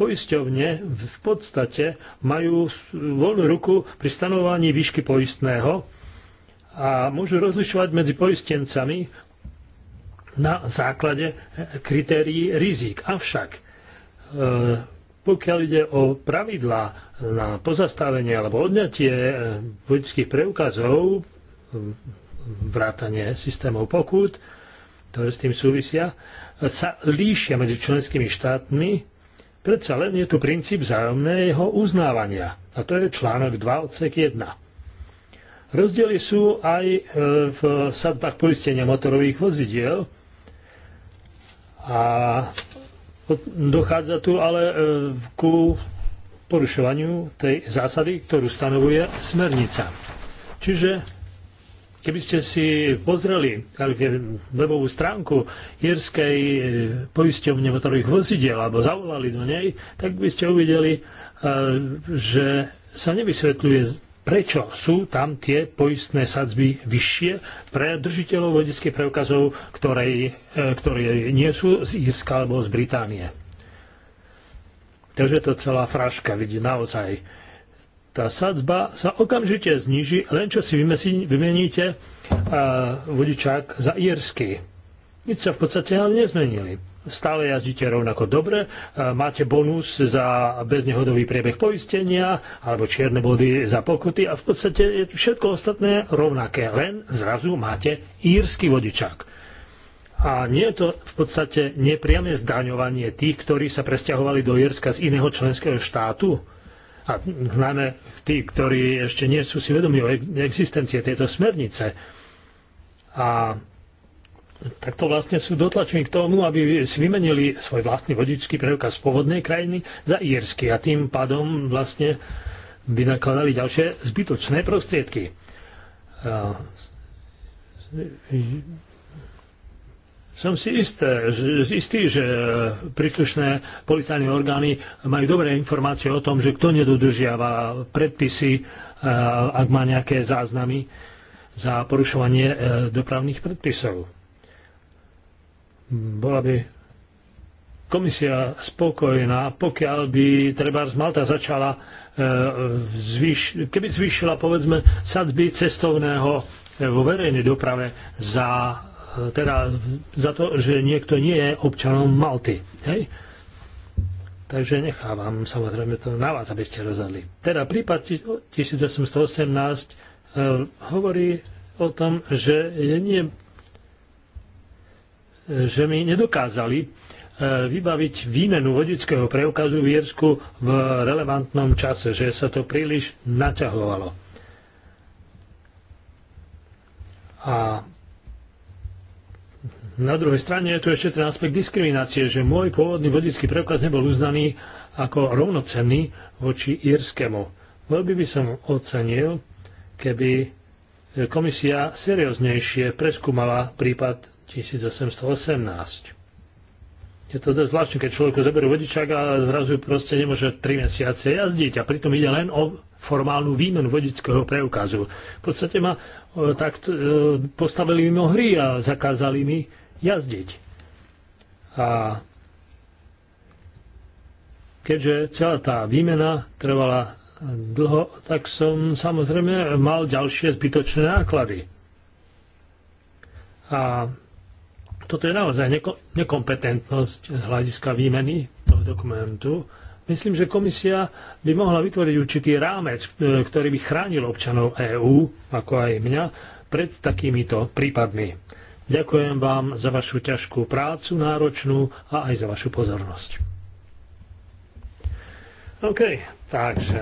Poisťovne v podstate majú voľnú ruku pri stanovaní výšky poistného, a môžu rozlišovať medzi poistencami, na základe kritérií rizik. Avšak e, pokiaľ ide o pravidlá na pozastavenie alebo odňatie e, vodických preukazov, e, vrátanie systémov pokút, ktoré s tým súvisia, sa líšia medzi členskými štátmi, predsa len je tu princíp vzájomného uznávania. A to je článok 2 odsek 1. Rozdiely sú aj v sadbách poistenia motorových vozidiel, a dochádza tu ale e, ku porušovaniu tej zásady, ktorú stanovuje smernica. Čiže keby ste si pozreli webovú stránku Jerskej e, poisťovne motorových vozidel alebo zavolali do nej, tak by ste uvideli, e, že sa nevysvetľuje prečo sú tam tie poistné sadzby vyššie pre držiteľov vodických preukazov, ktoré, e, ktoré nie sú z Írska alebo z Británie. Takže to celá fraška vidí naozaj. Tá sadzba sa okamžite zniží, len čo si vymeníte e, vodičák za írsky. Nič sa v podstate ale nezmenili stále jazdíte rovnako dobre, máte bonus za beznehodový priebeh poistenia alebo čierne body za pokuty a v podstate je všetko ostatné rovnaké, len zrazu máte írsky vodičák. A nie je to v podstate nepriame zdaňovanie tých, ktorí sa presťahovali do Írska z iného členského štátu? A najmä tí, ktorí ešte nie sú si vedomi o existencie tejto smernice. A tak to vlastne sú dotlačení k tomu, aby si vymenili svoj vlastný vodičský preukaz z pôvodnej krajiny za írsky a tým pádom vlastne vynakladali ďalšie zbytočné prostriedky. Som si isté, istý, že príslušné policajné orgány majú dobré informácie o tom, že kto nedodržiava predpisy, ak má nejaké záznamy za porušovanie e, dopravných predpisov bola by komisia spokojná, pokiaľ by treba z Malta začala e, keby zvýšila povedzme sadby cestovného e, vo verejnej doprave za, e, teda, za to, že niekto nie je občanom Malty. Hej? Takže nechávam samozrejme to na vás, aby ste rozhodli. Teda prípad 1818 hovorí o tom, že je nie že mi nedokázali e, vybaviť výmenu vodického preukazu v Jersku v relevantnom čase, že sa to príliš naťahovalo. A na druhej strane je tu ešte ten aspekt diskriminácie, že môj pôvodný vodický preukaz nebol uznaný ako rovnocenný voči írskému. Veľmi by som ocenil, keby komisia serióznejšie preskúmala prípad 1818. Je to dosť zvláštne, keď človeku zoberú vodičák a zrazu proste nemôže 3 mesiace jazdiť a pritom ide len o formálnu výmenu vodického preukazu. V podstate ma e, tak e, postavili mimo hry a zakázali mi jazdiť. A keďže celá tá výmena trvala dlho, tak som samozrejme mal ďalšie zbytočné náklady. A toto je naozaj neko- nekompetentnosť z hľadiska výmeny toho dokumentu. Myslím, že komisia by mohla vytvoriť určitý rámec, e, ktorý by chránil občanov EÚ, ako aj mňa, pred takýmito prípadmi. Ďakujem vám za vašu ťažkú prácu, náročnú a aj za vašu pozornosť. OK, takže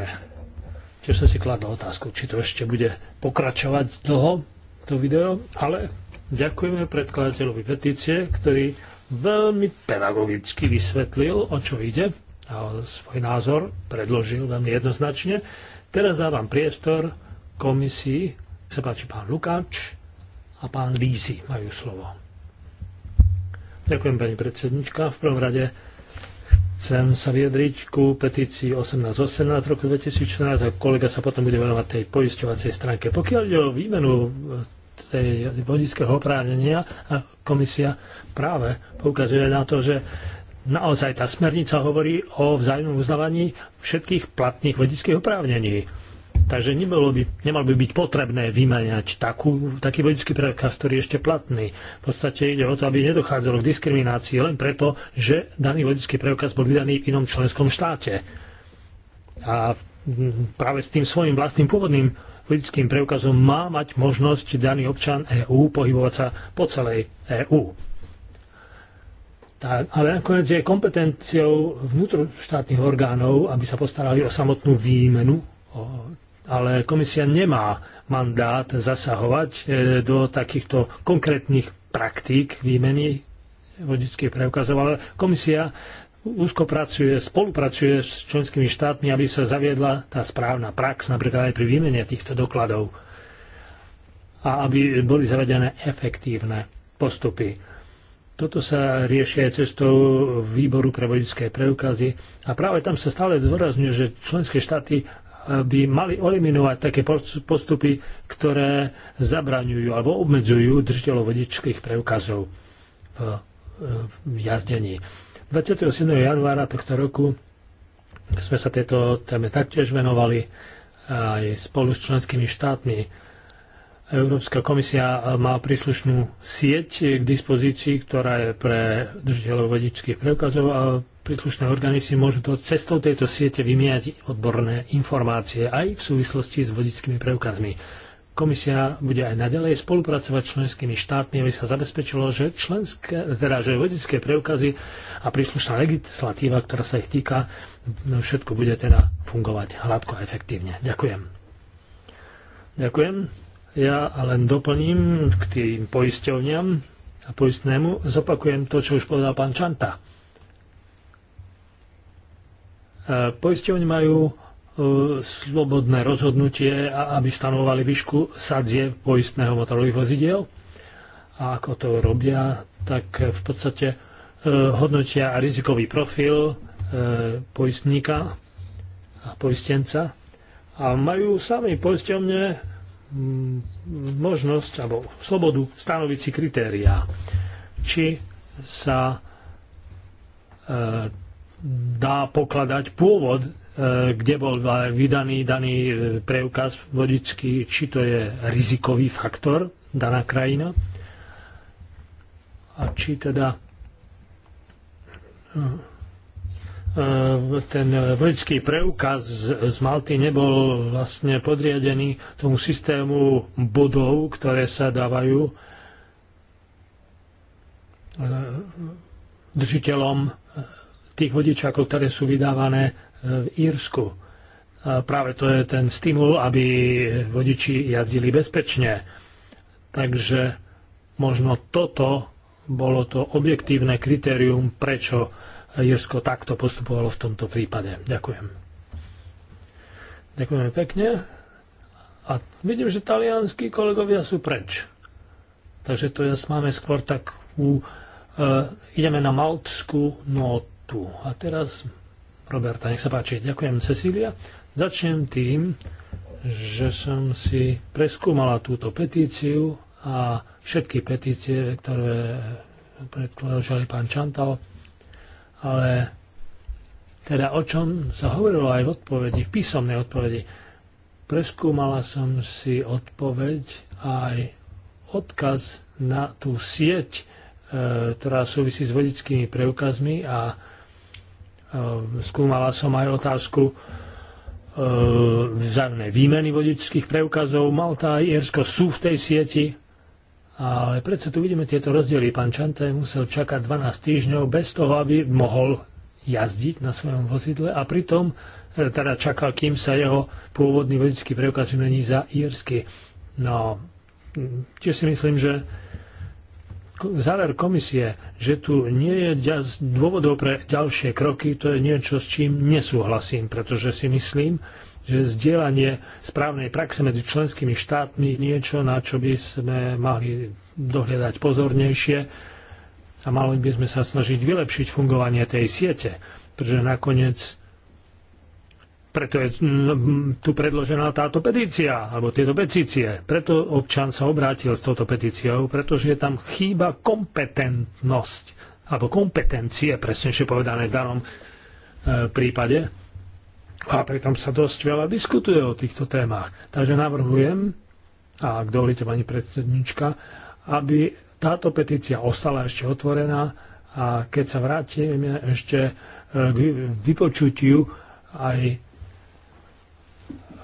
tiež som si kladol otázku, či to ešte bude pokračovať dlho, to video, ale Ďakujeme predkladateľovi petície, ktorý veľmi pedagogicky vysvetlil, o čo ide a svoj názor predložil veľmi jednoznačne. Teraz dávam priestor komisii. Sa páči pán Lukáč a pán Lízy majú slovo. Ďakujem, pani predsednička. V prvom rade chcem sa vyjadriť ku petícii 1818 roku 2014 a kolega sa potom bude venovať tej poisťovacej stránke. Pokiaľ ide o výmenu tej vodického oprávnenia a komisia práve poukazuje na to, že naozaj tá smernica hovorí o vzájomnom uznávaní všetkých platných vodických oprávnení. Takže nebolo by, nemal by byť potrebné vymeniať takú, taký vodický preukaz, ktorý je ešte platný. V podstate ide o to, aby nedochádzalo k diskriminácii len preto, že daný vodický preukaz bol vydaný v inom členskom štáte. A práve s tým svojim vlastným pôvodným ľudským preukazom má mať možnosť daný občan EÚ pohybovať sa po celej EÚ. Ale nakoniec je kompetenciou vnútroštátnych orgánov, aby sa postarali o samotnú výmenu, ale komisia nemá mandát zasahovať e, do takýchto konkrétnych praktík výmeny vodických preukazov, ale komisia úzko pracuje, spolupracuje s členskými štátmi, aby sa zaviedla tá správna prax, napríklad aj pri výmene týchto dokladov a aby boli zavedené efektívne postupy. Toto sa riešia aj cestou výboru pre vodické preukazy a práve tam sa stále zdôrazňuje, že členské štáty eh, by mali eliminovať také postupy, ktoré zabraňujú alebo obmedzujú držiteľov vodičských preukazov v eh, jazdení. 27. januára tohto roku sme sa tejto téme taktiež venovali aj spolu s členskými štátmi. Európska komisia má príslušnú sieť k dispozícii, ktorá je pre držiteľov vodičských preukazov a príslušné orgány si môžu to, cestou tejto siete vymieňať odborné informácie aj v súvislosti s vodičskými preukazmi. Komisia bude aj naďalej spolupracovať s členskými štátmi, aby sa zabezpečilo, že, členské, teda, že vodické preukazy a príslušná legislatíva, ktorá sa ich týka, no, všetko bude teda fungovať hladko a efektívne. Ďakujem. Ďakujem. Ja len doplním k tým poisťovňam a poistnému. Zopakujem to, čo už povedal pán Čanta. E, poisťovne majú E, slobodné rozhodnutie, aby stanovali výšku sadzie poistného motorových vozidiel. A ako to robia, tak v podstate e, hodnotia rizikový profil e, poistníka a poistenca a majú sami poistovne možnosť alebo slobodu stanoviť si kritériá, či sa dá pokladať pôvod E, kde bol vydaný daný e, preukaz vodický, či to je rizikový faktor daná krajina a či teda e, ten vodický preukaz z Malty nebol vlastne podriadený tomu systému bodov, ktoré sa dávajú držiteľom tých vodičákov, ktoré sú vydávané v Írsku. A práve to je ten stimul, aby vodiči jazdili bezpečne. Takže možno toto bolo to objektívne kritérium, prečo Jirsko takto postupovalo v tomto prípade. Ďakujem. Ďakujeme pekne. A vidím, že talianskí kolegovia sú preč. Takže to jas máme skôr takú... E, ideme na maltskú notu. A teraz Roberta, nech sa páči. Ďakujem, Cecília. Začnem tým, že som si preskúmala túto petíciu a všetky petície, ktoré predkladal pán Čantal, ale teda o čom sa hovorilo aj v odpovedi, v písomnej odpovedi. Preskúmala som si odpoveď aj odkaz na tú sieť, e, ktorá súvisí s vodickými preukazmi a Eh, skúmala som aj otázku eh, vzájomnej výmeny vodičských preukazov. Malta a Irsko sú v tej sieti, ale predsa tu vidíme tieto rozdiely. Pán Čanté musel čakať 12 týždňov bez toho, aby mohol jazdiť na svojom vozidle a pritom eh, teda čakal, kým sa jeho pôvodný vodičský preukaz vymení za írsky. No, hm, tiež si myslím, že záver komisie, že tu nie je dôvodov pre ďalšie kroky, to je niečo, s čím nesúhlasím, pretože si myslím, že zdieľanie správnej praxe medzi členskými štátmi niečo, na čo by sme mali dohľadať pozornejšie a mali by sme sa snažiť vylepšiť fungovanie tej siete, pretože nakoniec preto je mm, tu predložená táto petícia, alebo tieto petície. Preto občan sa obrátil s touto petíciou, pretože tam chýba kompetentnosť, alebo kompetencie, presnejšie povedané v danom e, prípade. A pritom sa dosť veľa diskutuje o týchto témach. Takže navrhujem, a ak dovolíte pani predsednička, aby táto petícia ostala ešte otvorená a keď sa vrátime ešte e, k vypočutiu aj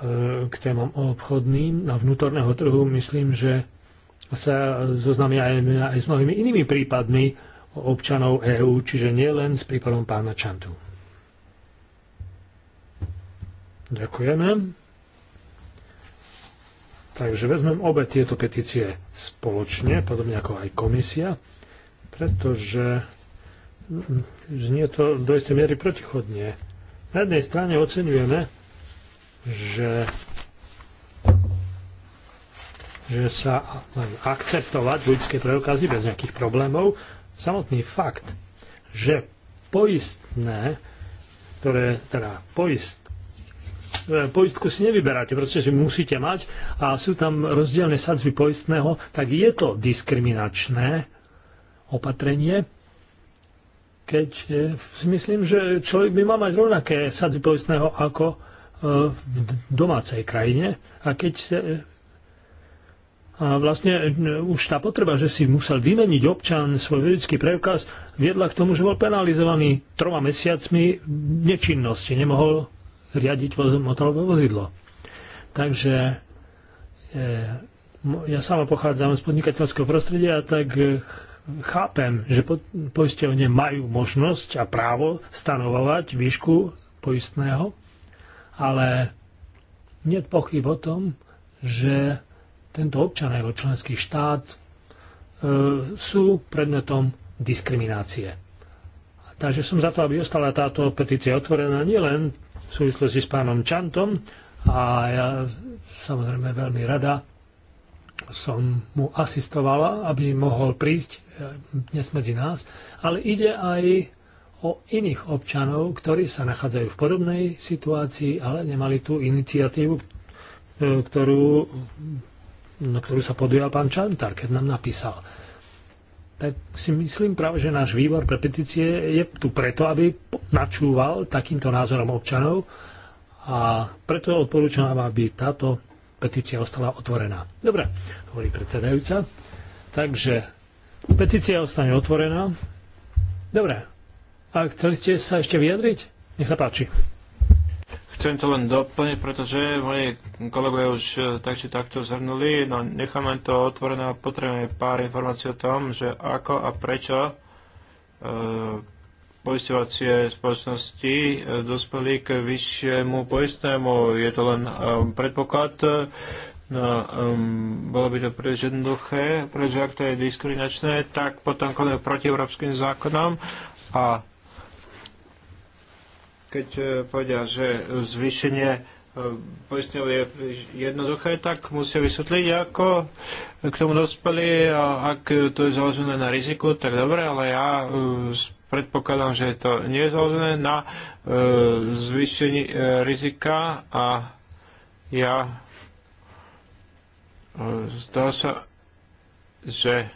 E, k témam obchodným a vnútorného trhu, myslím, že sa zoznamia aj, aj s mnohými inými prípadmi občanov EÚ, čiže nielen s prípadom pána Čantu. Ďakujeme. Takže vezmem obe tieto petície spoločne, podobne ako aj komisia, pretože mm, znie to do istej miery protichodne. Na jednej strane oceňujeme, že že sa majú akceptovať ľudské preukazy bez nejakých problémov. Samotný fakt, že poistné, ktoré teda poist, e, poistku si nevyberáte, pretože musíte mať a sú tam rozdielne sadzby poistného, tak je to diskriminačné opatrenie, keď e, si myslím, že človek by mal mať rovnaké sadzby poistného ako v domácej krajine a keď sa, a vlastne e, už tá potreba, že si musel vymeniť občan svoj vedecký preukaz, viedla k tomu, že bol penalizovaný troma mesiacmi nečinnosti, nemohol riadiť motorové vozidlo. Takže e, ja sama pochádzam z podnikateľského prostredia, tak e, chápem, že po, poisťovne majú možnosť a právo stanovovať výšku poistného, ale nie pochyb o tom, že tento občan jeho členský štát e, sú predmetom diskriminácie. Takže som za to, aby ostala táto petícia otvorená nielen v súvislosti s pánom Čantom a ja samozrejme veľmi rada som mu asistovala, aby mohol prísť e, dnes medzi nás, ale ide aj o iných občanov, ktorí sa nachádzajú v podobnej situácii, ale nemali tú iniciatívu, e, ktorú, na ktorú sa podujal pán Čantar, keď nám napísal. Tak si myslím práve, že náš výbor pre petície je tu preto, aby načúval takýmto názorom občanov a preto odporúčam, aby táto petícia ostala otvorená. Dobre, hovorí predsedajúca. Takže petícia ostane otvorená. Dobre, a chceli ste sa ešte vyjadriť? Nech sa páči.
Chcem to len doplniť, pretože moji kolegovia už e, tak či takto zhrnuli, no necháme to otvorené a potrebujeme pár informácií o tom, že ako a prečo e, poistovacie spoločnosti e, dospeli k vyššiemu poistnému. Je to len e, predpoklad, no, um, bolo by to príliš jednoduché, pretože ak to je diskriminačné, tak potom konajú proti európskym zákonom a keď e, povedia, že zvýšenie e, poistňov je jednoduché, tak musia vysvetliť, ako k tomu dospeli a ak to je založené na riziku, tak dobre, ale ja e, predpokladám, že to nie je založené na zvýšení rizika a ja zdá sa, že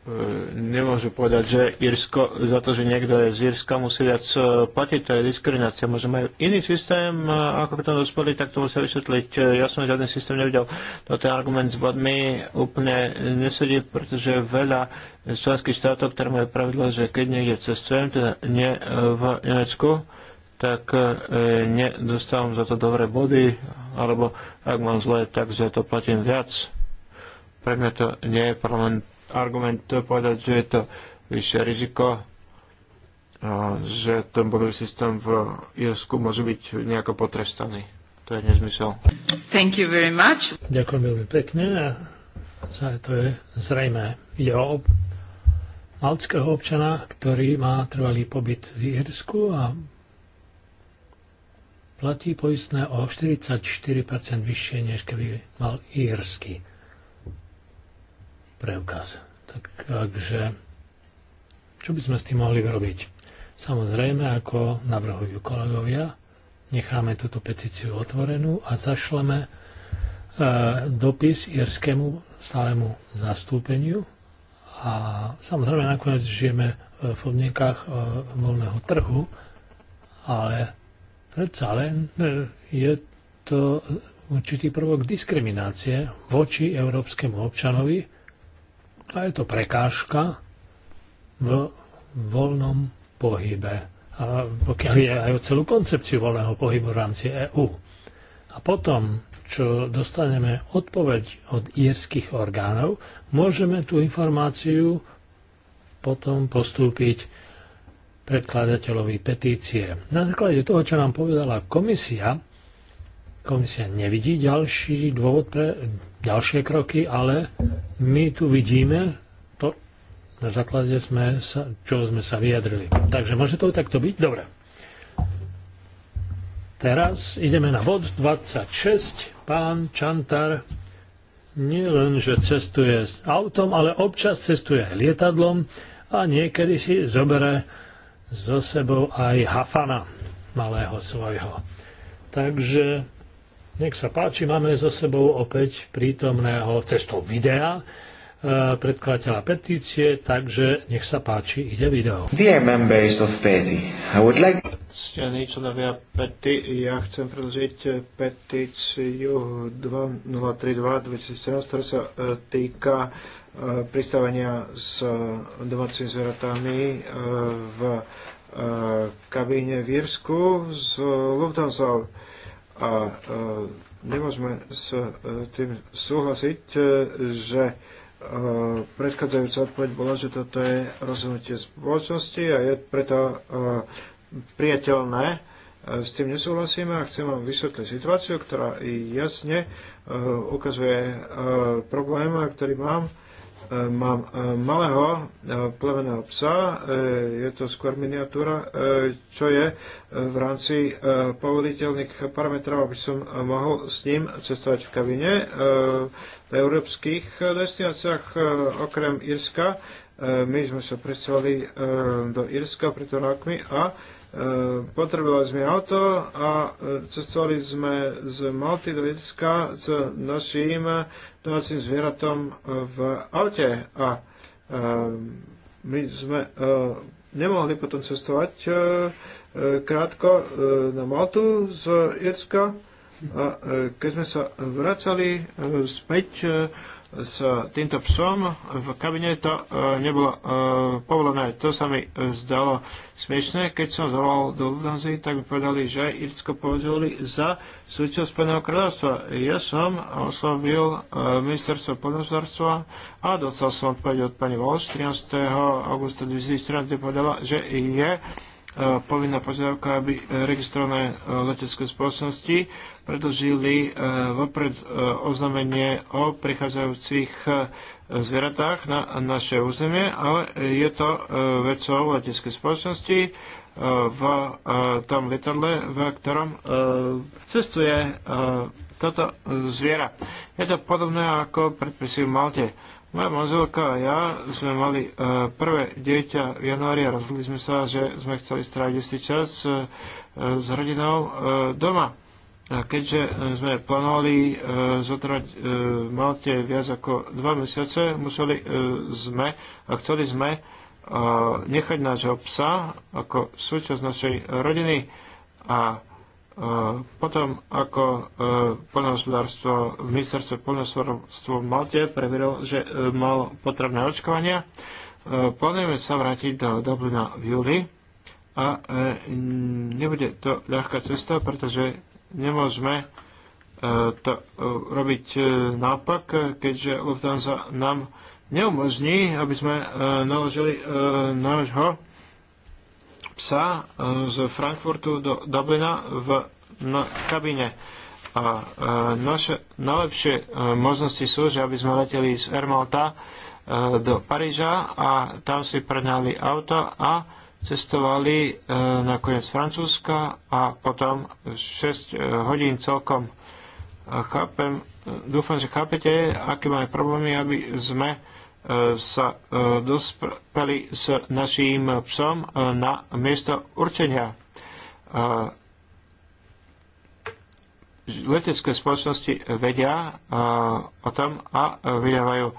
E, nemôžu povedať, že Irsko, za to, že niekto je z Irska, musí viac e, platiť, to je diskriminácia. Možno majú iný systém, e, ako by to dospeli, tak to musia vysvetliť. Ja som žiadny systém nevidel. To no, ten argument s bodmi úplne nesedí, pretože veľa členských štátov, ktoré majú pravidlo, že keď niekde cestujem, teda nie v Nemecku, tak e, nedostávam za to dobré body, alebo ak mám zlé, tak za to platím viac. Pre mňa to nie je parlament argument to povedať, že je to vyššie riziko, že ten bodový systém v Irsku môže byť nejako potrestaný. To je nezmysel.
Thank you very much. Ďakujem veľmi pekne. To je zrejme. Ide o malckého občana, ktorý má trvalý pobyt v Irsku a platí poistné o 44% vyššie, než keby mal írsky preukaz. Takže čo by sme s tým mohli robiť? Samozrejme, ako navrhujú kolegovia, necháme túto petíciu otvorenú a zašleme e, dopis írskému stálemu zastúpeniu a samozrejme nakoniec žijeme v e, voľného trhu, ale predsa len e, je to určitý prvok diskriminácie voči európskemu občanovi, a je to prekážka v voľnom pohybe. A pokiaľ je aj o celú koncepciu voľného pohybu v rámci EÚ. A potom, čo dostaneme odpoveď od írskych orgánov, môžeme tú informáciu potom postúpiť predkladateľovi petície. Na základe toho, čo nám povedala komisia, komisia nevidí ďalší dôvod pre ďalšie kroky, ale my tu vidíme to, na základe sme sa, čo sme sa vyjadrili. Takže môže to takto byť? Dobre. Teraz ideme na bod 26. Pán Čantar nie len, že cestuje s autom, ale občas cestuje aj lietadlom a niekedy si zobere so sebou aj hafana malého svojho. Takže nech sa páči, máme so sebou opäť prítomného cestou videa e, predkladateľa petície, takže nech sa páči, ide video. Dear members
of PETI, I would like... Ctení členovia PETI, ja chcem predložiť petíciu 2032-2017, ktorá sa e, týka e, pristavenia s domácimi zvieratami v kabíne v Írsku z Lufthansa a nemôžeme s e, tým súhlasiť, e, že e, predchádzajúca odpoveď bola, že toto je rozhodnutie spoločnosti a je preto priateľné. S tým nesúhlasíme a chcem vám vysvetliť situáciu, ktorá jasne ukazuje problém, ktorý mám E, mám e, malého e, pleveného psa, je to skôr miniatúra, čo je v rámci povoliteľných parametrov, aby som mohol s ním cestovať v kabine v európskych destináciách okrem Irska. My sme sa presťahovali do Irska to rokmi a Eh, potrebovali sme auto a eh, cestovali sme z Malty do Vietka s naším domácim zvieratom eh, v aute a my sme nemohli potom cestovať krátko na Maltu z Irska a keď sme sa vracali späť s týmto psom v kabine to e, nebolo e, povolené. To sa mi e, zdalo smiešné. Keď som zavolal do Lufthansa, tak mi povedali, že Irsko považovali za súčasť Spojeného kráľovstva. Ja som oslovil ministerstvo podnosvarstva a dostal som odpoveď od pani Walsh 13. augusta 2014, kde povedala, že je E, povinná požiadavka, aby e, registrované e, letecké spoločnosti predlžili vopred oznámenie o prichádzajúcich zvieratách na naše územie, ale je to vecou leteckej spoločnosti v tom lietadle, v ktorom cestuje toto zviera. Je to podobné ako predpisy v Malte moja manželka a ja sme mali uh, prvé dieťa v januári a rozhodli sme sa, že sme chceli stráviť si čas uh, s rodinou uh, doma. A keďže sme plánovali e, zotrvať Malte viac ako dva mesiace, museli sme a chceli sme e, nechať nášho psa ako súčasť našej rodiny a E, potom, ako e, poľnohospodárstvo, ministerstvo poľnohospodárstva v Malte preveril, že e, mal potrebné očkovania, plánujeme sa vrátiť do Dublina v júli a nebude to ľahká cesta, pretože nemôžeme to robiť naopak, keďže Lufthansa nám neumožní, aby sme naložili nášho psa e, z Frankfurtu do Dublina v na kabine. A e, naše najlepšie e, možnosti sú, že aby sme leteli z Ermalta do Paríža a tam si preňali auto a cestovali nakoniec Francúzska a potom 6 hodín celkom. Chápem, dúfam, že chápete, aké máme problémy, aby sme sa e, dospeli s naším psom e, na miesto určenia. E, letecké spoločnosti vedia o tom a vydávajú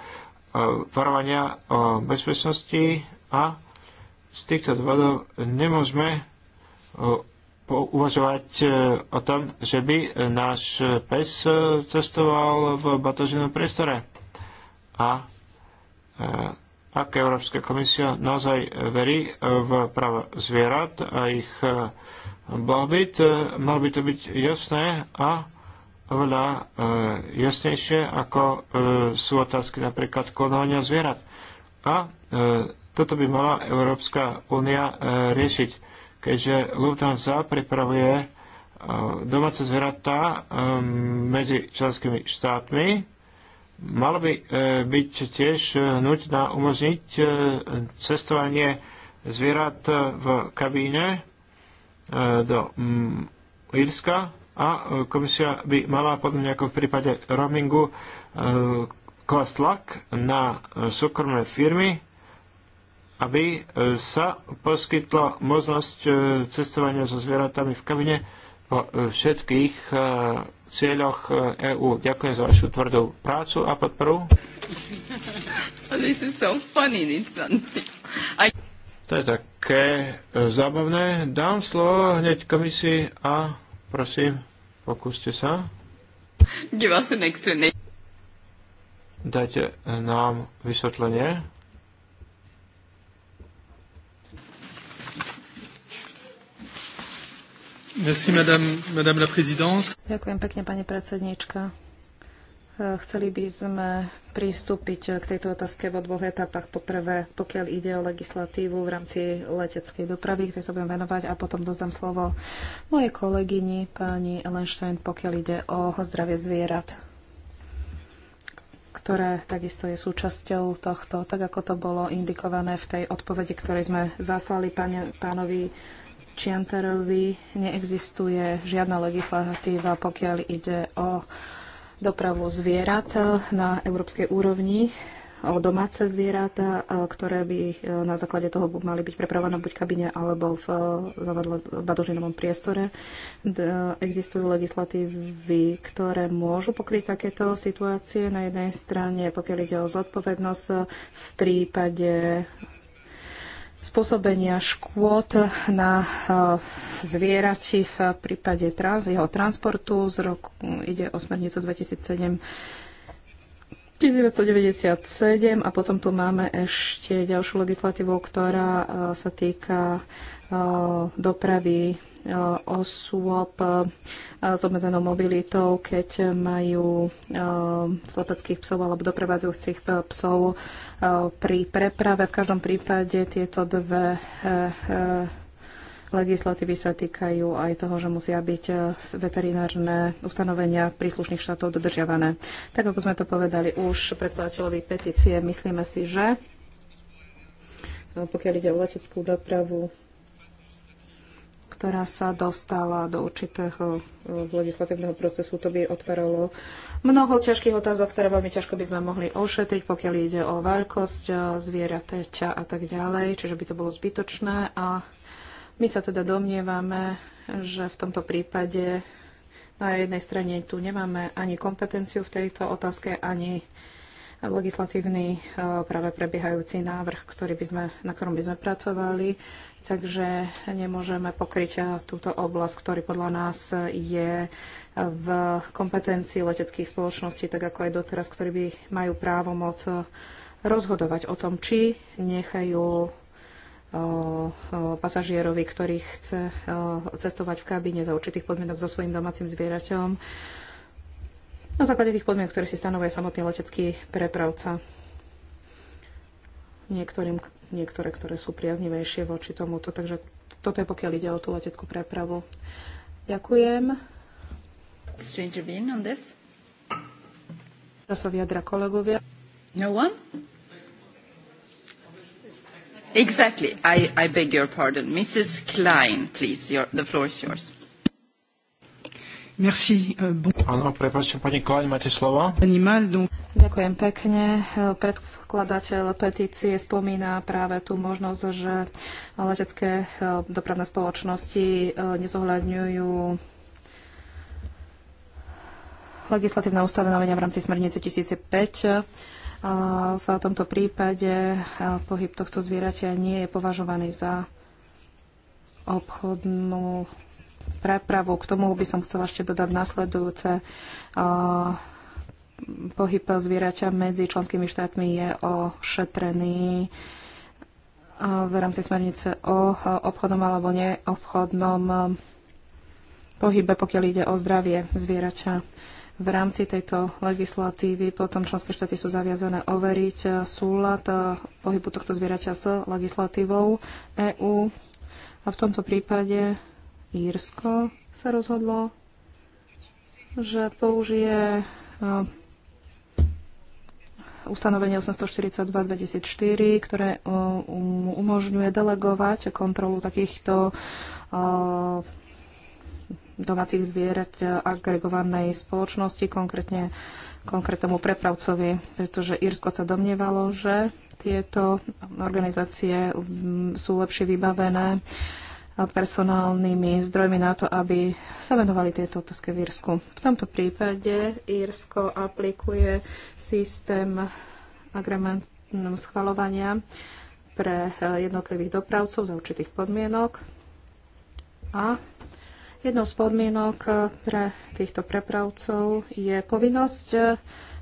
varovania o bezpečnosti a z týchto dôvodov nemôžeme uvažovať o tom, že by náš pes cestoval v batožinom priestore. A ak Európska komisia naozaj verí e, v práva zvierat a ich e, blahobyt, e, mal by to byť jasné a oveľa jasnejšie, ako sú otázky napríklad klonovania zvierat. A toto by mala Európska únia riešiť, keďže Lufthansa pripravuje domáce zvieratá medzi členskými štátmi, Malo by e, byť tiež e, nutná umožniť e, cestovanie zvierat v kabíne do Írska a komisia by mala potom ako v prípade roamingu klas tlak na súkromné firmy, aby sa poskytla možnosť cestovania so zvieratami v kabine o e, všetkých e, cieľoch EÚ. E Ďakujem za vašu tvrdú prácu a podporu.
This is so funny, I...
To je také zábavné. Dám slovo hneď komisii a prosím, pokúste sa.
Give us an explanation.
Dajte nám vysvetlenie.
Merci, madame, madame la présidente.
Ďakujem pekne, pani predsednička. E, chceli by sme pristúpiť k tejto otázke vo dvoch etapách. Poprvé, pokiaľ ide o legislatívu v rámci leteckej dopravy, ktorej sa budem venovať a potom dozam slovo mojej kolegyni, pani Ellenstein, pokiaľ ide o zdravie zvierat ktoré takisto je súčasťou tohto, tak ako to bolo indikované v tej odpovedi, ktorej sme zaslali pánovi, pánovi Čianterovi neexistuje žiadna legislatíva, pokiaľ ide o dopravu zvierat na európskej úrovni o domáce zvieratá, ktoré by e, na základe toho mali byť prepravené buď v kabine alebo v e, badožinovom priestore. E, existujú legislatívy, ktoré môžu pokryť takéto situácie. Na jednej strane, pokiaľ ide o zodpovednosť v prípade spôsobenia škôd na e, zvierati v prípade trans, jeho transportu. Z roku, ide o smernicu 2007 1997 a potom tu máme ešte ďalšiu legislatívu, ktorá e, sa týka e, dopravy Eh, osôb eh, s obmedzenou mobilitou, keď majú slepeckých eh, psov alebo doprevádzajúcich psov pri preprave. V každom prípade tieto dve legislatívy sa týkajú aj toho, že musia byť veterinárne ustanovenia príslušných štátov dodržiavané. Tak ako sme to povedali už predkladateľovi petície, myslíme si, že pokiaľ ide o leteckú dopravu, ktorá sa dostala do určitého legislatívneho eh, procesu. To by otváralo mnoho ťažkých otázok, ktoré veľmi ťažko by sme mohli ošetriť, pokiaľ ide o veľkosť eh, zvieratéťa a tak ďalej, čiže by to bolo zbytočné. A my sa teda domnievame, že v tomto prípade na jednej strane tu nemáme ani kompetenciu v tejto otázke, ani legislatívny eh, práve prebiehajúci návrh, ktorý by sme, na ktorom by sme pracovali takže nemôžeme pokryť eh, túto oblasť, ktorý podľa nás je eh, v kompetencii leteckých spoločností, tak ako aj doteraz, ktorí by majú právo moc eh, rozhodovať o tom, či nechajú pasažierovi, ktorý chce cestovať v kabíne za určitých podmienok so svojím domácim zvieraťom, na základe tých podmienok, ktoré si stanovuje samotný letecký prepravca niektorým, niektoré, ktoré sú priaznivejšie voči tomuto. Takže toto je pokiaľ ide o tú leteckú prepravu. Ďakujem. Teraz sa vyjadra kolegovia. No one? Exactly. I, I beg your pardon. Mrs. Klein, please, your, the floor is yours.
Merci. Euh, bon. Áno, prepáčte, pani Klaň, máte slovo. Animal, donc... Ďakujem pekne.
Predkladateľ petície spomína práve tú možnosť, že letecké eh, dopravné spoločnosti eh, nezohľadňujú legislatívne ustanovenia v rámci smernice 1005 v tomto prípade eh, pohyb tohto zvieratia nie je považovaný za obchodnú prepravu. K tomu by som chcela ešte dodať nasledujúce. Pohyb zvieraťa medzi členskými štátmi je ošetrený v rámci smernice o obchodnom alebo neobchodnom pohybe, pokiaľ ide o zdravie zvieraťa. V rámci tejto legislatívy potom členské štáty sú zaviazané overiť súlad pohybu tohto zvieraťa s legislatívou EÚ. A v tomto prípade Írsko sa rozhodlo, že použije e, ustanovenie 842-2004, ktoré e, um, umožňuje delegovať kontrolu takýchto e, domácich zvierat agregovanej spoločnosti, konkrétne konkrétnemu prepravcovi, pretože Írsko sa domnievalo, že tieto organizácie sú lepšie vybavené personálnymi zdrojmi na to, aby sa venovali tieto otázky v Írsku. V tomto prípade Írsko aplikuje systém agramentného schvalovania pre eh, jednotlivých dopravcov za určitých podmienok a jednou z podmienok eh, pre týchto prepravcov je povinnosť eh,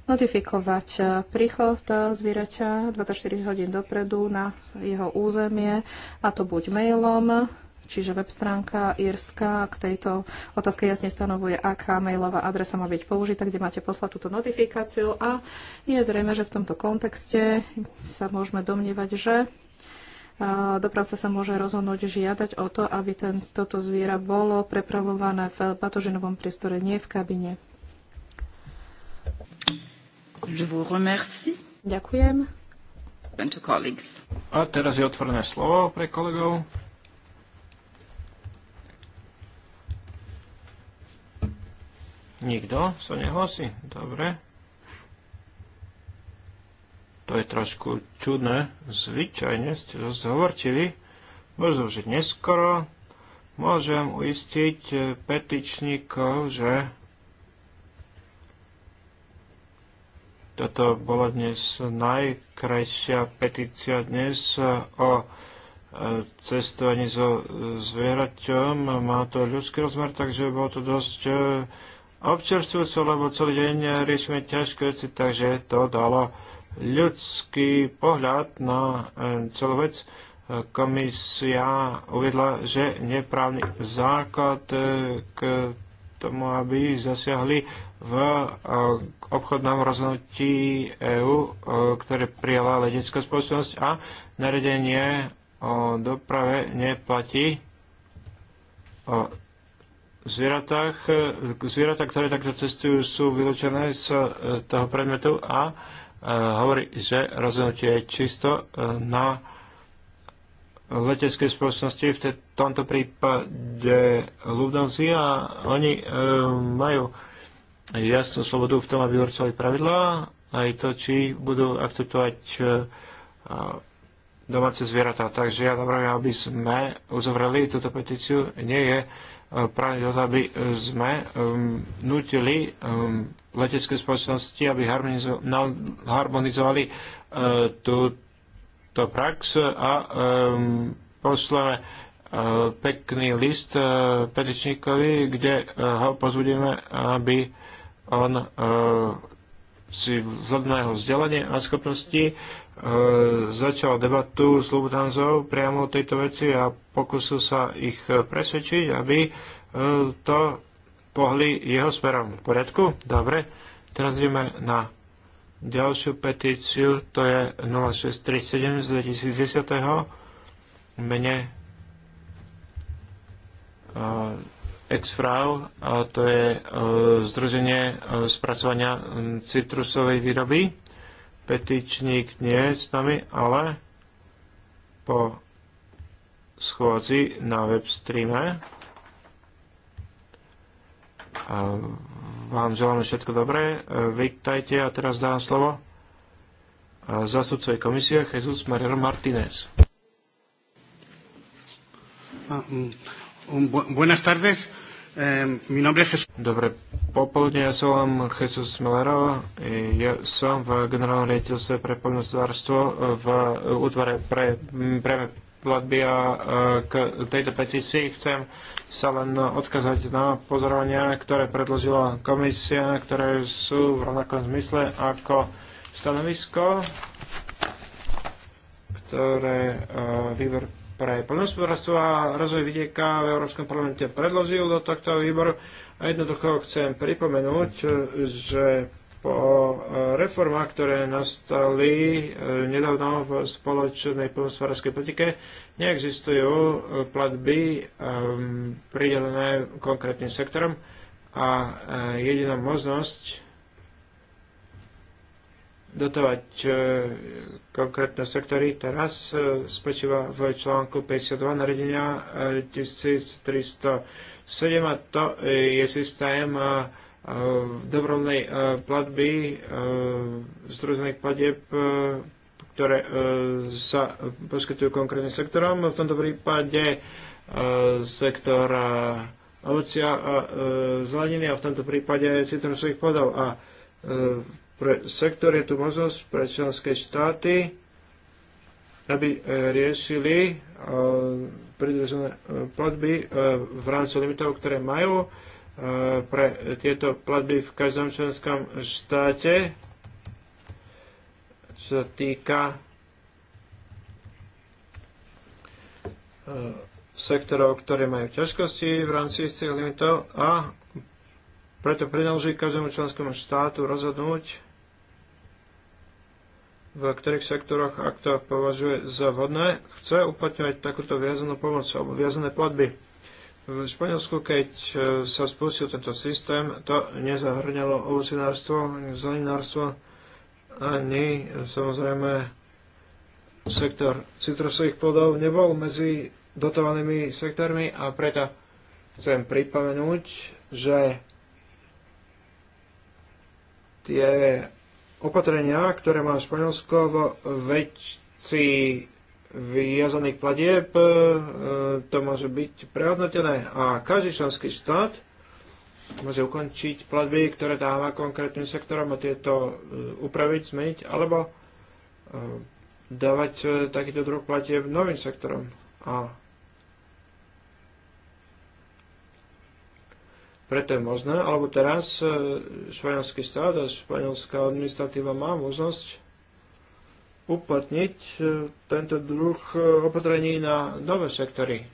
notifikovať príchod zvieraťa 24 hodín dopredu na jeho územie, a to buď mailom, Čiže web stránka Irska k tejto otázke jasne stanovuje, aká mailová adresa má byť použitá, kde máte poslať túto notifikáciu a je zrejme, že v tomto kontexte sa môžeme domnievať, že dopravca sa môže rozhodnúť žiadať o to, aby ten, toto zviera bolo prepravované v patožinovom priestore, nie v kabine. Je vous remercie. Ďakujem.
A teraz je otvorené slovo pre kolegov. Nikto sa nehlasí? Dobre. To je trošku čudné. Zvyčajne ste zase hovorčili. Možno, že neskoro môžem uistiť eh, petičníkov, že toto bola dnes najkrajšia petícia dnes eh, o eh, cestovaní so zvieraťom. Má to ľudský rozmer, takže bolo to dosť sa, lebo celý deň riešime ťažké veci, takže to dalo ľudský pohľad na e, celú vec. Komisia uvedla, že neprávny základ e, k tomu, aby zasiahli v e, obchodnom rozhodnutí EÚ, ktoré prijala letecká spoločnosť a naredenie o doprave neplatí o zvieratách, eh, zvieratá, ktoré takto cestujú, sú vylúčené z eh, toho predmetu a eh, hovorí, že rozhodnutie je čisto na leteckej spoločnosti, v tomto prípade Lufthansa a oni majú jasnú slobodu v tom, aby určovali pravidlá, aj to, či budú akceptovať domáce zvieratá. Takže ja navrhujem, aby sme uzavreli túto petíciu. Nie je práve to, aby e, sme nutili letecké spoločnosti, aby harmonizovali e, túto prax a um, pekný list uh, petičníkovi, kde ho pozbudíme, aby on si vzhľadného vzdelanie a schopnosti uh, Eh, začal debatu s Lubutanzou priamo o tejto veci a pokusil sa ich eh, presvedčiť, aby eh, to pohli jeho smerom. V poriadku? Dobre. Teraz ideme na ďalšiu petíciu, to je 0637 z 2010. Mene Exfrau, a to je Združenie spracovania hm, citrusovej výroby petičník nie je s nami, ale po schôdzi na webstreame vám želáme všetko dobré. Vítajte a teraz dám slovo e, zastupcovi komisie Jesus Mariano Martínez. Ah, mm, mm, buenas tardes mi nombre je Jesús. Dobre popoludne, ja som vám Jesus Ja som v generálnom riaditeľstve pre poľnostvárstvo v útvare pre priame platby a k tejto petícii chcem sa len odkazať na pozorovania, ktoré predložila komisia, ktoré sú v rovnakom zmysle ako stanovisko, ktoré výber pre plnospodárstvo a rozvoj vidieka v Európskom parlamente predložil do tohto výboru. A jednoducho chcem pripomenúť, že po e, reformách, ktoré nastali e, nedávno v spoločnej plnospodárskej politike, neexistujú e, platby pridelené konkrétnym sektorom a jediná možnosť dotovať e, konkrétne sektory teraz e, spočíva v článku 52 naredenia 1307 a to je systém e, dobrovoľnej platby združených platieb ktoré sa poskytujú konkrétnym sektorom. V tomto prípade sektor ovocia a zeleniny a v tomto prípade citrusových plodov. A pre sektor je tu možnosť pre členské štáty, aby e, riešili e, pridružené e, platby v rámci limitov, ktoré majú pre tieto platby v každom členskom štáte, čo sa týka sektorov, ktoré majú ťažkosti v rámci istých limitov a preto prináleží každému členskému štátu rozhodnúť, v ktorých sektoroch, ak to považuje za vhodné, chce uplatňovať takúto viazanú pomoc alebo viazané platby. V Španielsku, keď e, sa spustil tento systém, to nezahrňalo ovocinárstvo, zeleninárstvo, ani e, samozrejme sektor citrusových plodov nebol medzi dotovanými sektormi a preto chcem pripomenúť, že tie Opatrenia, ktoré má Španielsko v veci vyjazaných platieb, e, to môže byť prehodnotené a každý členský štát môže ukončiť platby, ktoré dáva konkrétnym sektorom a tieto e, upraviť, zmeniť, alebo e, dávať takýto druh platieb novým sektorom. A Preto je možné, alebo teraz e, španielský štát a španielská administratíva má možnosť uplatniť e, tento druh e, opatrení na nové sektory,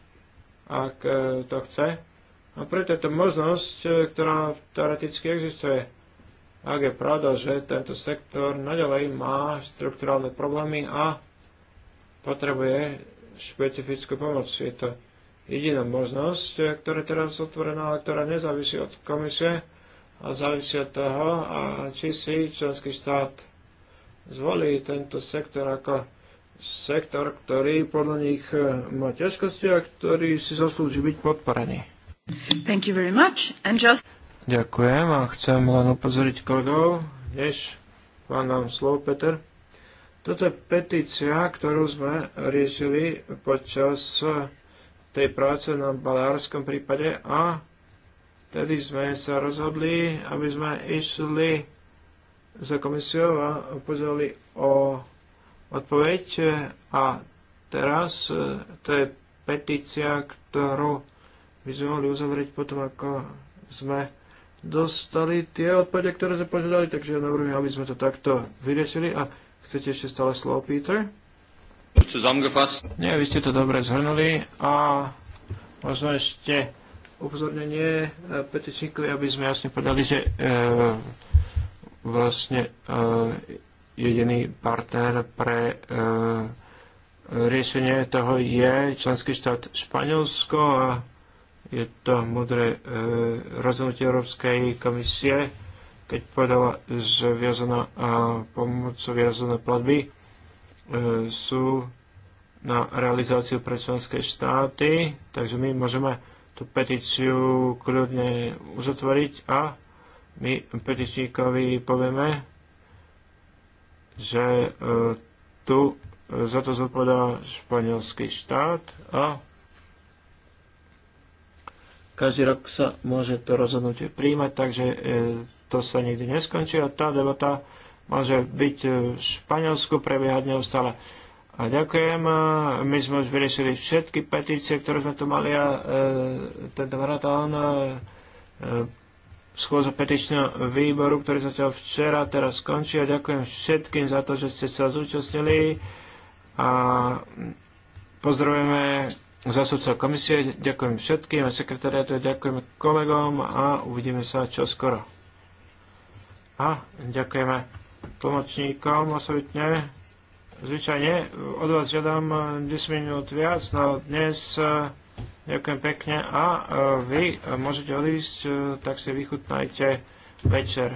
ak to chce. A preto je to možnosť, ktorá teoreticky existuje. Ak je pravda, že tento sektor naďalej má štrukturálne problémy a potrebuje špecifickú pomoc. Je to jediná možnosť, ktorá je teraz otvorená, ale ktorá nezávisí od komisie a závisí od toho, a či si členský štát zvolí tento sektor ako sektor, ktorý podľa nich e, má ťažkosti a ktorý si zaslúži byť podporený.
Thank you very much. And just...
Ďakujem a chcem len upozoriť kolegov, než vám dám slovo, Peter. Toto je petícia, ktorú sme riešili počas tej práce na balárskom prípade a tedy sme sa rozhodli, aby sme išli za komisiou a požiadali o odpoveď a teraz e, to je petícia, ktorú by sme mohli uzavrieť potom, ako sme dostali tie odpovede, ktoré sme požiadali, takže ja navrhujem, aby sme to takto vyriešili. A chcete ešte stále slovo, Peter?
Nie,
vy ste to dobre zhrnuli a možno ešte upozornenie eh, petičníkovi, aby sme jasne povedali, že e, vlastne e, jediný partner pre e, riešenie toho je členský štát Španielsko a je to modré e, rozhodnutie Európskej komisie, keď povedala, že viazaná pomoc viazané platby E, sú na realizáciu pre členské štáty, takže my môžeme tú petíciu kľudne uzatvoriť a my petičníkovi povieme, že e, tu za to zodpovedá španielský štát a každý rok sa môže to rozhodnutie príjmať, takže e, to sa nikdy neskončí a tá debata môže byť e, v Španielsku, prebiehať neustále. A ďakujem, e, my sme už vyriešili všetky petície, ktoré sme tu mali a e, tento maratón e, e, schôdza petičného výboru, ktorý zatiaľ včera teraz skončí a ďakujem všetkým za to, že ste sa zúčastnili a pozdravujeme zastupca komisie, ďakujem všetkým a sekretariatu, ďakujeme kolegom a uvidíme sa čoskoro. A ďakujeme tlmočníkom osobitne. Zvyčajne od vás žiadam 10 minút viac, no dnes e, ďakujem pekne a e, vy môžete odísť, e, tak si vychutnajte večer.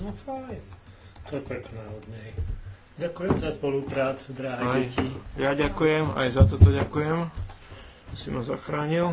No fajn, to je pekné od nej. Ďakujem za spoluprácu, drahé deti. Ja ďakujem,
aj za toto ďakujem. Si ma zachránil.